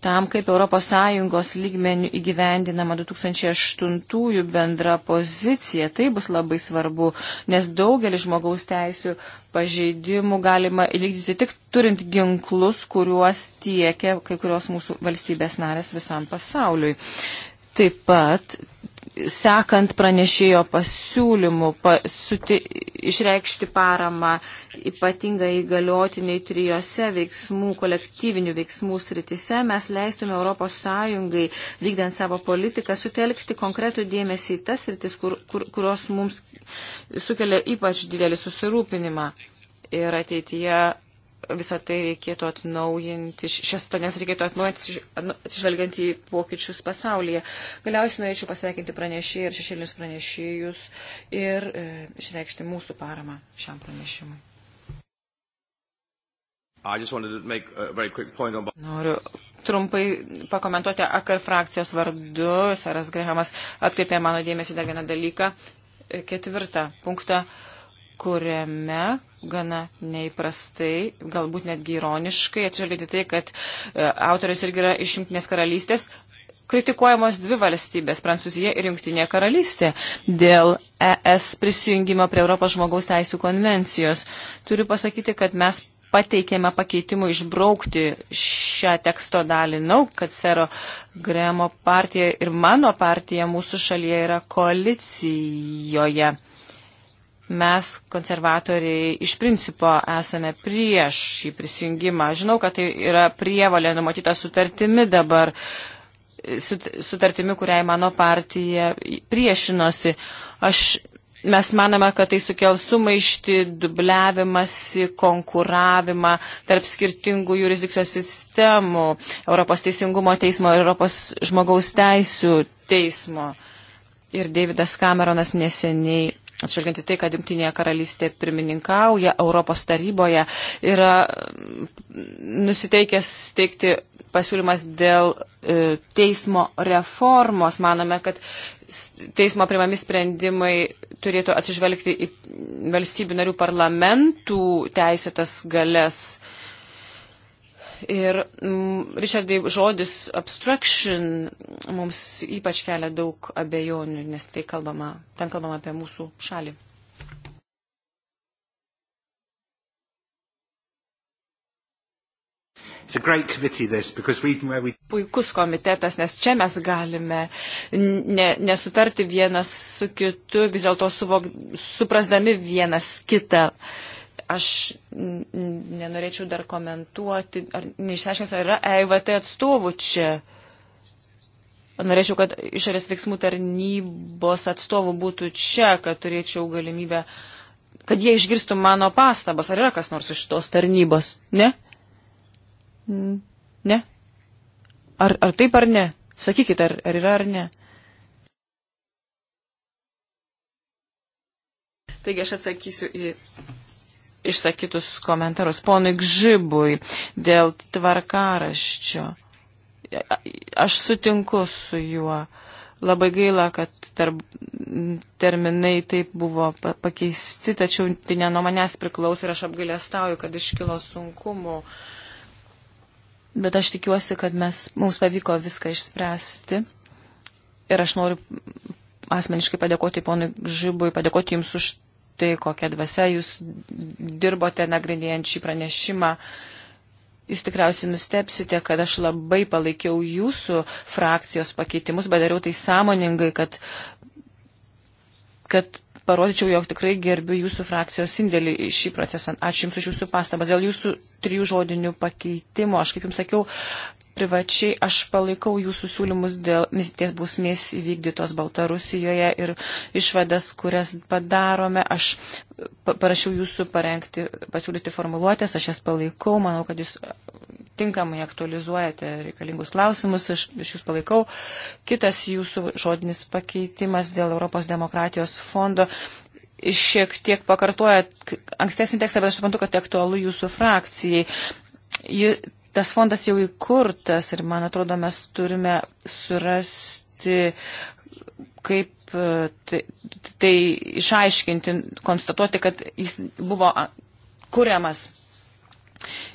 tam, kaip ES lygmenių įgyvendinama 2008 bendra pozicija. Tai bus labai svarbu, nes daugelį žmogaus teisų pažeidimų galima įvykdyti tik turint ginklus, kuriuos tiekia kai kurios mūsų valstybės narės visam pasauliui. Taip pat sekant pranešėjo pasiūlymų pasuti, išreikšti paramą ypatingai įgaliotiniai trijose veiksmų, kolektyvinių veiksmų sritise, mes leistume ES vykdant savo politiką sutelkti konkretų dėmesį į tas sritis, kur, kur, kurios mums sukelia ypač didelį susirūpinimą. Ir ateityje visą tai reikėtų atnaujinti, šias stonės reikėtų atnaujinti, atsižvelgiant į pokyčius pasaulyje. Galiausiai norėčiau pasveikinti pranešėjai ir šešėlinius pranešėjus ir e, išreikšti mūsų paramą šiam pranešimui. On... Noriu trumpai pakomentuoti AKR frakcijos vardu. Saras Grehamas atkreipė mano dėmesį dar vieną dalyką. E, ketvirtą punktą. E, kuriame gana neįprastai, galbūt netgi ironiškai, atšvelgiant į tai, kad e, autorius irgi yra iš Junktinės karalystės, kritikuojamos dvi valstybės - Prancūzija ir Junktinė karalystė dėl ES prisijungimo prie Europos žmogaus teisų konvencijos. Turiu pasakyti, kad mes pateikėme pakeitimų išbraukti šią teksto dalį. Nau, kad Sero Gremo partija ir mano partija mūsų šalyje yra koalicijoje mes, konservatoriai, iš principo esame prieš šį prisijungimą. Žinau, kad tai yra prievalė numatyta sutartimi dabar, sutartimi, kuriai mano partija priešinosi. Aš, mes manome, kad tai sukels sumaišti, dubliavimąsi, konkuravimą tarp skirtingų jurisdikcijos sistemų, Europos teisingumo teismo ir Europos žmogaus teisų teismo. Ir Davidas Cameronas neseniai atšvelgiant į tai, kad Junktinėje karalystė pirmininkauja Europos taryboje, yra mm, nusiteikęs teikti pasiūlymas dėl e, teismo reformos. Manome, kad teismo primami sprendimai turėtų atsižvelgti į valstybių narių parlamentų teisėtas galės. E, Ir, mm, Richardai, žodis obstruction mums ypač kelia daug abejonių, nes tai kalbama, ten kalbama apie mūsų šalį. This, we... Puikus komitetas, nes čia mes galime ne, nesutarti vienas su kitu, vis dėlto suprasdami vienas kitą. Uh, Aš nenorėčiau dar komentuoti, ar neišsiaiškęs, ar yra EIVT atstovų čia. Norėčiau, kad išorės veiksmų tarnybos atstovų būtų čia, kad turėčiau galimybę, kad jie išgirstų mano pastabas. Ar yra kas nors iš tos tarnybos? Ne? Ne? Ar, ar taip ar ne? Sakykit, ar, ar yra ar ne? Taigi aš atsakysiu į išsakytus komentarus. Ponui Gžibui dėl tvarkaraščio. Aš sutinku su juo. Labai gaila, kad tarp, terminai taip buvo pakeisti, tačiau tai ne nuo manęs priklauso ir aš apgailestauju, kad iškilo sunkumų. Bet aš tikiuosi, kad mes, mums pavyko viską išspręsti. Ir aš noriu asmeniškai padėkoti ponui Žibui, padėkoti jums už tai, kokia dvasia jūs dirbote nagrinėjant šį pranešimą. Jūs tikriausiai nustepsite, kad aš labai palaikiau jūsų frakcijos pakeitimus, bet dariau tai sąmoningai, kad, kad parodyčiau, jog tikrai gerbiu jūsų frakcijos indėlį į šį procesą. Ačiū Jums už Jūsų pastabas. Dėl Jūsų trijų žodinių pakeitimo, aš kaip Jums sakiau, privačiai aš palaikau jūsų siūlymus dėl mirties bausmės įvykdytos Baltarusijoje ir išvadas, kurias padarome. Aš parašiau jūsų parengti, pasiūlyti formuluotės, aš jas palaikau, manau, kad jūs tinkamai aktualizuojate reikalingus klausimus, aš, aš jūs palaikau. Kitas jūsų žodinis pakeitimas dėl Europos demokratijos fondo šiek tiek pakartoja ankstesnį tekstą, bet aš suprantu, kad tai aktualu jūsų frakcijai. Ji tas fondas jau įkurtas ir, man atrodo, mes turime surasti, kaip e, tai, tai išaiškinti, konstatuoti, kad jis buvo kuriamas.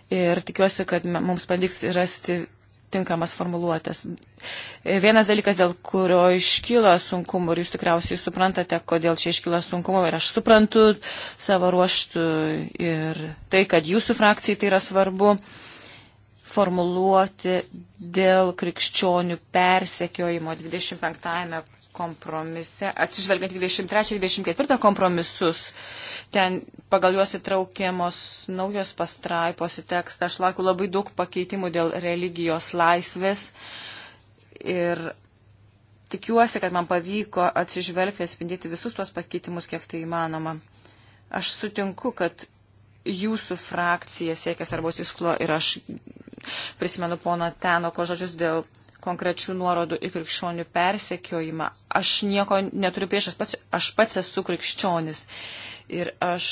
Ir tikiuosi, kad mums pavyks rasti tinkamas formuluotės. E, vienas dalykas, dėl kurio iškyla sunkumų, ir jūs tikriausiai suprantate, kodėl čia iškyla sunkumų, ir aš suprantu savo ruoštų ir tai, kad jūsų frakcijai tai yra svarbu. Uh, formuluoti dėl krikščionių persekiojimo 25-ame kompromise, atsižvelgiant 23-24 kompromisus, ten pagal juos įtraukiamos naujos pastraipos į tekstą. Aš laukiu labai daug pakeitimų dėl religijos laisvės ir tikiuosi, kad man pavyko atsižvelgti, atspindėti visus tuos pakeitimus, kiek tai įmanoma. Aš sutinku, kad jūsų frakcija siekia svarbaus tikslo ir aš prisimenu pono Tenoko žodžius dėl konkrečių nuorodų į krikščionių persekiojimą. Aš nieko neturiu prieš, aš pats, aš pats esu krikščionis ir aš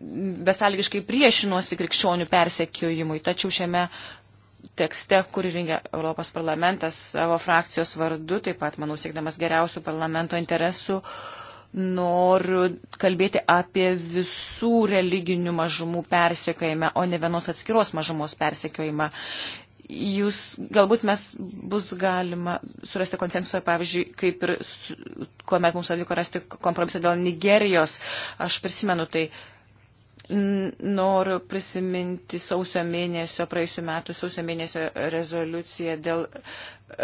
besalgiškai priešinuosi krikščionių persekiojimui, tačiau šiame tekste, kurį rengia Europos parlamentas savo frakcijos vardu, taip pat, manau, siekdamas geriausių parlamento interesų, uh, noriu kalbėti apie visų religinių mažumų persekiojimą, o ne vienos atskiros mažumos persekiojimą. Jūs, galbūt mes bus galima surasti konsensusą, pavyzdžiui, kaip ir kuomet mums pavyko rasti kompromisą dėl Nigerijos, aš prisimenu tai, uh, noriu prisiminti sausio mėnesio, praėjusiu metu sausio mėnesio rezoliuciją dėl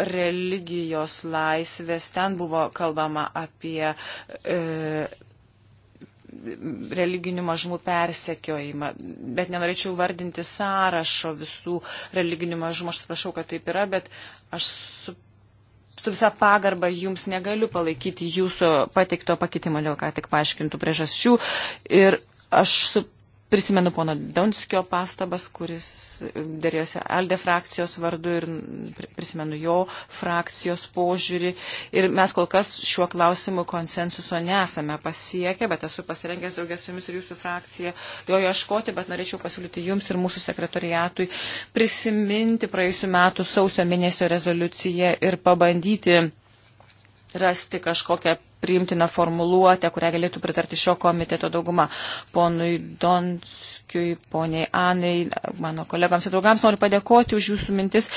religijos laisvės. Ten buvo kalbama apie e, religinių mažumų persekiojimą, bet nenorėčiau vardinti sąrašo visų religinių mažumų. Aš suprašau, kad taip yra, bet aš su, su visa pagarba jums negaliu palaikyti jūsų pateikto pakeitimo dėl ką tik paaiškintų priežasčių. Ir aš su, Prisimenu pono Donskio pastabas, kuris dėrėjosi Alde frakcijos vardu ir prisimenu jo frakcijos požiūrį. Ir mes kol kas šiuo klausimu konsensuso nesame pasiekę, bet esu pasirengęs draugės su jumis ir jūsų frakcija jo ieškoti, bet norėčiau pasiūlyti jums ir mūsų sekretoriatui prisiminti praėjusiu metu sausio mėnesio rezoliuciją ir pabandyti rasti kažkokią priimtiną formuluotę, kurią galėtų pritarti šio komiteto dauguma. Ponui Donskiui, poniai Anai, mano kolegams ir draugams noriu padėkoti už jūsų mintis.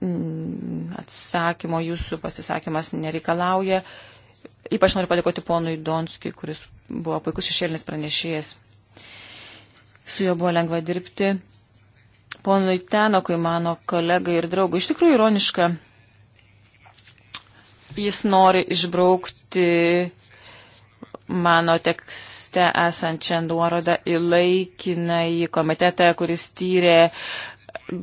Mm, atsakymo jūsų pasisakymas nereikalauja. Ypač noriu padėkoti ponui Donskiui, kuris buvo puikus šešėlinis pranešėjas. Su juo buvo lengva dirbti. Ponui Tenokui, mano kolegai ir draugui. Iš tikrųjų ironiška Jis nori išbraukti mano tekste esančią nuorodą į laikinąjį komitetą, kuris tyrė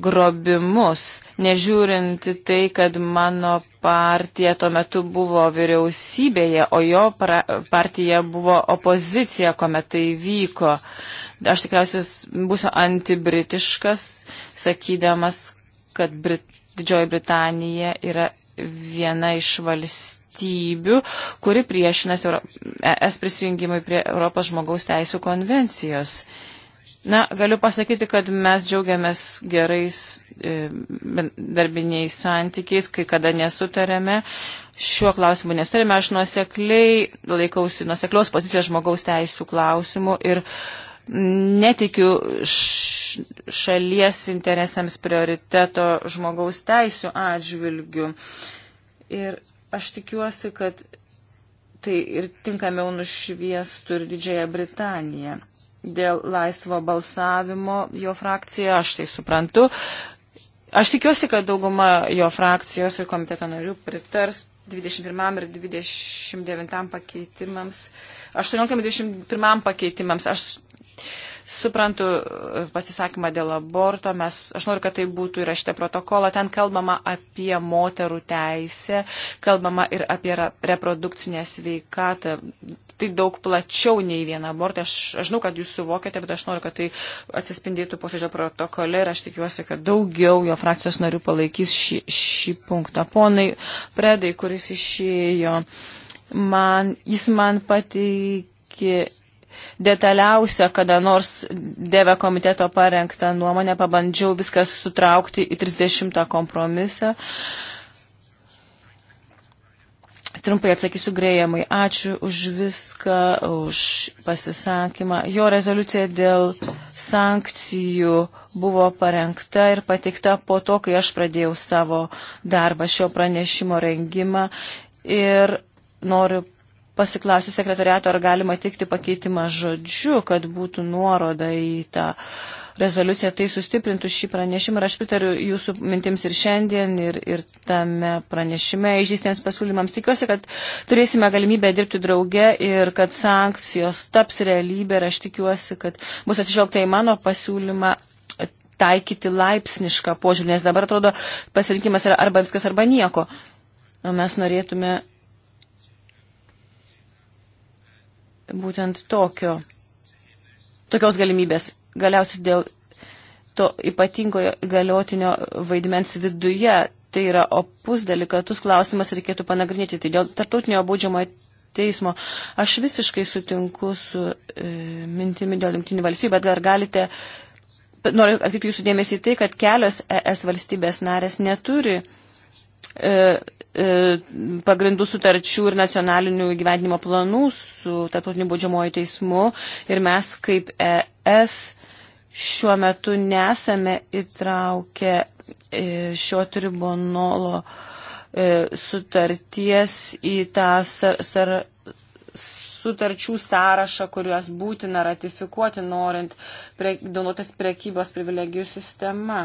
grobimus, nežiūrint tai, kad mano partija tuo metu buvo vyriausybėje, o jo pra, partija buvo opozicija, kuomet tai vyko. Aš tikriausiai būsiu antibritiškas, sakydamas, kad Brit, Didžioji Britanija yra viena iš valstybių, kuri priešinas e- es prisijungimui prie Europos žmogaus teisų konvencijos. Na, galiu pasakyti, kad mes džiaugiamės gerais e, darbiniais santykiais, kai kada nesutarėme. Šiuo klausimu nesutarėme, aš nuosekliai laikausi nuoseklios pozicijos žmogaus teisų klausimų ir uh, netikiu šalies interesams prioriteto žmogaus teisų atžvilgių. Ir aš tikiuosi, kad tai ir tinkamiau nušviestų ir Didžiąją Britaniją. Dėl laisvo balsavimo jo frakcija, aš tai suprantu. Aš tikiuosi, kad dauguma jo frakcijos ir komiteto narių pritars 21 ir 29 pakeitimams. 18 ir 21 pakeitimams. Aš Suprantu e, pasisakymą dėl aborto, mes, aš noriu, kad tai būtų įrašyta protokola, ten kalbama apie moterų teisę, kalbama ir apie reprodukcinę sveikatą, tai daug plačiau nei vieną abortą. Aš, aš žinau, kad jūs suvokiate, bet aš noriu, kad tai atsispindėtų posėdžio protokole ir aš tikiuosi, kad daugiau jo frakcijos narių palaikys šį, šį punktą. Ponai Predai, kuris išėjo, man, jis man pateikė detaliausią kada nors Deve komiteto parengtą nuomonę, pabandžiau viskas sutraukti į 30 kompromisą. Trumpai atsakysiu grėjamai. Ačiū už viską, už pasisakymą. Jo rezoliucija dėl sankcijų buvo parengta ir pateikta po to, kai aš pradėjau savo darbą šio pranešimo rengimą. Ir noriu pasiklausti sekretoriato, ar galima tikti pakeitimą žodžiu, kad būtų nuoroda į tą rezoliuciją, tai sustiprintų šį pranešimą ir aš pritariu jūsų mintims ir šiandien, ir, ir tame pranešime išdystiems pasiūlymams. Tikiuosi, kad turėsime galimybę dirbti drauge ir kad sankcijos taps realybė ir aš tikiuosi, kad bus atsižvelgta į mano pasiūlymą taikyti laipsnišką požiūrį, nes dabar atrodo pasirinkimas yra arba viskas arba nieko. O mes norėtume būtent tokio, tokios galimybės. Galiausiai dėl to ypatingojo galiotinio vaidmens viduje, tai yra opus delikatus klausimas, reikėtų panagrinėti. Tai dėl tartutinio baudžiamo teismo aš visiškai sutinku su e, mintimi dėl jungtinių valstybių, bet dar galite, noriu atkreipti jūsų dėmesį į tai, kad kelios ES valstybės narės neturi E, e, pagrindų sutarčių ir nacionalinių gyvenimo planų su Tarptautiniu baudžiamoju teismu ir mes kaip ES šiuo metu nesame įtraukę e, šio tribunolo sutarties į tą sar, sar, sutarčių sąrašą, kuriuos būtina ratifikuoti norint pre, donuotis prekybos privilegijų sistema.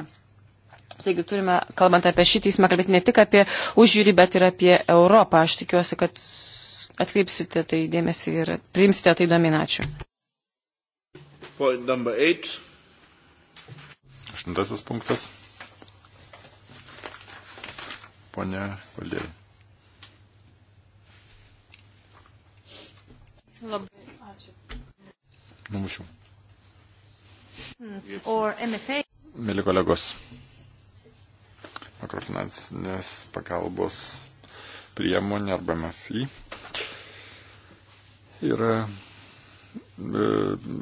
Taigi turime, kalbant apie šį teismą, kalbėti ne tik apie užjūrį, bet ir apie Europą. Aš tikiuosi, kad atkreipsite tai dėmesį ir priimsite tai dominačių. Aštuntasis punktas. Pone Valdėlė. Labai ačiū. Numušiu. Mėly kolegos, makrofinansinės pagalbos priemonė arba MFI yra e,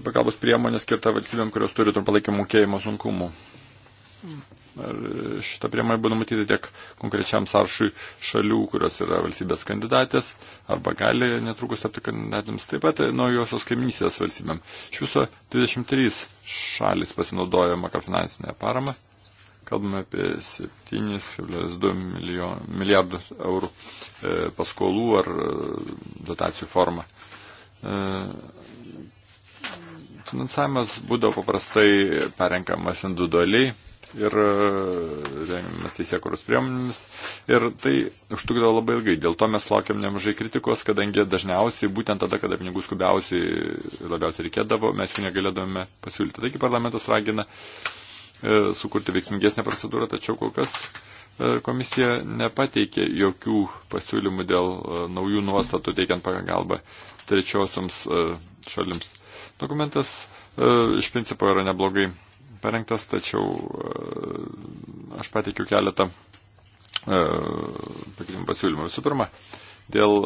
pagalbos priemonė skirta valstybėm, kurios turi trumpalaikį mokėjimo sunkumų. Ar šitą priemonę buvo numatyti tiek konkrečiam sąrašui šalių, kurios yra valstybės kandidatės, arba gali netrukus tapti kandidatėms, taip pat naujosios kaiminysės valstybėm. Iš viso 23 šalis pasinaudojo makrofinansinę paramą kalbame apie 7,2 milijardus eurų e, paskolų ar e, dotacijų formą. E, finansavimas būdavo paprastai parenkamas individualiai ir rengiamas teisėkuros priemonėmis. Ir tai užtrukdavo labai ilgai. Dėl to mes laukiam nemažai kritikos, kadangi dažniausiai, būtent tada, kada pinigų skubiausiai labiausiai reikėdavo, mes jų negalėdavome pasiūlyti. Taigi parlamentas ragina uh, E, sukurti veiksmingesnę procedūrą, tačiau kol kas e, komisija nepateikė jokių pasiūlymų dėl e, naujų nuostatų teikiant pagalbą trečiosioms šalims. Dokumentas iš principo yra neblogai parengtas, tačiau aš pateikiu keletą pakeitimų pasiūlymų. Visų pirma, dėl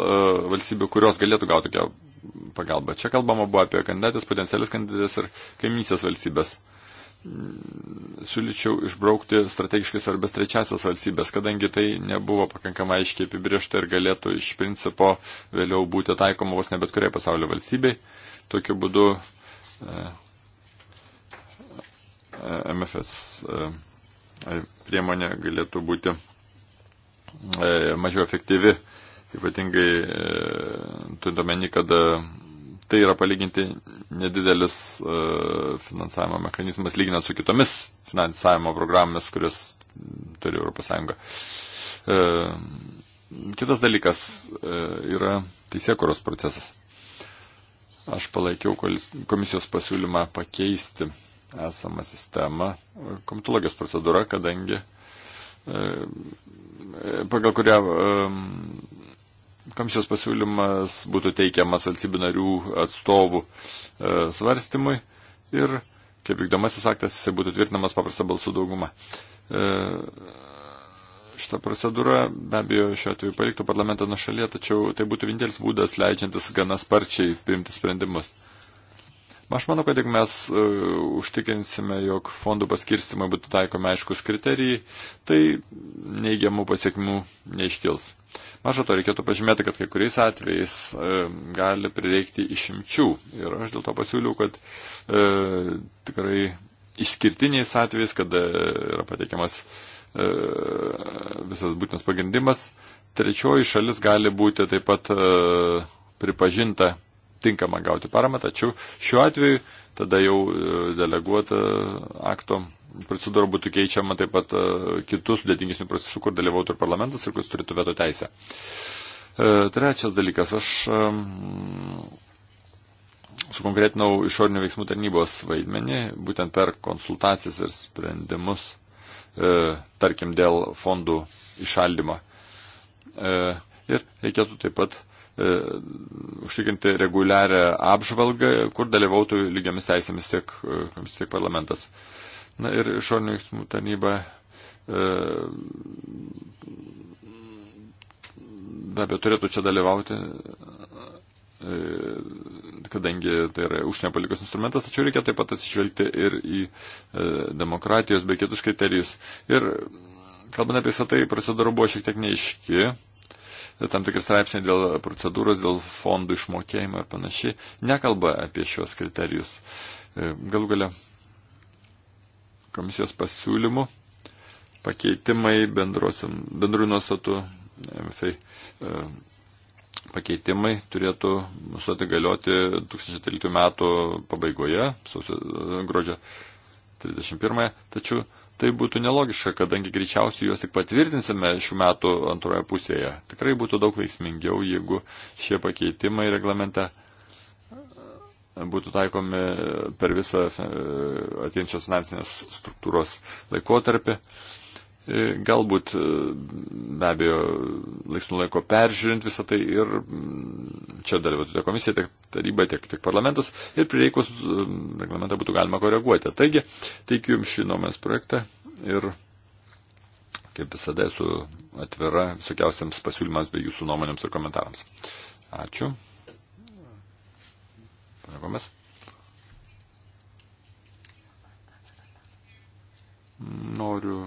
valstybių, kurios galėtų gauti tokią pagalbą. Čia kalbama buvo apie kandidatės, potencialias kandidatės ir kaimynės valstybės. Uh, Mm, siūlyčiau išbraukti strategiškai svarbės trečiasias valstybės, kadangi tai nebuvo pakankamai aiškiai apibriešta ir galėtų iš principo vėliau būti taikoma vos ne bet kuriai pasaulio valstybei. Tokiu būdu e, e, MFS e, priemonė galėtų būti mažiau efektyvi, ypatingai turint omeny, kad tai yra palyginti nedidelis uh, finansavimo mechanizmas lyginant su kitomis finansavimo programomis, kurias turi ES. Uh, e, kitas dalykas uh, yra teisėkuros procesas. Aš palaikiau komisijos pasiūlymą pakeisti esamą sistemą komitologijos procedūrą, kadangi pagal kurią komisijos pasiūlymas būtų teikiamas valstybių narių atstovų e, svarstymui ir kaip vykdomasis aktas jisai būtų tvirtinamas paprasta balsų dauguma. E, Šitą procedūrą be abejo šiuo atveju paliktų parlamentą nuo šalia, tačiau tai būtų vienintelis būdas leidžiantis gana sparčiai priimti sprendimus. Aš manau, kad jeigu mes e, užtikrinsime, jog fondų paskirstimai būtų taikomi aiškus kriterijai, tai neigiamų pasiekmių neiškils. Mažo to reikėtų pažymėti, kad kai kuriais atvejais e, gali prireikti išimčių. Ir aš dėl to pasiūliau, kad e, tikrai išskirtiniais atvejais, kada e, yra pateikiamas e, visas būtinas pagrindimas, trečioji šalis gali būti taip pat e, pripažinta tinkama gauti paramą, tačiau šiuo atveju tada jau e, deleguota akto procedūra būtų keičiama taip pat e, kitus sudėtingesnių procesų, kur dalyvautų ir parlamentas ir kuris turėtų veto teisę. E, trečias dalykas, aš sukonkretinau išorinių veiksmų tarnybos vaidmenį, būtent per konsultacijas ir sprendimus, tarkim, dėl fondų išaldymo. Ir reikėtų taip pat E, užtikrinti reguliarią apžvalgą, kur dalyvautų lygiamis teisėmis tiek, e, tiek parlamentas. Na ir išorinių veiksmų tarnyba e, be abejo turėtų čia dalyvauti, kadangi tai yra užsienio politikos instrumentas, tačiau reikia taip pat atsižvelgti ir į demokratijos bei kitus kriterijus. Ir kalbant apie visą tai, procedūra buvo šiek tiek neiški tam tikras straipsniai dėl procedūros, dėl fondų išmokėjimo ir panašiai, nekalba apie šios kriterijus. E, galų gale komisijos pasiūlymų pakeitimai bendrų nuostatų MFA e, pakeitimai turėtų nustoti galioti 2013 metų pabaigoje, sausio, gruodžio 31, tačiau tai būtų nelogiška, kadangi greičiausiai juos tik patvirtinsime šių metų antroje pusėje. Tikrai būtų daug veiksmingiau, jeigu šie pakeitimai reglamente būtų taikomi per visą e, atėjančios finansinės struktūros laikotarpį. E, galbūt e, be abejo laiksnų laiko peržiūrint visą tai ir mm, čia dalyvautų tiek komisija, tiek taryba, tiek, tiek parlamentas ir prireikus e, reglamentą būtų galima koreguoti. Taigi, teikiu Jums šį nuomės projektą ir kaip visada esu atvira visokiausiams pasiūlymams bei Jūsų nuomonėms ir komentarams. Ačiū. Panegomis. Noriu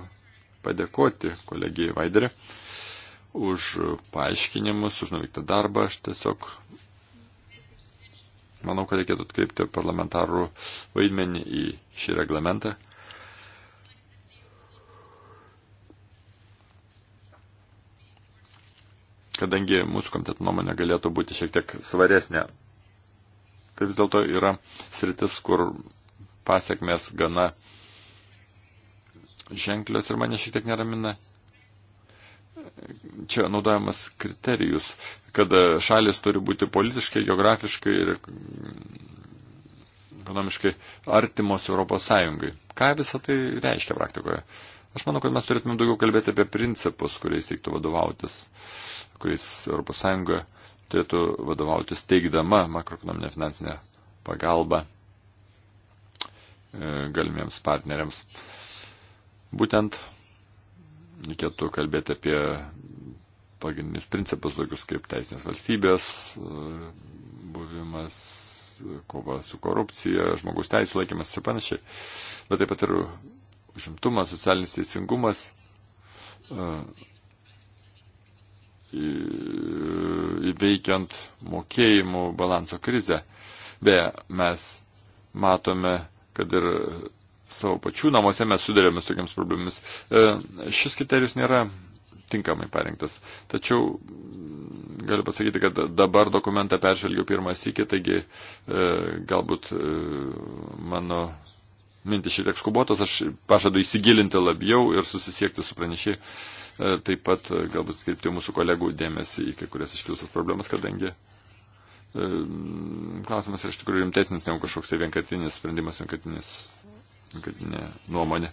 padėkoti kolegijai Vaiderė už paaiškinimus, už nuveiktą darbą. Aš tiesiog manau, kad reikėtų atkreipti parlamentarų vaidmenį į šį reglamentą. Kadangi mūsų komiteto nuomonė galėtų būti šiek tiek svaresnė, tai vis dėlto yra sritis, kur pasiekmes gana ženklios ir mane šiek tiek neramina. Čia naudojamas kriterijus, kad šalis turi būti politiškai, geografiškai ir ekonomiškai artimos Europos Sąjungai. Ką visą tai reiškia praktikoje? Aš manau, kad mes turėtume daugiau kalbėti apie principus, kuriais reiktų vadovautis, kuriais ES turėtų vadovautis teikdama makroekonominę finansinę pagalbą e, galimiems partneriams. Būtent reikėtų kalbėti apie pagrindinius principus, tokius kaip teisinės valstybės e, buvimas, e, kova su korupcija, žmogus teisų laikymas ir panašiai. Bet taip pat ir užimtumas, socialinis teisingumas, e, įveikiant mokėjimų balanso krizę. Beje, mes matome, kad ir savo pačių namuose mes sudarėmės tokiams problemams. E, šis kriterijus nėra tinkamai parengtas. Tačiau mm, galiu pasakyti, kad dabar dokumentą peržvelgiau pirmą sykį, taigi e, galbūt e, mano mintis šiek tiek skubotos, aš pažadu įsigilinti labiau ir susisiekti su pranešiai. E, taip pat e, galbūt skirti mūsų kolegų dėmesį į kai kurias iškilusias problemas, kadangi e, klausimas yra iš tikrųjų rimtesnis negu kažkoks tai vienkartinis sprendimas, vienkartinis gadinė nuomonė.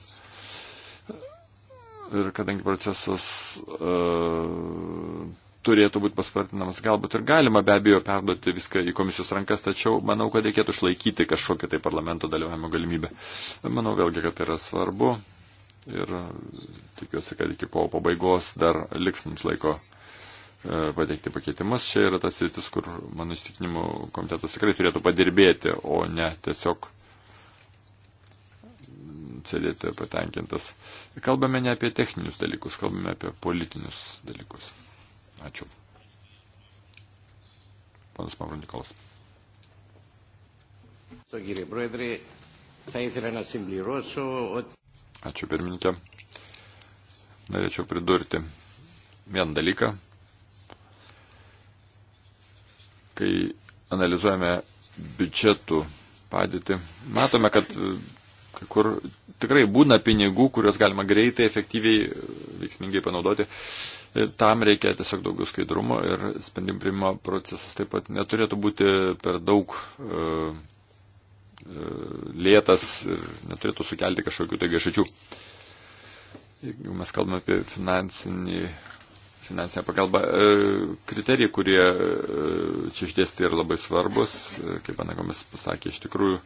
Ir kadangi procesas uh, turėtų būti paspartinamas, galbūt ir galima be abejo perduoti viską į komisijos rankas, tačiau manau, kad reikėtų išlaikyti kažkokią tai parlamento dalyvavimo galimybę. Manau vėlgi, kad tai yra svarbu ir tikiuosi, kad iki po pabaigos dar liks mums laiko e, pateikti pakeitimus. Čia yra tas rytis, kur, mano įstikinimu, komitetas tikrai turėtų padirbėti, o ne tiesiog oficialiai tai patenkintas. Kalbame ne apie techninius dalykus, kalbame apie politinius dalykus. Ačiū. Ponas Mavronikolas. Ačiū tai pirmininkė. Norėčiau pridurti vieną dalyką. Kai analizuojame biudžetų padėtį, matome, kad Kai kur tikrai būna pinigų, kuriuos galima greitai, efektyviai, veiksmingai panaudoti. Tam reikia tiesiog daugiau skaidrumo ir sprendimų priimimo procesas taip pat neturėtų būti per daug e, e lėtas ir neturėtų sukelti kažkokių tai gaišačių. Jeigu mes kalbame apie finansinį, finansinę pagalbą, e, kriterijai, kurie e, čia išdėsti yra labai svarbus, kaip Anagomis pasakė, iš tikrųjų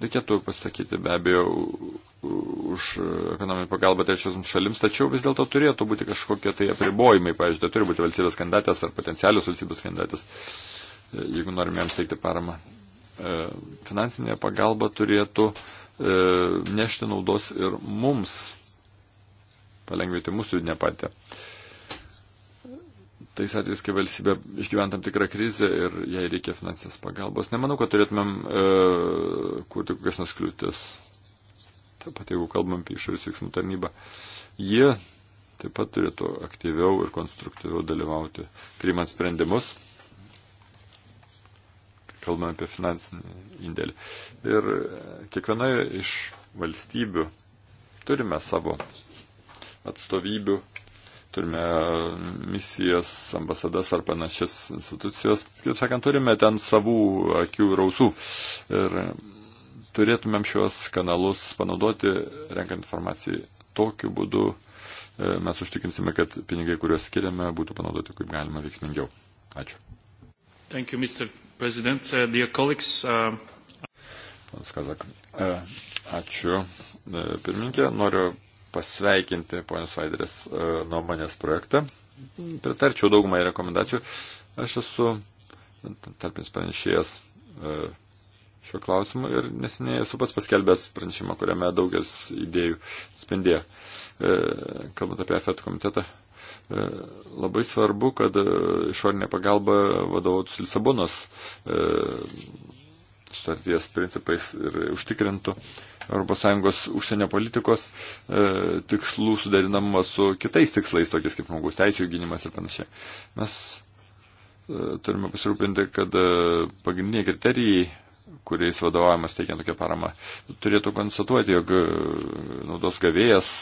reikėtų pasakyti be abejo už e, ekonominį pagalbą trečiosioms šalims, tačiau vis dėlto turėtų būti kažkokie tai apribojimai, pavyzdžiui, tai turi būti valstybės kandidatės ar potencialios valstybės kandidatės, e, jeigu norime jiems teikti paramą. E, finansinė pagalba turėtų nešti naudos ir mums, palengvinti mūsų judinę patį tais atvejais, kai valstybė išgyventam tikrą krizę ir jai reikia finansinės pagalbos. Nemanau, kad turėtumėm e, kurti kokias nors kliūtis. Taip pat, jeigu kalbam apie išorės veiksmų tarnybą, jie taip pat turėtų aktyviau ir konstruktyviau dalyvauti, priimant sprendimus, kalbame apie finansinį indėlį. Ir e, kiekvienoje iš valstybių turime savo atstovybių turime misijas, ambasadas ar panašias institucijas, kaip sakant, turime ten savų akių ir ausų. Ir turėtumėm šios kanalus panaudoti, renkant informaciją tokiu būdu. E, mes užtikrinsime, kad pinigai, kuriuos skiriame, būtų panaudoti kaip galima veiksmingiau. Ačiū. Thank you, Mr. President. Uh, dear colleagues, uh... Panas Kazak. E, ačiū. E, Pirminkė, noriu pasveikinti ponios Vaidrės e, nuomonės projektą. Pritarčiau daugumai rekomendacijų. Aš esu tarpinis pranešėjas e, šio klausimu ir neseniai esu pats paskelbęs pranešimą, kuriame daugias idėjų spindėjo. E, kalbant apie FET komitetą, labai svarbu, kad išorinė pagalba vadovautų Lisabonos sutarties principais ir užtikrintų uh, ES užsienio politikos e, tikslų suderinamumą su kitais tikslais, tokiais kaip žmogaus teisų gynimas ir panašiai. Mes e, turime pasirūpinti, kad e, pagrindiniai kriterijai kuriais vadovavimas teikiant tokią paramą, turėtų konstatuoti, jog e, naudos gavėjas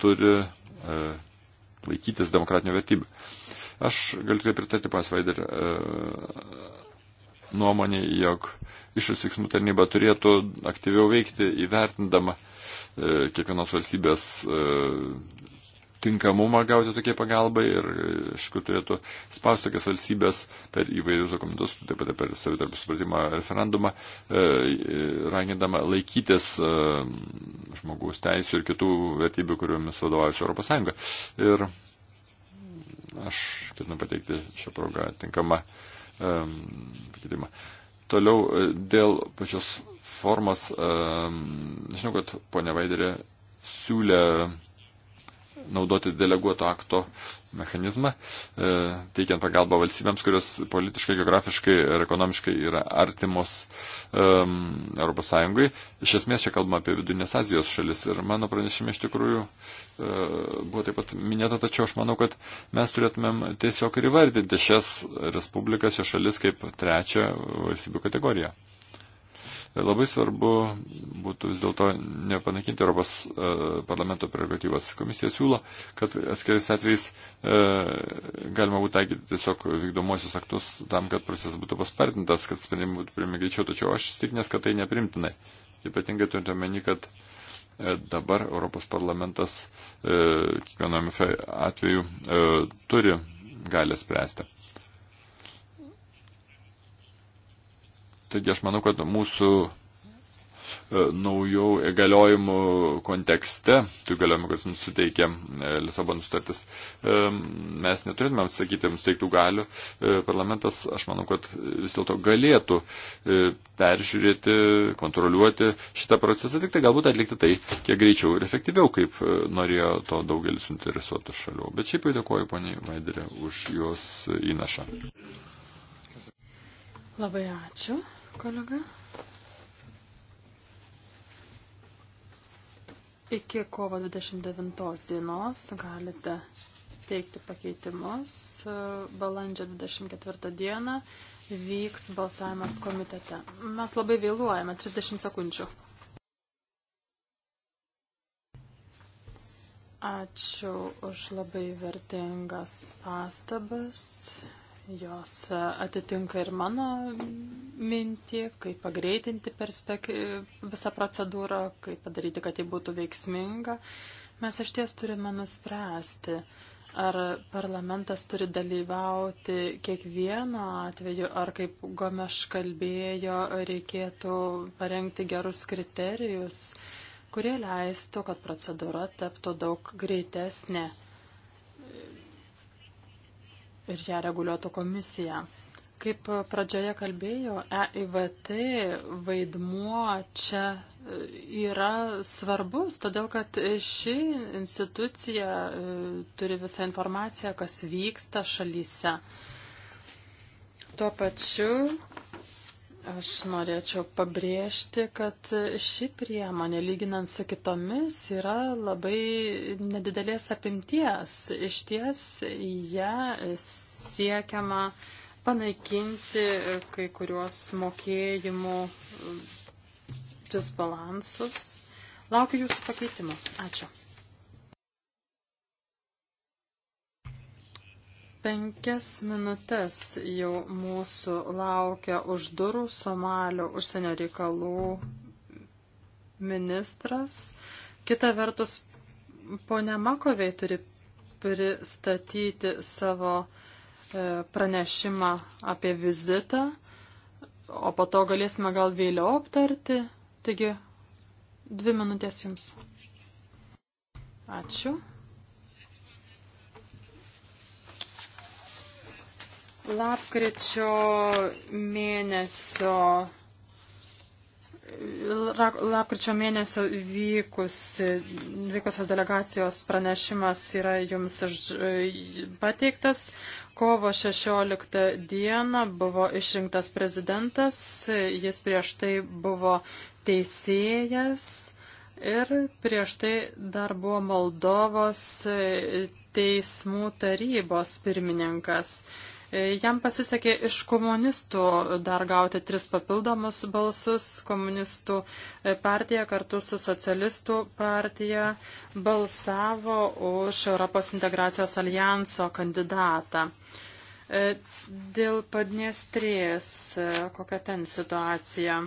turi e, laikytis demokratinių vertybių. Aš galiu tikrai pritarti pas Vaider e, nuomonė, jog e, išorės veiksmų tarnyba turėtų aktyviau veikti įvertindama e, kiekvienos valstybės e, tinkamumą gauti tokiai pagalbai ir, e, aišku, turėtų spausti tokias valstybės per įvairius dokumentus, taip pat per savitarpį supratimą referendumą, e, e rangindama laikytis e, žmogaus teisų ir kitų vertybių, kuriomis vadovaujasi Europos Sąjunga. Ir aš ketinu pateikti šią progą tinkamą e, pakeitimą. Um, Toliau e, dėl pačios formas, e, žinau, kad ponia Vaiderė siūlė naudoti deleguoto akto mechanizmą, e, teikiant pagalbą valstybėms, kurios politiškai, geografiškai ir ekonomiškai yra artimos um, ES. Iš esmės čia kalbama apie Vidinės Azijos šalis ir mano pranešime iš tikrųjų uh, buvo taip pat minėta, tačiau aš manau, kad mes turėtumėm tiesiog ir įvardinti šias respublikas, šias šalis kaip trečią valstybių kategoriją. Labai svarbu būtų vis dėlto nepanakinti Europos e, parlamento prerogatyvas. Komisija siūlo, kad atskirais atvejais e, galima būtų taikyti tiesiog vykdomosius aktus tam, kad procesas būtų paspartintas, kad sprendimai būtų priimami greičiau, tačiau aš įsitikinęs, kad tai neprimtinai. Ypatingai turint omeny, kad e, dabar Europos parlamentas kiekvienam atveju turi galę spręsti. Taigi aš manau, kad mūsų e, naujų įgaliojimų kontekste, tų įgaliojimų, kas mums suteikė e, Lisabonų sutartis, e, mes neturėtume atsakyti mums teiktų galių. Parlamentas, aš manau, kad vis dėlto galėtų peržiūrėti, kontroliuoti šitą procesą, tik tai galbūt atlikti tai kiek greičiau ir efektyviau, kaip norėjo to daugelis suinteresuotų šalių. Bet šiaip jau dėkuoju poniai Vaiderė už jos įnašą. Labai ačiū kolega. Iki kovo 29 dienos galite teikti pakeitimus. Balandžio 24 dieną vyks balsavimas komitete. Mes labai vėluojame 30 sekundžių. Ačiū už labai vertingas pastabas. Jos atitinka ir mano mintį, kaip pagreitinti perspek... visą procedūrą, kaip padaryti, kad ji būtų veiksminga. Mes iš ties turime nuspręsti, ar parlamentas turi dalyvauti kiekvieno atveju, ar kaip Gomeš kalbėjo, reikėtų parengti gerus kriterijus, kurie leistų, kad procedūra taptų daug greitesnė ir ją reguliuotų komisija. Kaip pradžioje kalbėjau, EIVT vaidmuo čia e, yra svarbus, todėl kad ši institucija e, turi visą informaciją, kas vyksta šalyse. Tuo pačiu Aš norėčiau pabrėžti, kad ši priemonė, lyginant su kitomis, yra labai nedidelės apimties. Iš ties ją siekiama panaikinti kai kuriuos mokėjimų disbalansus. Laukiu jūsų pakeitimų. Ačiū. Penkias minutės jau mūsų laukia už durų Somalio užsienio reikalų ministras. Kita vertus, ponia Makovei turi pristatyti savo e, pranešimą apie vizitą, o po to galėsime gal vėliau aptarti. Taigi, dvi minutės jums. Ačiū. Lapkričio mėnesio Lapkričio mėnesio vykus, vykusios delegacijos pranešimas yra jums pateiktas. Kovo 16 dieną buvo išrinktas prezidentas, jis prieš tai buvo teisėjas ir prieš tai dar buvo Moldovos teismų tarybos pirmininkas. Jam pasisekė iš komunistų dar gauti tris papildomus balsus. Komunistų e, partija kartu su socialistų partija balsavo už Europos integracijos alijanso kandidatą. E, dėl padniestrės, e, kokia ten situacija?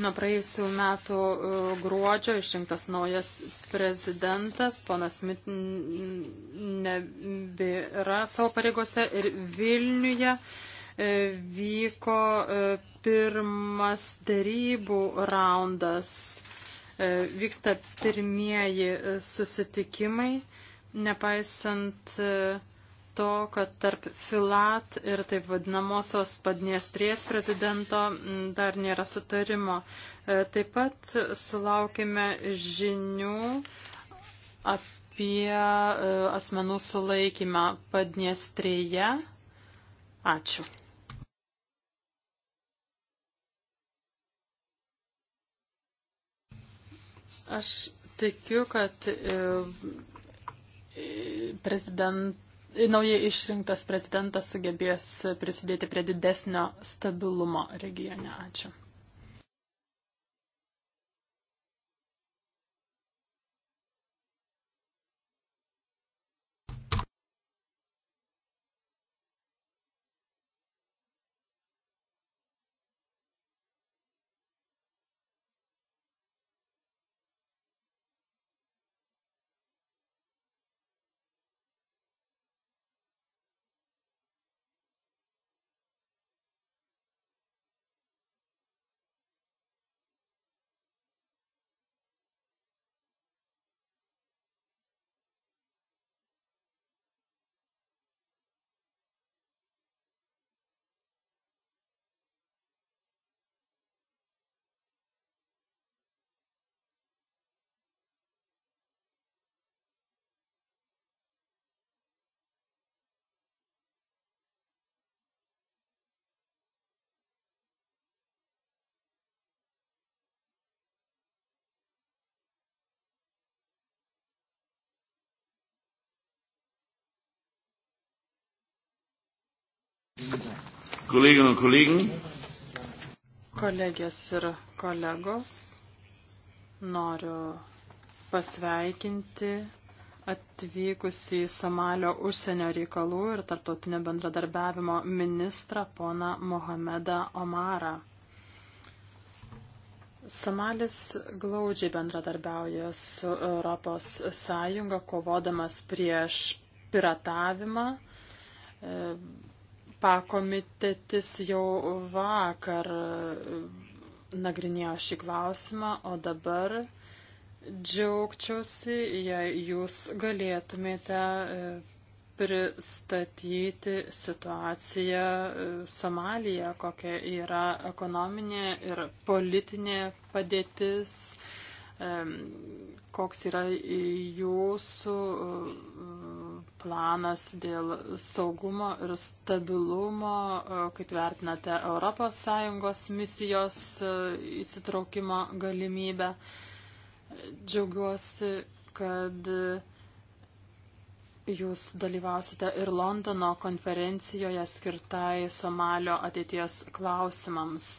Nuo praėjusių metų e, gruodžio išrinktas naujas prezidentas, ponas Mit nebėra savo pareigose ir Vilniuje e, vyko e, pirmas dėrybų raundas. Vyksta pirmieji susitikimai, nepaisant to, kad tarp Filat ir taip vadinamosios Padniestrės prezidento mm, dar nėra sutarimo. E, taip pat sulaukime žinių apie e, asmenų sulaikymą Padniestrėje. Ačiū. Aš tikiu, kad e, prezident naujai išrinktas prezidentas sugebės prisidėti prie didesnio stabilumo regione. Ačiū. Kolleginnen und Kollegen. Kolegės ir kolegos, noriu pasveikinti atvykusi į Somalio užsienio reikalų ir tarptautinio bendradarbiavimo ministrą poną Mohamedą Omarą. Somalis glaudžiai bendradarbiauja su Europos Sąjunga, kovodamas prieš piratavimą, pakomitetis jau vakar e, nagrinėjo šį klausimą, o dabar džiaugčiausi, jei jūs galėtumėte e, pristatyti situaciją e, Somalija, kokia yra ekonominė ir politinė padėtis, koks yra jūsų planas dėl saugumo ir stabilumo, e, kaip vertinate ES misijos e, įsitraukimo galimybę. Džiaugiuosi, kad e, jūs dalyvausite ir Londono konferencijoje skirtai Somalio ateities klausimams.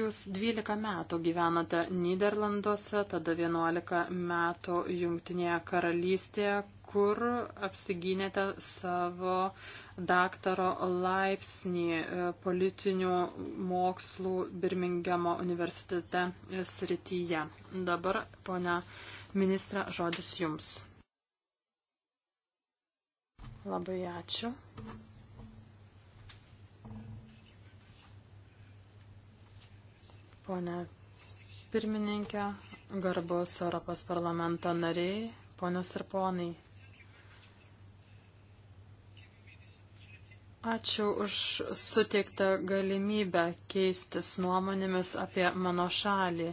Jūs 12 metų gyvenote Niderlanduose, tada 11 metų Jungtinėje karalystėje, kur apsigynėte savo daktaro laipsnį e, politinių mokslų Birmingemo universitete e, srityje. Dabar, ponia ministra, žodis jums. Labai ačiū. Pone pirmininkė, garbus Europos parlamento nariai, ponios ir ponai. Ačiū už suteiktą galimybę keistis nuomonėmis apie mano šalį.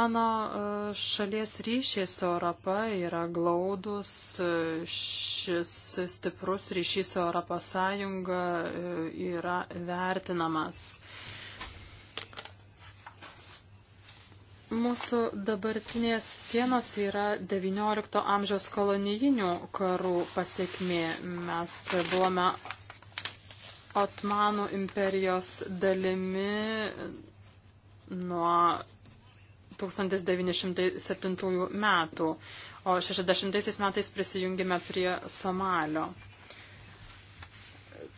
Mano e, šalies ryšiai su Europa yra glaudus, e, šis stiprus ryšys su Europos Sąjunga e, yra vertinamas. Mūsų dabartinės sienos yra XIX amžiaus kolonijinių karų pasiekmė. Mes buvome Otmanų imperijos dalimi nuo 1907 metų, o 60 metais prisijungėme prie Somalio.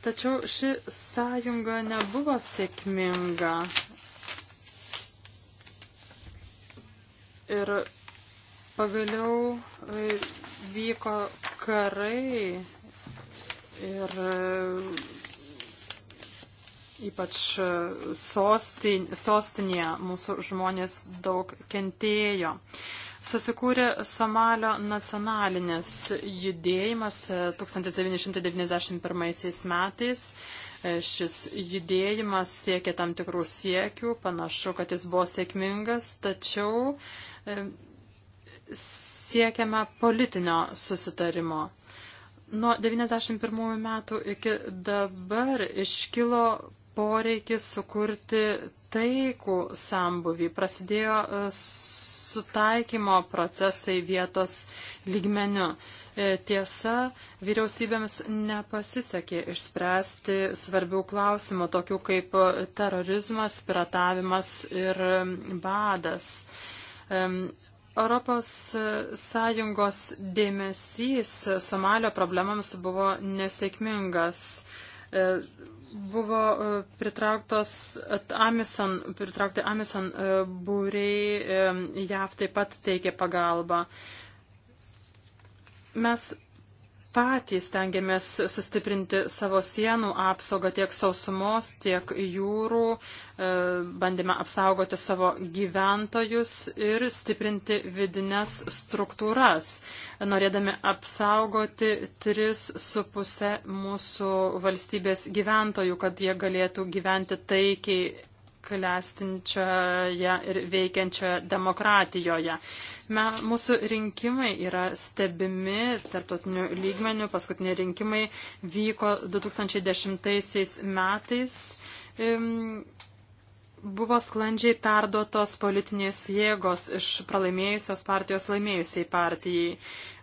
Tačiau ši sąjunga nebuvo sėkminga. Ir pagaliau e, vyko karai ir ypač e, sostin, sostinėje mūsų žmonės daug kentėjo. Susikūrė Somalio nacionalinis judėjimas 1991 e, metais. E, šis judėjimas siekė tam tikrų siekių, panašu, kad jis buvo sėkmingas, tačiau siekiame politinio susitarimo. Nuo 1991 metų iki dabar iškilo poreikis sukurti taikų sambuvį. Prasidėjo e, sutaikymo procesai vietos lygmeniu. E, tiesa, vyriausybėms nepasisekė išspręsti svarbių klausimų, tokių kaip terorizmas, piratavimas ir e, badas. Europos Sąjungos dėmesys Somalio problemams buvo nesėkmingas. E, buvo e, pritrauktos Amison, pritraukti Amison e, būriai, JAV taip pat teikė pagalbą. Mes patys tengiamės sustiprinti savo sienų apsaugą tiek sausumos, tiek jūrų, e, bandėme apsaugoti savo gyventojus ir stiprinti vidinės struktūras, norėdami apsaugoti 3,5 mūsų valstybės gyventojų, kad jie galėtų gyventi taikiai klestinčioje ir veikiančioje demokratijoje. Me, mūsų rinkimai yra stebimi tarptautiniu lygmeniu. Paskutiniai rinkimai vyko 2010 metais. Buvo sklandžiai perduotos politinės jėgos iš pralaimėjusios partijos laimėjusiai partijai.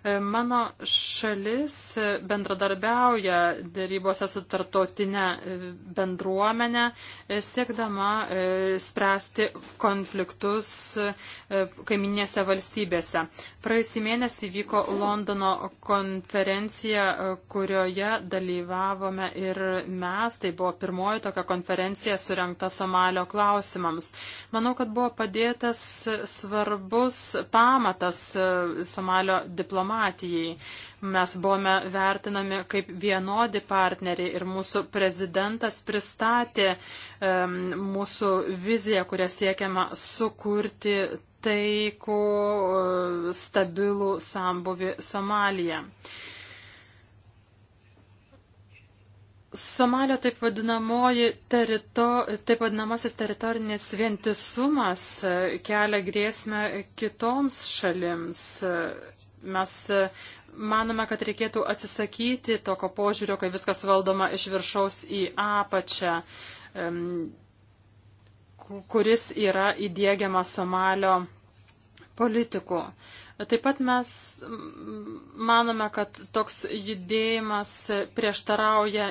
Mano šalis bendradarbiauja dėrybose su tartotinė bendruomenė, siekdama e, spręsti konfliktus e, kaiminėse valstybėse. Praėjusį mėnesį vyko Londono konferencija, e, kurioje dalyvavome ir mes. Tai buvo pirmoji tokia konferencija surinkta Somalio klausimams. Manau, kad buvo padėtas svarbus pamatas Somalio diplomatijos diplomatijai. Mes buvome vertinami kaip vienodi partneriai ir mūsų prezidentas pristatė um, mūsų viziją, kurią siekiama sukurti taikų e, stabilų sambuvi Somalija. Somalio taip, terito, taip vadinamasis teritorinis vientisumas e, kelia grėsmę kitoms šalims. Mes e, manome, kad reikėtų atsisakyti tokio požiūrio, kai viskas valdoma iš viršaus į apačią, kuris yra įdėgiama Somalio politikų. Taip pat mes manome, kad toks judėjimas prieštarauja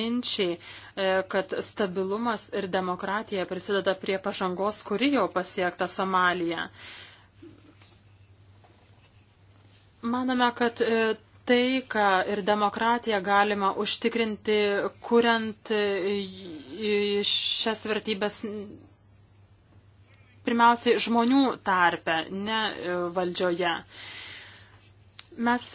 minčiai, e, kad stabilumas ir demokratija prisideda prie pažangos, kuri jau pasiekta Somalija. Manome, kad e, taiką ir demokratiją galima užtikrinti, kuriant e, šias vertybės pirmiausiai žmonių tarpe, ne e, valdžioje. Mes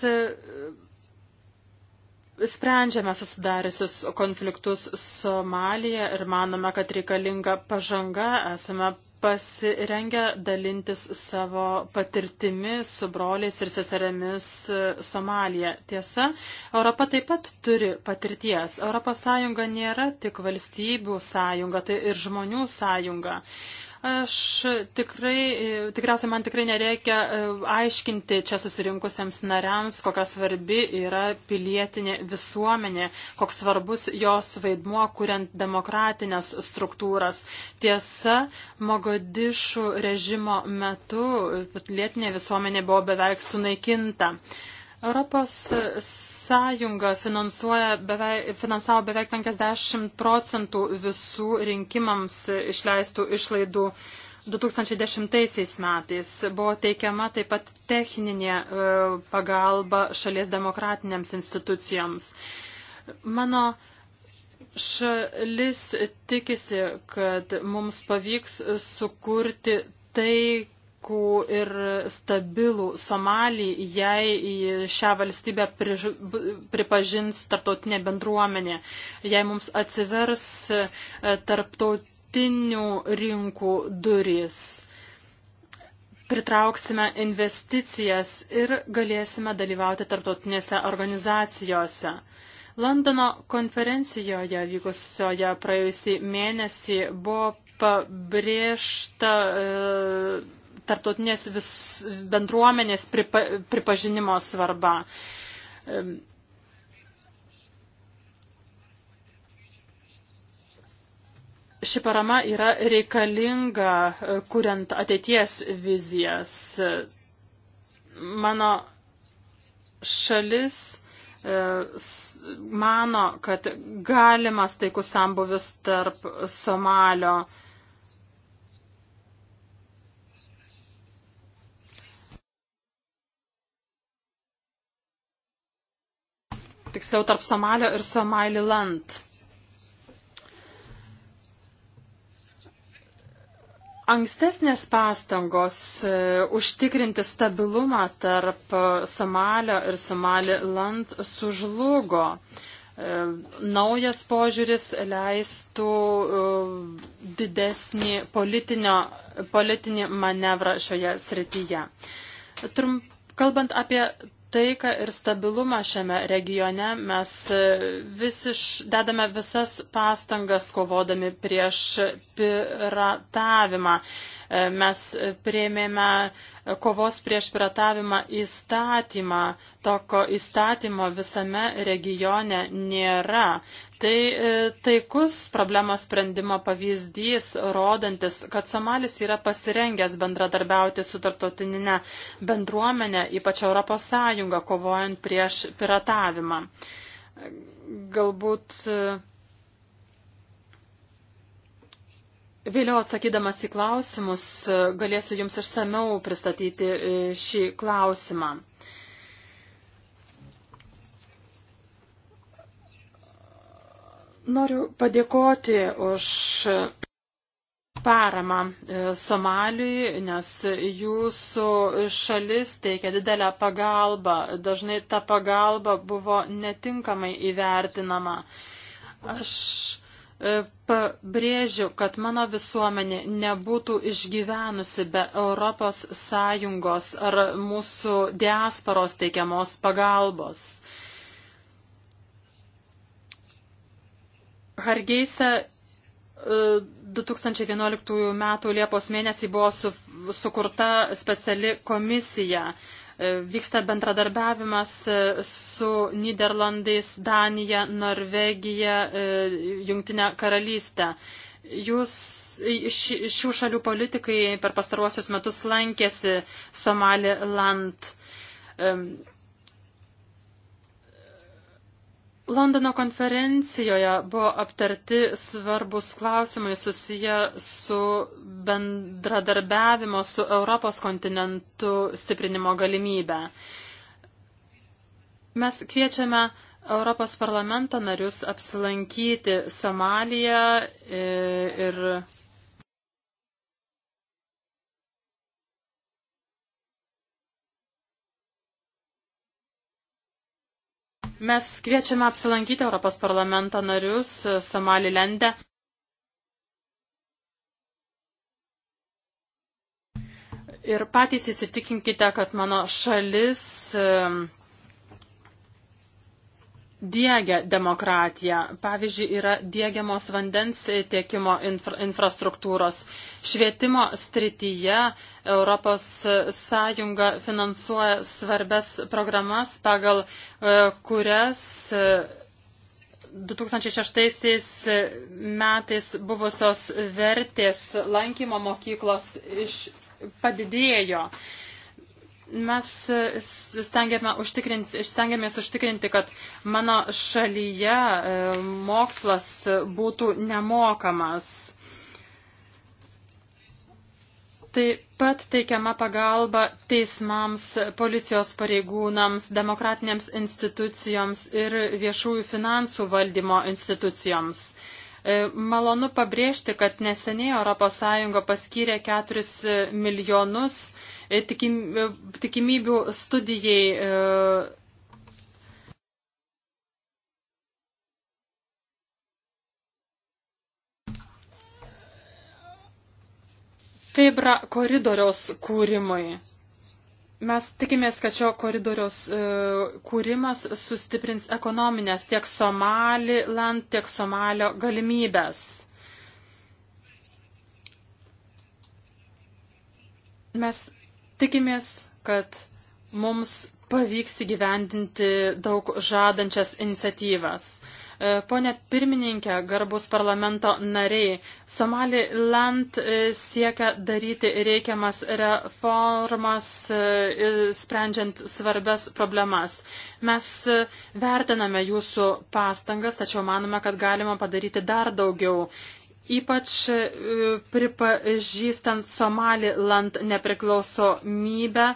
sprendžiame susidariusius konfliktus Somalija ir manome, kad reikalinga pažanga. Esame pasirengę dalintis savo patirtimi su broliais ir seserėmis e, Somalija. Tiesa, Europa taip pat turi patirties. ES nėra tik valstybių sąjunga, tai ir žmonių sąjunga. Aš tikrai, tikriausiai man tikrai nereikia e, aiškinti čia susirinkusiems nariams, kokia svarbi yra pilietinė visuomenė, koks svarbus jos vaidmuo, kuriant demokratinės struktūras. Tiesa, Mogadišų režimo metu pilietinė visuomenė buvo beveik sunaikinta. Uh, Europos Sąjunga beveik, finansavo beveik 50 procentų visų rinkimams išleistų išlaidų 2010 metais. Buvo teikiama taip pat techninė e, pagalba šalies demokratinėms institucijoms. Mano šalis tikisi, kad mums pavyks sukurti tai, aišku ir stabilų Somalį, jei šią valstybę pri, pripažins tarptautinė bendruomenė, jei mums atsivers e, tarptautinių rinkų durys. Pritrauksime investicijas ir galėsime dalyvauti tarptautinėse organizacijose. Londono konferencijoje vykusioje praėjusį mėnesį buvo pabrėžta e, tarptautinės vis, bendruomenės pripa, pripažinimo svarba. Ši parama yra reikalinga, e, kuriant ateities vizijas. Mano šalis e, mano, kad galimas taikus sambuvis tarp Somalio tiksliau tarp Somalio ir Somaliland. Ankstesnės pastangos e, užtikrinti stabilumą tarp Somalio ir Somaliland sužlugo. E, naujas požiūris leistų e, didesnį politinį manevrą šioje srityje. Trump, kalbant apie taiką ir stabilumą šiame regione mes e, visiš, dedame visas pastangas kovodami prieš piratavimą. E, mes prieimėme kovos prieš piratavimą įstatymą. Toko įstatymo visame regione nėra. Tai e, taikus problemos sprendimo pavyzdys, rodantis, kad Somalis yra pasirengęs bendradarbiauti su tarptautinė bendruomenė, ypač ES, kovojant prieš piratavimą. Galbūt e, Vėliau atsakydamas į klausimus e, galėsiu Jums išsameu pristatyti šį klausimą. Noriu padėkoti už paramą e, Somaliui, nes jūsų šalis teikia didelę pagalbą. Dažnai ta pagalba buvo netinkamai įvertinama. Aš e, pabrėžiu, kad mano visuomenė nebūtų išgyvenusi be Europos Sąjungos ar mūsų diasporos teikiamos pagalbos. Hargeisa 2011 m. Liepos mėnesį buvo su, sukurta speciali komisija. E, vyksta bendradarbiavimas e, su Niderlandais, Danija, Norvegija, e, Jungtinė karalystė. Jūs šių šalių politikai per pastaruosius metus lankėsi Somaliland. Londono konferencijoje buvo aptarti svarbus klausimai susiję su bendradarbiavimo su Europos kontinentu stiprinimo galimybę. Mes kviečiame Europos parlamento narius apsilankyti Somaliją e, ir Mes kviečiame apsilankyti Europos parlamento narius e, Somalilende. Ir patys įsitikinkite, kad mano šalis e, diegia demokratiją. Pavyzdžiui, yra diegiamos vandens tiekimo infra infrastruktūros. Švietimo strityje ES finansuoja svarbes programas, pagal e, kurias 2006 e, metais buvusios vertės lankymo mokyklos iš padidėjo mes e, stengiame užtikrinti, stengiamės užtikrinti, kad mano šalyje e, mokslas būtų nemokamas. Taip pat teikiama pagalba teismams, policijos pareigūnams, demokratinėms institucijoms ir viešųjų finansų valdymo institucijoms. E, malonu pabrėžti, kad neseniai ES paskyrė 4 milijonus e, tikim, e, tikimybių studijai Fibra koridoriaus kūrimui. Mes tikimės, kad šio koridoriaus e, kūrimas sustiprins ekonominės tiek Somaliland, tiek Somalio galimybės. Mes tikimės, kad mums pavyks įgyvendinti daug žadančias iniciatyvas. E, Pone pirmininkė, garbus parlamento nariai, Somaliland e, siekia daryti reikiamas reformas, e, sprendžiant svarbias problemas. Mes vertiname jūsų pastangas, tačiau manome, kad galima padaryti dar daugiau. Ypač pripažįstant Somaliland nepriklausomybę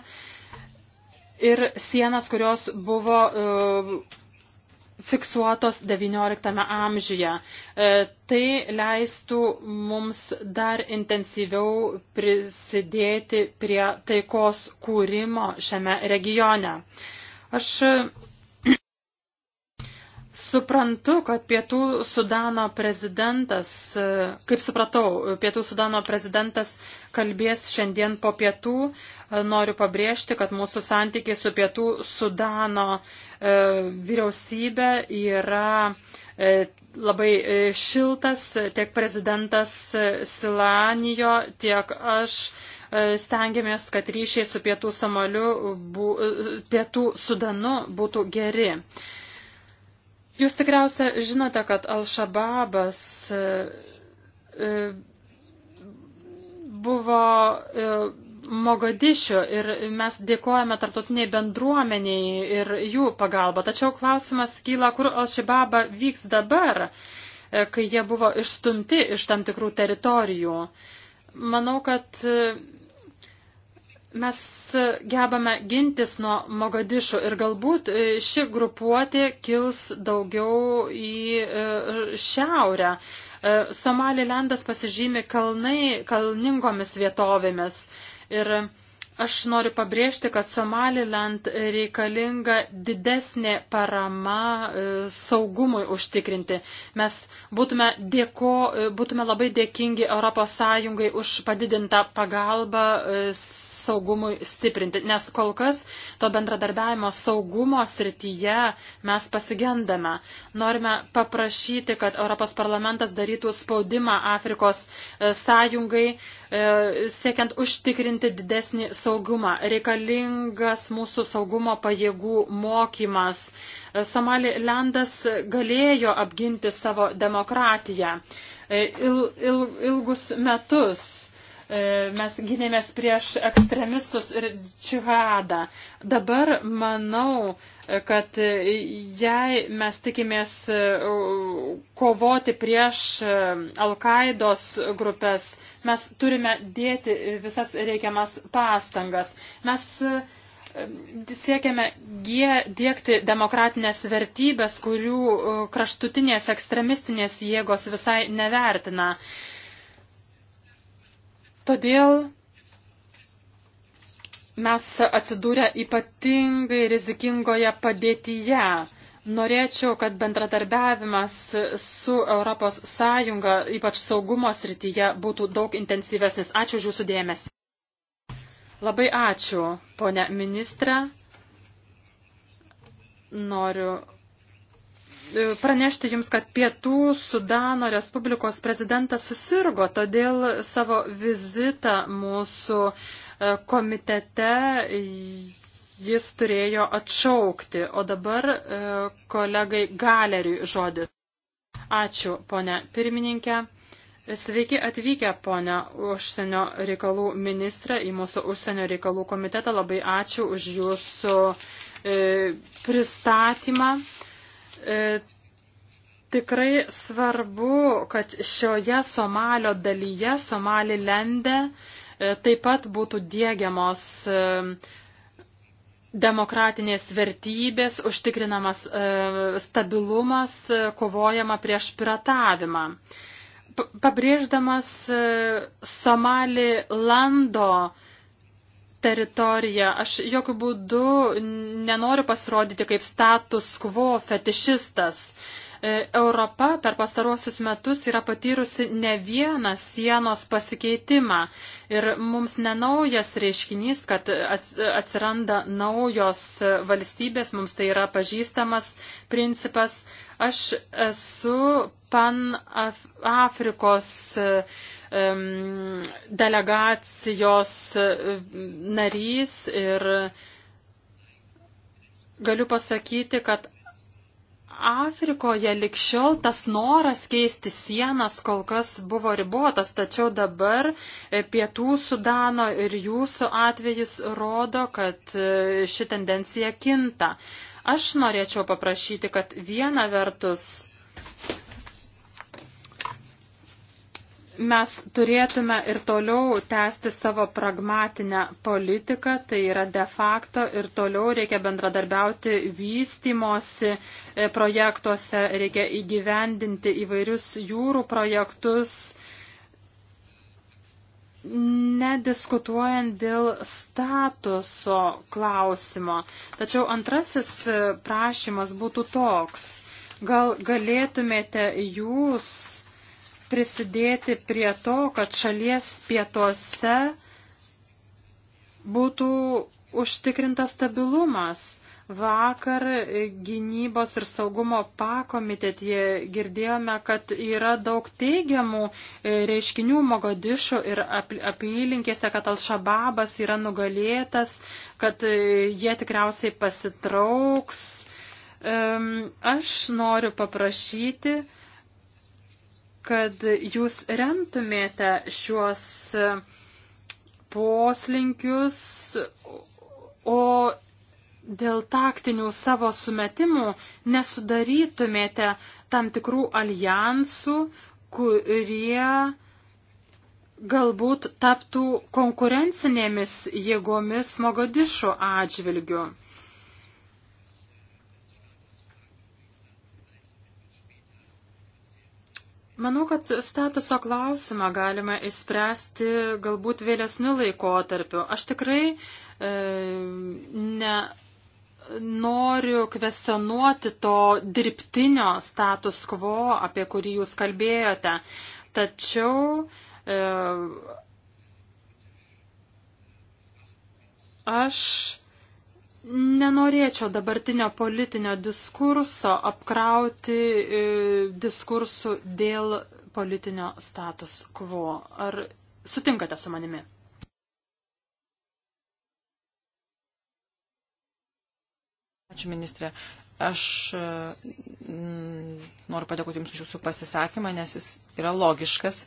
ir sienas, kurios buvo uh, fiksuotos XIX amžiuje. E, tai leistų mums dar intensyviau prisidėti prie taikos kūrimo šiame regione. Aš Suprantu, kad Pietų Sudano prezidentas, e, kaip supratau, Pietų Sudano prezidentas kalbės šiandien po pietų. E, noriu pabrėžti, kad mūsų santykiai su Pietų Sudano e, vyriausybė yra labai šiltas, tiek prezidentas Silanijo, tiek aš stengiamės, kad ryšiai su Pietų, Somaliu, bu, Pietų Sudanu būtų geri. Jūs tikriausia žinote, kad Al-Shababas e, e, buvo e, Mogadišio ir mes dėkojame tarptautiniai bendruomeniai ir jų pagalba. Tačiau klausimas kyla, kur Al-Shababa vyks dabar, kai jie buvo išstumti iš tam tikrų teritorijų. Manau, kad mes gebame gintis nuo Mogadišo ir galbūt e, ši grupuotė kils daugiau į e, šiaurę. E, Somalilendas pasižymi kalnai, kalningomis vietovėmis. Ir Aš noriu pabrėžti, kad Somaliland reikalinga didesnė parama e, saugumui užtikrinti. Mes būtume, dėko, e, būtume labai dėkingi ES už padidintą pagalbą e, saugumui stiprinti, nes kol kas to bendradarbiavimo saugumo srityje mes pasigendame. Norime paprašyti, kad Europos parlamentas darytų spaudimą Afrikos sąjungai, siekiant užtikrinti didesnį saugumą saugumą, reikalingas mūsų saugumo pajėgų mokymas. Somalilendas galėjo apginti savo demokratiją. E, il, il, ilgus metus e, mes gynėmės prieš ekstremistus ir džihadą. Dabar, manau, kad jei mes tikimės e, kovoti prieš e, Al-Qaidos grupės, mes turime dėti visas reikiamas pastangas. Mes e, siekiame dėkti demokratinės vertybės, kurių kraštutinės ekstremistinės jėgos visai nevertina. Todėl mes atsidūrę ypatingai rizikingoje padėtyje. Norėčiau, kad bendradarbiavimas su ES, ypač saugumo srityje, būtų daug intensyvesnis. Ačiū už Jūsų dėmesį. Labai ačiū, ponia ministrė. Noriu e, pranešti Jums, kad Pietų Sudano Respublikos prezidentas susirgo, todėl savo vizitą mūsų komitete jis turėjo atšaukti, o dabar e, kolegai galeriui žodį. Ačiū, ponia pirmininkė. Sveiki atvykę, ponia užsienio reikalų ministrė, į mūsų užsienio reikalų komitetą. Labai ačiū už jūsų e, pristatymą. E, tikrai svarbu, kad šioje Somalio dalyje, Somalilende, e, E, taip pat būtų dėgiamos e, demokratinės vertybės, užtikrinamas e, stabilumas, kovojama prieš piratavimą. Pabrėždamas Somali Lando teritoriją. Aš jokių būdų nenoriu pasirodyti kaip status quo fetišistas. E, Europa per pastaruosius metus yra patyrusi ne vieną sienos pasikeitimą ir mums nenaujas reiškinys, kad atsiranda naujos valstybės, mums tai yra pažįstamas principas. Aš esu pan Afrikos e, delegacijos e, narys ir galiu pasakyti, kad Afrikoje likščiol tas noras keisti sienas kol kas buvo ribotas, tačiau dabar e, pietų Sudano ir jūsų atvejis rodo, kad e, ši tendencija kinta. Aš norėčiau paprašyti, kad viena vertus mes turėtume ir toliau tęsti savo pragmatinę politiką, tai yra de facto ir toliau reikia bendradarbiauti vystimosi e, projektuose, reikia įgyvendinti įvairius jūrų projektus, nediskutuojant dėl statuso klausimo. Tačiau antrasis e, prašymas būtų toks. Gal galėtumėte jūs prisidėti prie to, kad šalies pietuose būtų užtikrintas stabilumas. Vakar gynybos ir saugumo pakomitetie girdėjome, kad yra daug teigiamų e, reiškinių Mogadišo ir apylinkėse, kad Al-Shababas yra nugalėtas, kad e, jie tikriausiai pasitrauks. Aš noriu paprašyti, kad jūs remtumėte šiuos e, poslinkius, o dėl taktinių savo sumetimų nesudarytumėte tam tikrų alijansų, kurie galbūt taptų konkurencinėmis jėgomis Mogadišo atžvilgiu. Manau, kad statuso klausimą galima išspręsti galbūt vėlesniu laikotarpiu. Aš tikrai e, ne, noriu kvestionuoti to dirbtinio status quo, apie kurį jūs kalbėjote. Tačiau e, aš Nenorėčiau dabartinio politinio diskurso apkrauti e, diskursų dėl politinio status quo. Ar sutinkate su manimi? Ačiū, ministrė. Aš e, noriu padėkoti Jums už Jūsų pasisakymą, nes jis yra logiškas.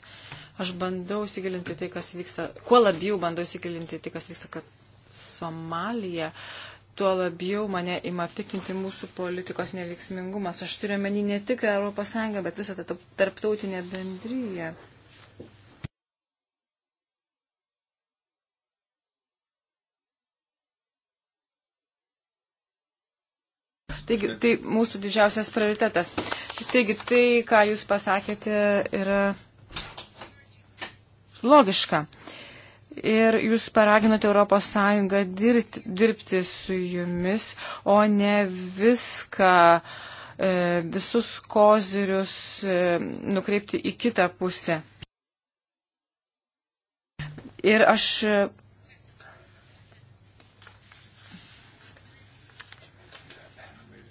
Aš bandau įsigilinti tai, kas vyksta, kuo labiau bandau įsigilinti tai, kas vyksta, kad Somalija. Uh, tuo labiau mane ima piktinti mūsų politikos neveiksmingumas. Aš turiu menį ne tik ES, bet visą tą tarptautinę bendryją. Taigi, tai mūsų didžiausias prioritetas. Taigi, tai, ką jūs pasakėte, yra logiška. Ir jūs paraginote Europos Sąjungą dirbti, dirbti su jumis, o ne viską, e, visus kozirius e, nukreipti į kitą pusę. Ir aš.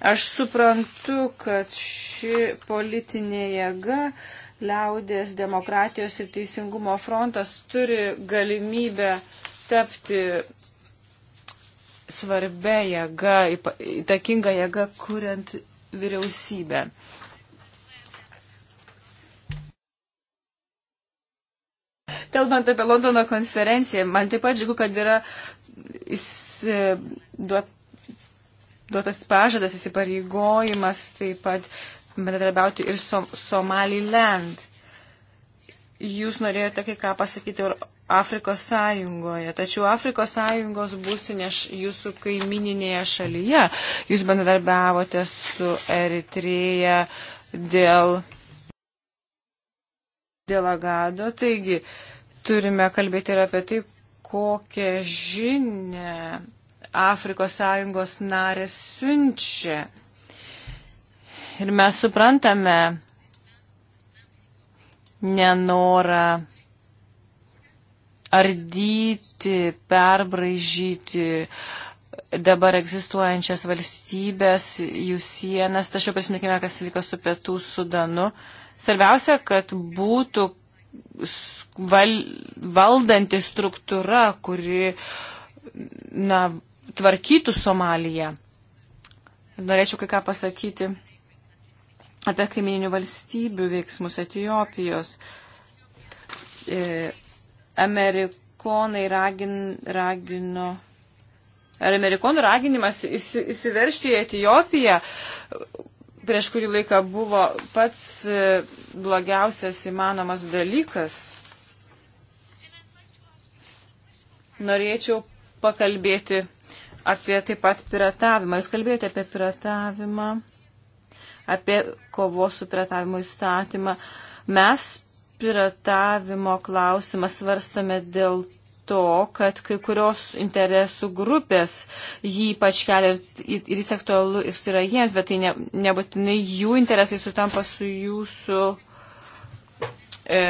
Aš suprantu, kad ši politinė jėga uh, liaudės demokratijos ir teisingumo frontas turi galimybę tapti svarbia jėga, įtakinga jėga, kuriant vyriausybę. Kalbant apie Londono konferenciją, man taip pat džiugu, kad yra duotas pažadas, įsipareigojimas taip pat bendradarbiauti ir Som Somaliland. Jūs norėjote kai ką pasakyti ir Afrikos sąjungoje, tačiau Afrikos sąjungos būsinė jūsų kaimininėje šalyje. Jūs bendradarbiavote su Eritreja dėl, dėl Agado, taigi turime kalbėti ir apie tai, kokią žinę Afrikos sąjungos narės siunčia Ir mes suprantame nenorą ardyti, perbraižyti dabar egzistuojančias valstybės, jų sienas. Tačiau prisiminkime, kas vyko su pietų Sudanu. Svarbiausia, kad būtų val, valdanti struktūra, kuri na, tvarkytų Somaliją. Norėčiau kai ką pasakyti apie kaimininių valstybių veiksmus Etijopijos. E, Amerikonai ragin, ragino. Ar amerikonų raginimas įsi, įsiveršti į Etijopiją prieš kurį laiką buvo pats e, blogiausias įmanomas dalykas. Norėčiau pakalbėti apie taip pat piratavimą. Jūs kalbėjote apie piratavimą apie kovos su piratavimu įstatymą. Mes piratavimo klausimą svarstame dėl to, kad kai kurios interesų grupės jį ypač kelia ir, ir jis aktualu jis yra jiems, bet tai ne, nebūtinai jų interesai sutampa su jūsų e,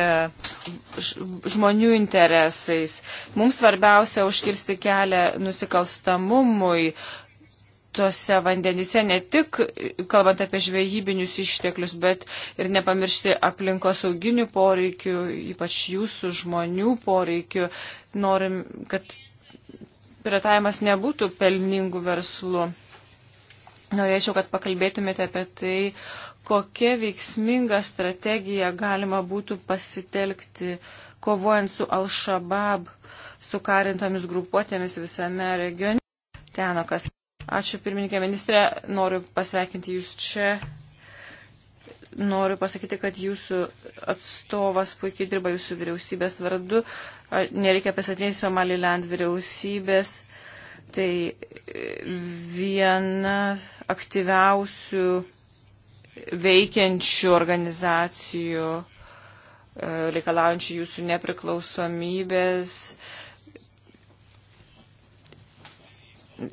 žmonių interesais. Mums svarbiausia užkirsti kelią nusikalstamumui, tose vandenyse, ne tik kalbant apie žvejybinius išteklius, bet ir nepamiršti aplinkos sauginių poreikių, ypač jūsų žmonių poreikių. Norim, kad piratavimas nebūtų pelningų verslų. Norėčiau, kad pakalbėtumėte apie tai, kokia veiksminga strategija galima būtų pasitelkti, kovojant su Al-Shabaab, su karintomis grupuotėmis visame regione. Tenokas. Ačiū pirmininkė ministrė, noriu pasveikinti jūs čia. Noriu pasakyti, kad jūsų atstovas puikiai dirba jūsų vyriausybės vardu. Nereikia pasatinėti Somaliland vyriausybės. Tai e, viena aktyviausių veikiančių organizacijų e, reikalaujančių jūsų nepriklausomybės, uh,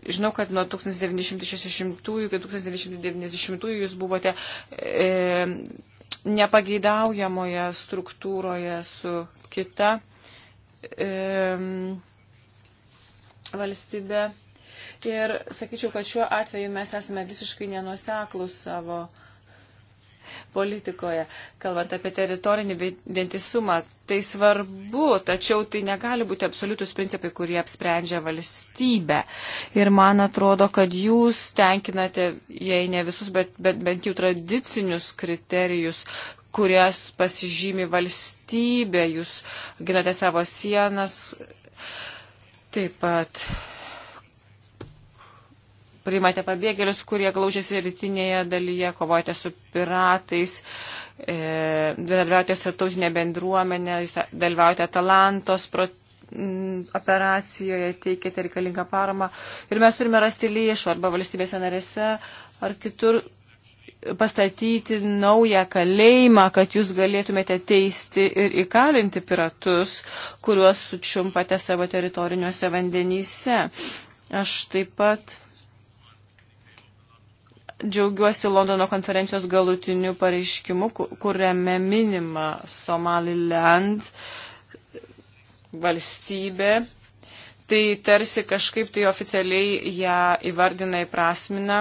Žinau, kad nuo 1960 iki 1990 jūs buvote e, nepageidaujamoje struktūroje su kita e, valstybe. Ir sakyčiau, kad šiuo atveju mes esame visiškai nenuseklus savo e, politikoje, kalbant apie teritorinį vientisumą. Tai svarbu, tačiau tai negali būti absoliutus principai, kurie apsprendžia valstybę. Ir man atrodo, kad jūs tenkinate, jei ne visus, bet, bet bent jau tradicinius kriterijus, kurias pasižymi valstybė, jūs ginate savo sienas. Taip pat priimate pabėgėlius, kurie glaužiasi rytinėje dalyje, kovojate su piratais, e, dalyvaujate su tautinė bendruomenė, dalyvaujate Atalantos pro, m, operacijoje, teikiate reikalingą paramą. Ir mes turime rasti lėšų arba valstybėse narėse ar kitur pastatyti naują kalėjimą, kad jūs galėtumėte teisti ir įkalinti piratus, kuriuos sučiumpate savo teritoriniuose vandenyse. Aš taip pat džiaugiuosi Londono konferencijos galutiniu pareiškimu, kuriame minima Somaliland valstybė. Tai tarsi kažkaip tai oficialiai ją įvardina įprasmina.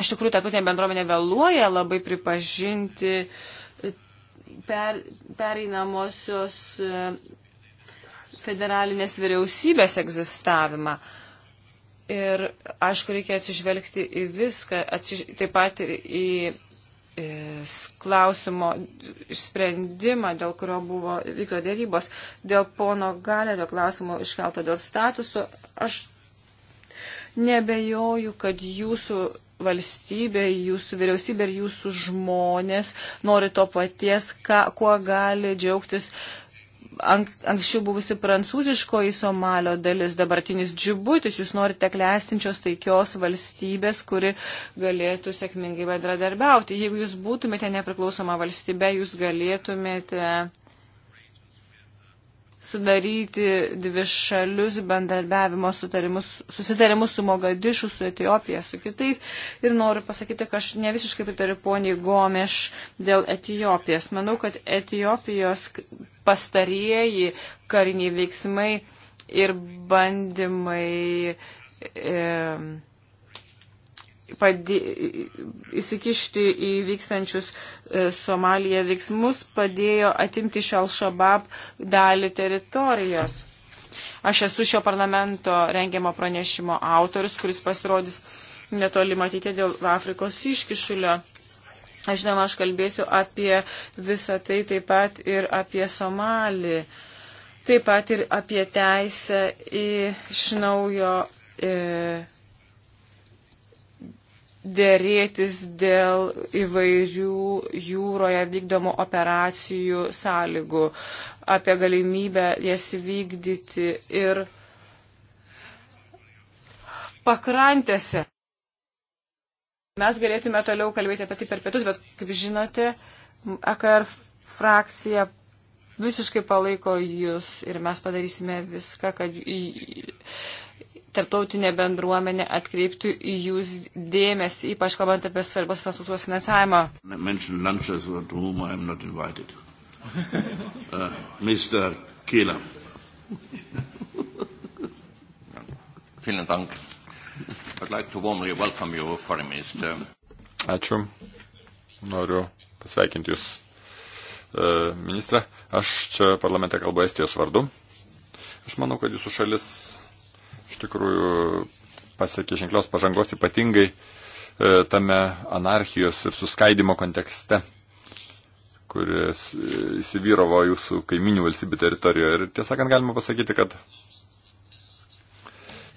Iš tikrųjų, tarptautinė bendruomenė vėluoja labai pripažinti e, per, pereinamosios e, federalinės vyriausybės egzistavimą. Uh, Ir aišku, reikia atsižvelgti į viską, atsiž... taip pat ir į e, klausimo išsprendimą, dėl kurio buvo vyko dėrybos, dėl pono galerio klausimo iškelto dėl statuso, aš nebejoju, kad jūsų valstybė, jūsų vyriausybė ir jūsų žmonės nori to paties, ką, kuo gali džiaugtis ank, anksčiau buvusi prancūziškoji Somalio dalis, dabartinis džibutis, jūs norite klestinčios taikios valstybės, kuri galėtų sėkmingai bendradarbiauti. Jeigu jūs būtumėte nepriklausoma valstybė, jūs galėtumėte sudaryti dvišalius bendarbiavimo sutarimus, susitarimus su Mogadišu, su Etijopija, su kitais. Ir noriu pasakyti, kad aš ne visiškai pritariu poniai Gomeš dėl Etijopijos. Manau, kad Etijopijos pastarieji kariniai veiksmai ir bandymai. E, padė, įsikišti į vykstančius e, Somalija veiksmus, padėjo atimti iš Al-Shabaab dalį teritorijos. Aš esu šio parlamento rengiamo pranešimo autorius, kuris pasirodys netoli matyti dėl Afrikos iškišulio. Aš žinoma, aš kalbėsiu apie visą tai taip pat ir apie Somalį, taip pat ir apie teisę į iš naujo. E, dėrėtis dėl įvairių jūroje vykdomų operacijų sąlygų, apie galimybę jas vykdyti ir pakrantėse. Mes galėtume toliau kalbėti apie tai per pietus, bet kaip žinote, AKR frakcija visiškai palaiko jūs ir mes padarysime viską, kad tarptautinė bendruomenė atkreiptų į jūs dėmesį, ypač kalbant apie svarbos infrastruktūros finansavimą. uh, Kehler. Vielen Dank. I'd like to warmly welcome you, Foreign Minister. Ačiū. Noriu pasveikinti Jūs, e, ministrą. Aš čia parlamente kalbu Estijos vardu. Aš manau, kad Jūsų šalis iš tikrųjų pasiekė ženklios pažangos ypatingai e, tame anarchijos ir suskaidimo kontekste, kuris e, įsivyravo jūsų kaiminių valstybių teritorijoje. Ir tiesąkant galima pasakyti, kad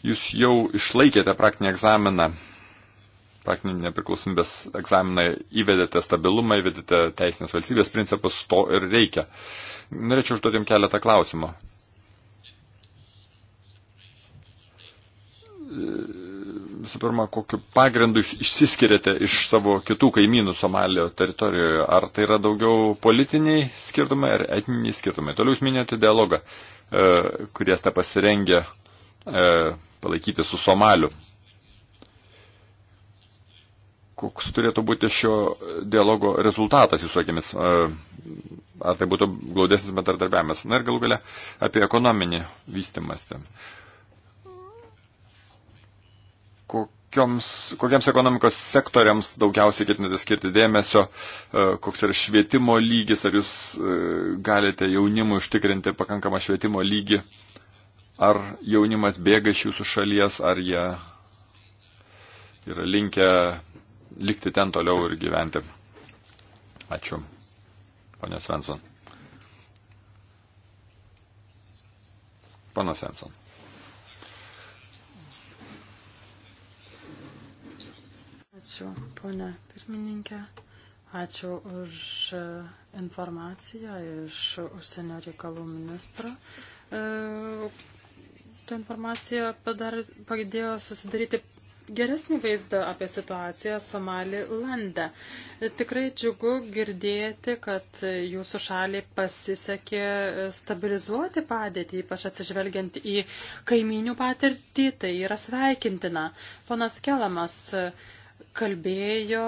jūs jau išlaikėte praktinį egzaminą, praktinį nepriklausomybės egzaminą, įvedėte stabilumą, įvedėte teisinės valstybės principus, to ir reikia. Norėčiau užduoti jums keletą klausimų. visų pirma, kokiu pagrindu jūs išsiskiriate iš savo kitų kaimynų Somalijos teritorijoje? Ar tai yra daugiau politiniai skirtumai ar etniniai skirtumai? Toliau jūs minėjote dialogą, e, kurie esate pasirengę e, palaikyti su Somaliu. Koks turėtų būti šio dialogo rezultatas jūsų akimis? E, ar tai būtų glaudesnis bendradarbiavimas? Na ir galų gale apie ekonominį vystimąsi kokioms, kokiems ekonomikos sektoriams daugiausiai ketinate skirti dėmesio, e, koks yra švietimo lygis, ar jūs e, galite jaunimui užtikrinti pakankamą švietimo lygį, ar jaunimas bėga iš jūsų šalies, ar jie yra linkę likti ten toliau ir gyventi. Ačiū, ponė Svensson. Pana Svensson. Ačiū, ponė pirmininkė. Ačiū už e, informaciją iš užsienio reikalų ministro. E, ta informacija padar, padėjo susidaryti geresnį vaizdą apie situaciją Somali lande. E, tikrai džiugu girdėti, kad jūsų šaliai pasisekė stabilizuoti padėtį, ypač atsižvelgiant į kaiminių patirtį, tai yra sveikintina. Ponas Kelamas kalbėjo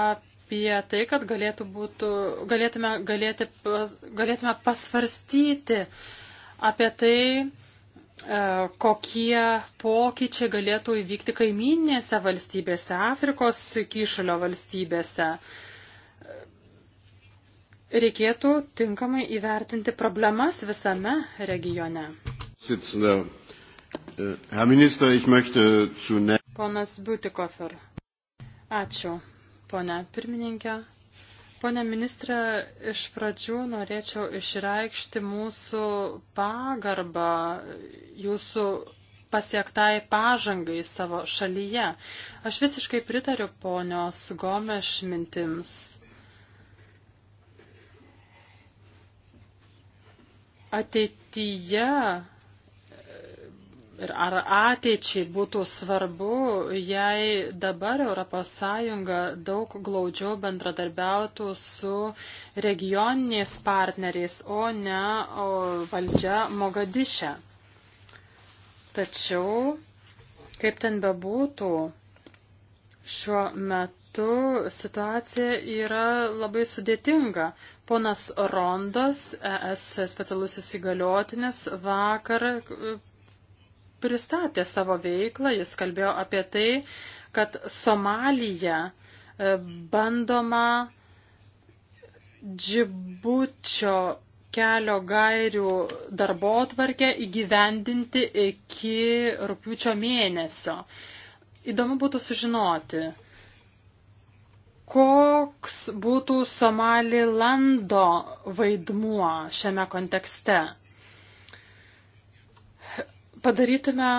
apie tai, kad galėtų būtų, galėtume, galėti, galėtume pasvarstyti apie tai, e, kokie pokyčiai galėtų įvykti kaiminėse valstybėse, Afrikos kyšulio valstybėse. Reikėtų tinkamai įvertinti problemas visame regione. Äh, Ponas Butikofer, Ačiū, ponia pirmininkė. Pone ministrė, iš pradžių norėčiau išreikšti mūsų pagarbą jūsų pasiektai pažangai savo šalyje. Aš visiškai pritariu ponios Gomeš mintims. Ateityje ir ar ateičiai būtų svarbu, jei dabar ES daug glaudžiau bendradarbiautų su regioniniais partneriais, o ne o valdžia Mogadiše. Tačiau, kaip ten bebūtų, šiuo metu situacija yra labai sudėtinga. Ponas Rondas, ES specialusis įgaliotinis, vakar pristatė savo veiklą, jis kalbėjo apie tai, kad Somalija e, bandoma džibučio kelio gairių darbo tvarkę įgyvendinti iki rūpiučio mėnesio. Įdomu būtų sužinoti, koks būtų Somalilando vaidmuo šiame kontekste padarytume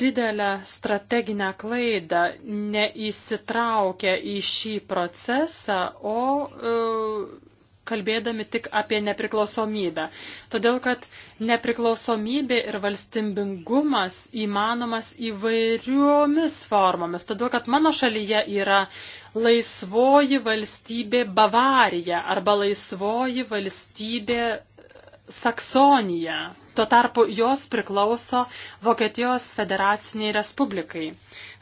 didelę strateginę klaidą, neįsitraukę į šį procesą, o e, kalbėdami tik apie nepriklausomybę. Todėl, kad nepriklausomybė ir valstybingumas įmanomas įvairiomis formomis. Todėl, kad mano šalyje yra laisvoji valstybė Bavarija arba laisvoji valstybė Saksonija. Tuo tarpu jos priklauso Vokietijos federaciniai respublikai.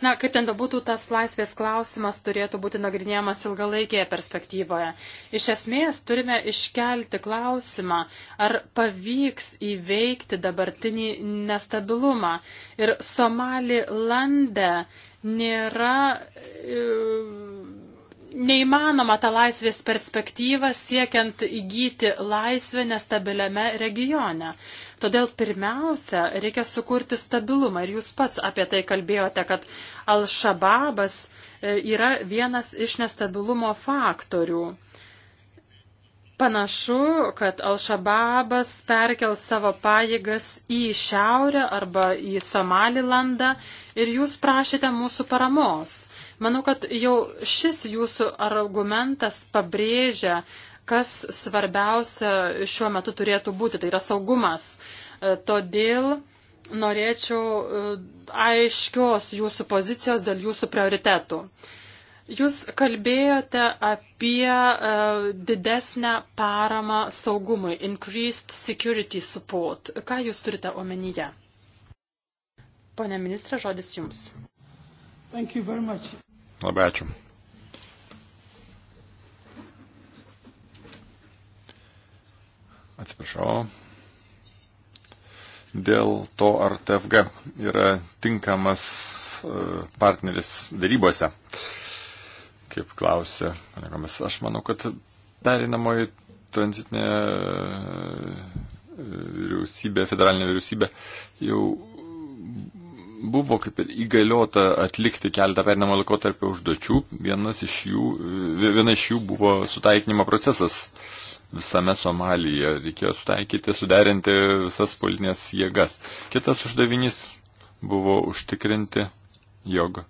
Na, kaip ten bebūtų, tas laisvės klausimas turėtų būti nagrinėjamas ilgalaikėje perspektyvoje. Iš esmės turime iškelti klausimą, ar pavyks įveikti dabartinį nestabilumą. Ir Somali lande nėra. E, neįmanoma tą laisvės perspektyvą siekiant įgyti laisvę nestabiliame regione. Todėl pirmiausia, reikia sukurti stabilumą ir jūs pats apie tai kalbėjote, kad Al-Shababas e, yra vienas iš nestabilumo faktorių. Panašu, kad Al-Shababas perkel savo pajėgas į šiaurę arba į Somalilandą ir jūs prašėte mūsų paramos. Manau, kad jau šis jūsų argumentas pabrėžia, kas svarbiausia šiuo metu turėtų būti, tai yra saugumas. E, todėl norėčiau e, aiškios jūsų pozicijos dėl jūsų prioritetų. Jūs kalbėjote apie uh, didesnę paramą saugumui, increased security support. Ką jūs turite omenyje? Pone ministrė, žodis jums. Much, Labai ačiū. Atsiprašau. Dėl to, ar TFG yra tinkamas e, partneris darybose, kaip klausė kolegomis, aš manau, kad perinamoji tranzitinė e, vyriausybė, federalinė vyriausybė jau buvo kaip ir įgaliota atlikti keletą perinamo laikotarpio užduočių. Vienas iš jų, e, viena iš jų buvo sutaikinimo procesas visame Somalijoje. Reikėjo sutaikyti, suderinti visas politinės jėgas. Kitas uždavinys buvo užtikrinti, jog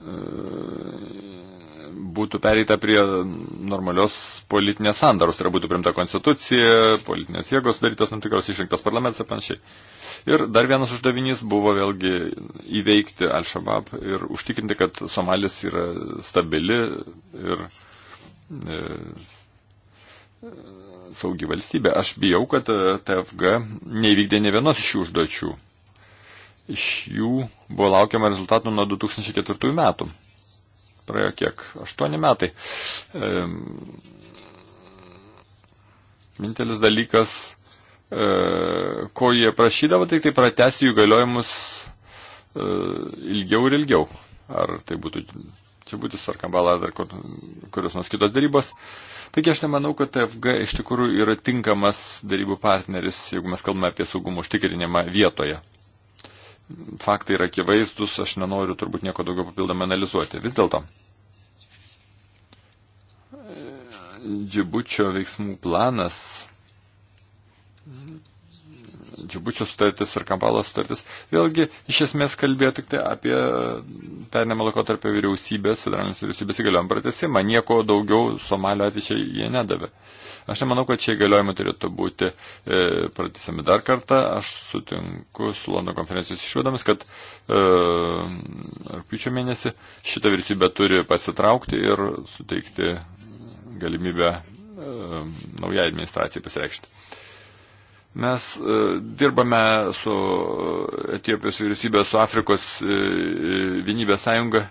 e, būtų pereita prie normalios politinės sandaros, tai yra būtų primta konstitucija, politinės jėgos darytos tam tikros išrinktas parlamentas ir panašiai. Ir dar vienas uždavinys buvo vėlgi įveikti Al-Shabaab ir užtikrinti, kad Somalis yra stabili ir e, saugi valstybė. Aš bijau, kad e, TFG neįvykdė ne vienos iš šių užduočių. Iš jų buvo laukiama rezultatų nuo 2004 metų praėjo kiek? Aštuoni metai. Mintelis dalykas, e, ko jie prašydavo, tai tai pratesti jų galiojimus e, ilgiau ir ilgiau. Ar tai būtų čia būtis ar kambala, ar kurios nors kitos darybos. Taigi aš nemanau, kad TFG iš tikrųjų yra tinkamas darybų partneris, jeigu mes kalbame apie saugumo užtikrinimą vietoje faktai yra akivaizdus, aš nenoriu turbūt nieko daugiau papildomai analizuoti. Vis dėlto, Džibučio veiksmų planas, Džibučio sutartis ir Kampalos sutartis, vėlgi iš esmės kalbėjo tik tai apie pernamą laikotarpį vyriausybės, federalinės vyriausybės įgaliojom pratesimą, nieko daugiau Somalio ateičiai jie nedavė. Uh, Aš nemanau, kad šie įgaliojimai turėtų būti e, pratysami dar kartą. Aš sutinku su Londono konferencijos išvadomis, kad e, rūpiučio mėnesį šitą vyriausybę turi pasitraukti ir suteikti galimybę e, naujai administracijai pasireikšti. Mes e, dirbame su Etiopijos vyriausybė, su Afrikos e, vienybės sąjunga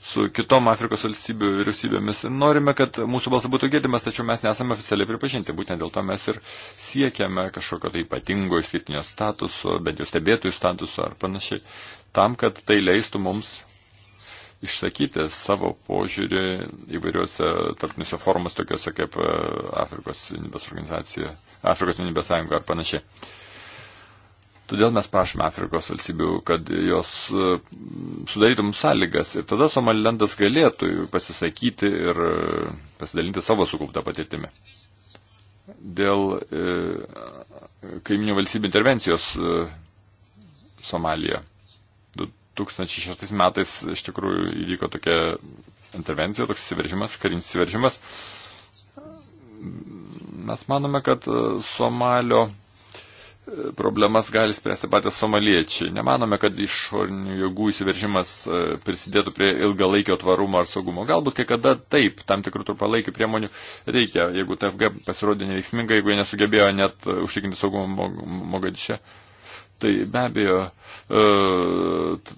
su kitom Afrikos valstybių vyriausybėmis. Norime, kad mūsų balsas būtų girdimas, tačiau mes nesame oficialiai pripažinti. Būtent dėl to mes ir siekiame kažkokio tai ypatingo išskirtinio statuso, bent jau stebėtojų statuso ar panašiai, tam, kad tai leistų mums išsakyti savo požiūrį įvairiuose tarptiniuose forumuose, tokiuose kaip e, Afrikos vienybės organizacija, Afrikos vienybės sąjunga ar panašiai. Todėl mes prašome Afrikos valstybių, kad jos e, sudarytum sąlygas ir tada Somalilandas galėtų pasisakyti ir e, pasidalinti savo sukauptą patirtimį. Dėl e, kaiminių valstybių intervencijos Somalija. 2006 metais iš tikrųjų įvyko tokia intervencija, toks įsiveržimas, karinis įsiveržimas. Mes manome, kad Somalio problemas gali spręsti patys somaliečiai. Nemanome, kad išorinių jėgų įsiveržimas e, prisidėtų prie ilgalaikio tvarumo ar saugumo. Galbūt kai kada taip, tam tikrų trumpalaikių priemonių reikia, jeigu TFG pasirodė neveiksminga, jeigu jie nesugebėjo net e, užtikrinti saugumo Mogadiše. Tai be abejo, uh,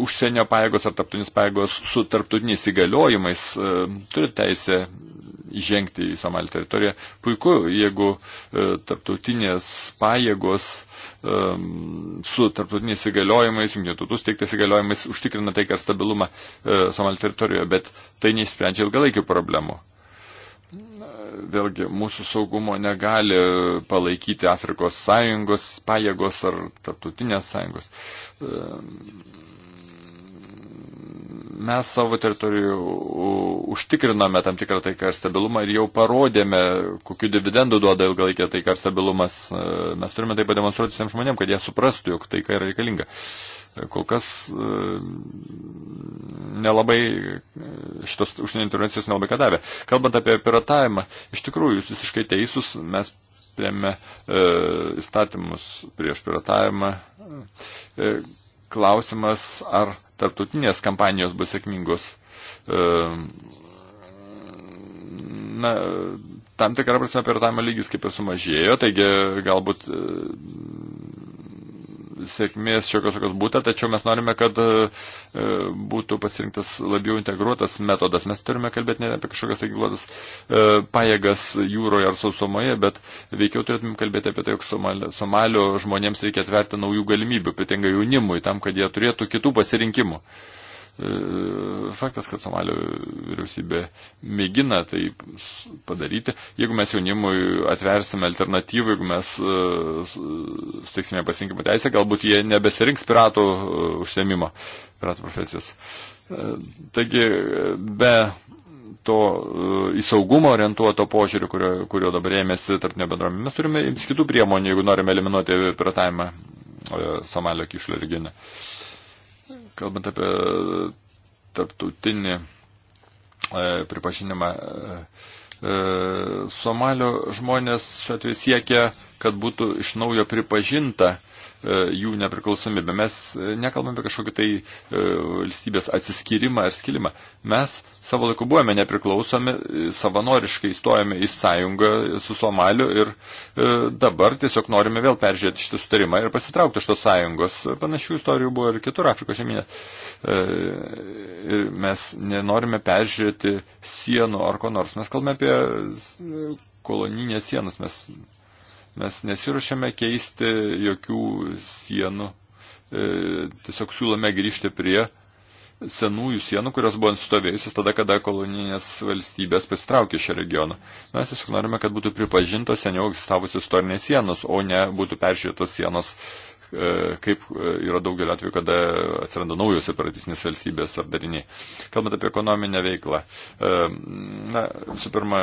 užsienio pajėgos ar tarptautinis pajėgos su tarptautiniais įgaliojimais uh, turi teisę žengti į Somalį teritoriją. Puiku, jeigu e, tarptautinės pajėgos e, su tarptautiniais įgaliojimais, jungtinių tautų steigtais įgaliojimais užtikrina taiką ir stabilumą e, Somalio teritorijoje, bet tai neįsprendžia ilgalaikių problemų. Vėlgi, mūsų saugumo negali palaikyti Afrikos sąjungos pajėgos ar tarptautinės sąjungos mes savo teritorijų užtikrinome tam tikrą taiką ir stabilumą ir jau parodėme, kokiu dividendu duoda ilgalaikė taika ir stabilumas. E, mes turime tai pademonstruoti visiems žmonėm, kad jie suprastų, jog taika yra reikalinga. E, kol kas e, nelabai šitos užsienio intervencijos nelabai ką davė. Kalbant apie piratavimą, iš tikrųjų, jūs visiškai teisūs, mes priėmė įstatymus prieš piratavimą. E, klausimas, ar tarptautinės kampanijos bus sėkmingos. E, na, tam tikrą prasme piratavimo lygis kaip ir sumažėjo, taigi galbūt e, sėkmės šiokios tokios būtų, tačiau mes norime, kad e, e, būtų pasirinktas labiau integruotas metodas. Mes turime kalbėti ne apie kažkokias ginkluotas e, pajėgas jūroje ar sausumoje, bet veikiau turėtume kalbėti apie tai, jog Somalio, Somalio žmonėms reikia atverti naujų galimybių, ypatingai jaunimui, tam, kad jie turėtų kitų pasirinkimų. Uh, E, faktas, kad Somalio vyriausybė mėgina tai padaryti. Jeigu mes jaunimui atversime alternatyvą, jeigu mes e, steiksime pasirinkimo teisę, galbūt jie nebesirinks piratų e, užsiemimo, piratų profesijos. Taigi, be to į saugumą orientuoto požiūrių, kurio, kurio dabar ėmėsi tarpinio bendruomenė, mes turime imtis kitų priemonių, jeigu norime eliminuoti piratavimą Somalio kišlio regione. Uh, Kalbant apie tarptautinį e, pripažinimą, e, e, Somalio žmonės šiuo atveju siekia, kad būtų iš naujo pripažinta E, jų nepriklausomybę. Mes e, nekalbame apie kažkokį tai e, valstybės atsiskyrimą ar skilimą. Mes savo laiku buvome nepriklausomi, savanoriškai įstojome į sąjungą su Somaliu ir dabar tiesiog norime vėl peržiūrėti šitą sutarimą ir pasitraukti iš tos sąjungos. Panašių istorijų buvo ir kitur Afrikos žemynė. Ir mes nenorime peržiūrėti sienų ar ko nors. Mes kalbame apie koloninės sienas. Mes Mes nesiruošiame keisti jokių sienų, e, tiesiog siūlome grįžti prie senųjų sienų, kurios buvo nustovėjusios tada, kada kolonijinės valstybės pasitraukė iš regiono. Mes tiesiog norime, kad būtų pripažintos seniau egzistavusios istorinės sienos, o ne būtų peržiūrėtos sienos E, kaip e, yra daugelio atveju, kada atsiranda naujos separatistinės valstybės ar dariniai. Kalbant apie ekonominę veiklą, e, na, visų pirma,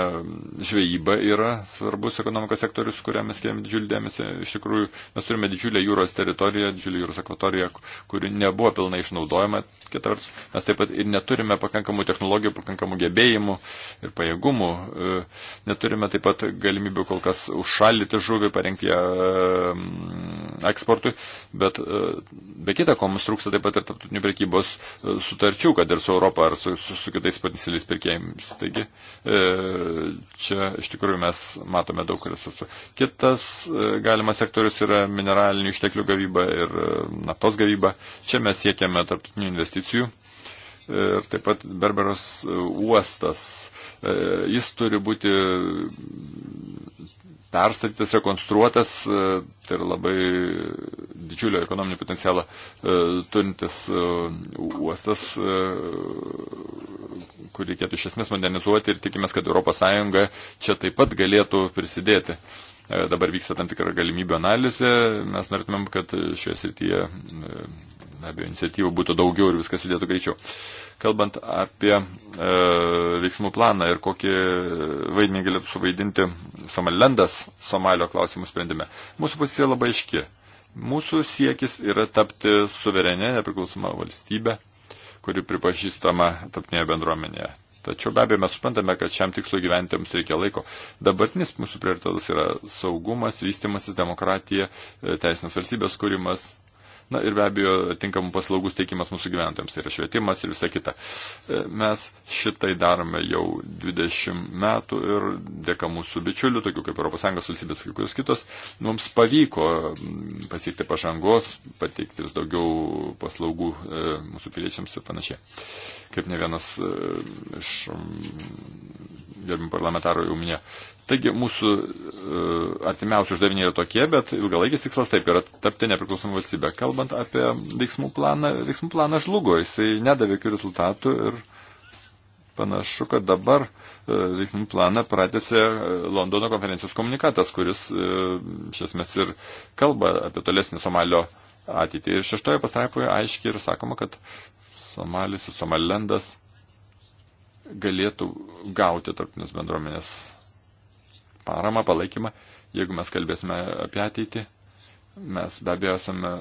žvejyba yra svarbus ekonomikos sektorius, kuriam mes skiriam didžiulį dėmesį. Iš tikrųjų, mes turime didžiulę jūros teritoriją, didžiulę jūros ekvatoriją, kuri nebuvo pilnai išnaudojama. Kita vertus, mes taip pat ir neturime pakankamų technologijų, pakankamų gebėjimų ir pajėgumų. Neturime taip pat galimybių kol kas užšaldyti žuvį, parengti ją eksportui bet e, be kita ko mums trūksta taip pat ir taptutinių prekybos e, sutarčių, kad ir su Europą ar su, su, su kitais potencialiais pirkėjams. Taigi e, čia iš tikrųjų mes matome daug resursų. Kitas galimas sektorius yra mineralinių išteklių gavyba ir naftos gavyba. Čia mes siekiame tarptautinių investicijų ir taip pat Berberos uostas. Jis turi būti perstatytas, rekonstruotas, e, tai yra labai didžiulio ekonominio potencialą e, turintis e, uostas, kurį reikėtų iš esmės modernizuoti ir tikimės, kad ES čia taip pat galėtų prisidėti. Dabar vyksta tam tikra galimybė analizė, mes norėtumėm, kad šioje srityje be abejo iniciatyvų būtų daugiau ir viskas judėtų greičiau kalbant apie e, veiksmų planą ir kokį vaidmenį galėtų suvaidinti Somalilendas Somalio klausimų sprendime. Mūsų pozicija labai aiški. Mūsų siekis yra tapti suverenę, nepriklausomą valstybę, kuri pripažįstama tapnėje bendruomenėje. Tačiau be abejo mes suprantame, kad šiam tikslu gyventėms reikia laiko. Dabartinis mūsų prioritetas yra saugumas, vystimasis, demokratija, e, teisinės valstybės kūrimas, Na ir be abejo, tinkamų paslaugų teikimas mūsų gyventojams, tai yra švietimas ir visa kita. E, mes šitai darome jau 20 metų ir dėka mūsų bičiulių, tokių kaip ES valstybės, kai kurios kitos, mums pavyko mm, pasiekti pažangos, pateikti vis daugiau paslaugų e, mūsų piliečiams ir panašiai kaip ne vienas e, iš mm, gerbim parlamentarų jau minėjo. Taigi mūsų e, artimiausi uždaviniai yra tokie, bet ilgalaikis tikslas taip yra tapti nepriklausomą valstybę. Kalbant apie veiksmų planą, veiksmų planą žlugo, jisai nedavė jokių rezultatų ir panašu, kad dabar e, veiksmų planą pratėsi e, Londono konferencijos komunikatas, kuris iš esmės ir kalba apie tolesnį Somalio ateitį. Ir šeštoje pastraipoje aiškiai ir sakoma, kad Somalis ir Somalilendas galėtų gauti tarptinės bendruomenės paramą, palaikymą. Jeigu mes kalbėsime apie ateitį, mes be abejo esame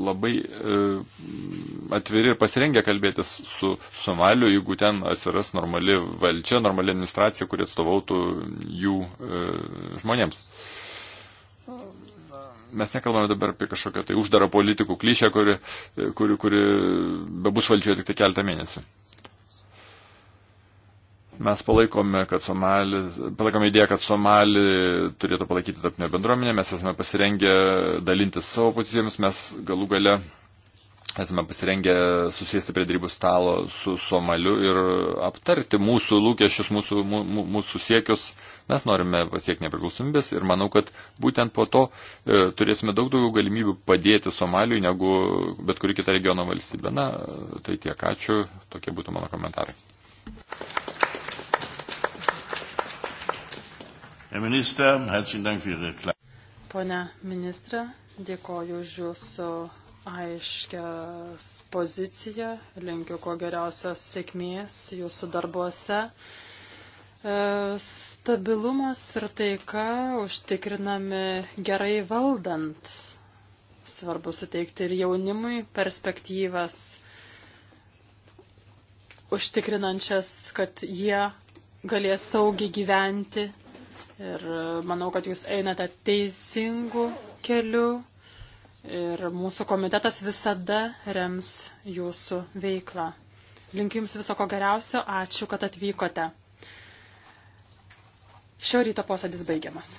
labai e, atviri ir pasirengę kalbėtis su Somaliu, jeigu ten atsiras normali valdžia, normali administracija, kuri atstovautų jų e, žmonėms. Mes nekalbame dabar apie kažkokią tai uždarą politikų klišę, kuri, e, kuri, kuri bebus valdžioje tik tai keltą mėnesių. Mes palaikome, kad Somali, palaikome idėją, kad Somali turėtų palaikyti tarpinę bendruomenę, mes esame pasirengę dalintis savo pozicijomis, mes galų gale esame pasirengę susėsti prie darybų stalo su Somaliu ir aptarti mūsų lūkesčius, mūsų, mū, mūsų siekius. Mes norime pasiekti nepriklausomybės ir manau, kad būtent po to e, turėsime daug daugiau galimybių padėti Somaliui negu bet kuri kita regiono valstybė. Na, tai tiek ačiū, tokie būtų mano komentarai. Herr Minister, herzlichen Dank für Ihre Klarheit. Pone ministrė, dėkoju už Jūsų aiškias poziciją, linkiu kuo geriausios sėkmės Jūsų darbuose. E, stabilumas ir taika užtikrinami gerai valdant. Svarbu suteikti ir jaunimui perspektyvas, užtikrinančias, kad jie galės saugiai gyventi Ir e, manau, kad jūs einate teisingu keliu ir mūsų komitetas visada rems jūsų veiklą. Linkiu Jums viso ko geriausio, ačiū, kad atvykote. Šio ryto posėdis baigiamas.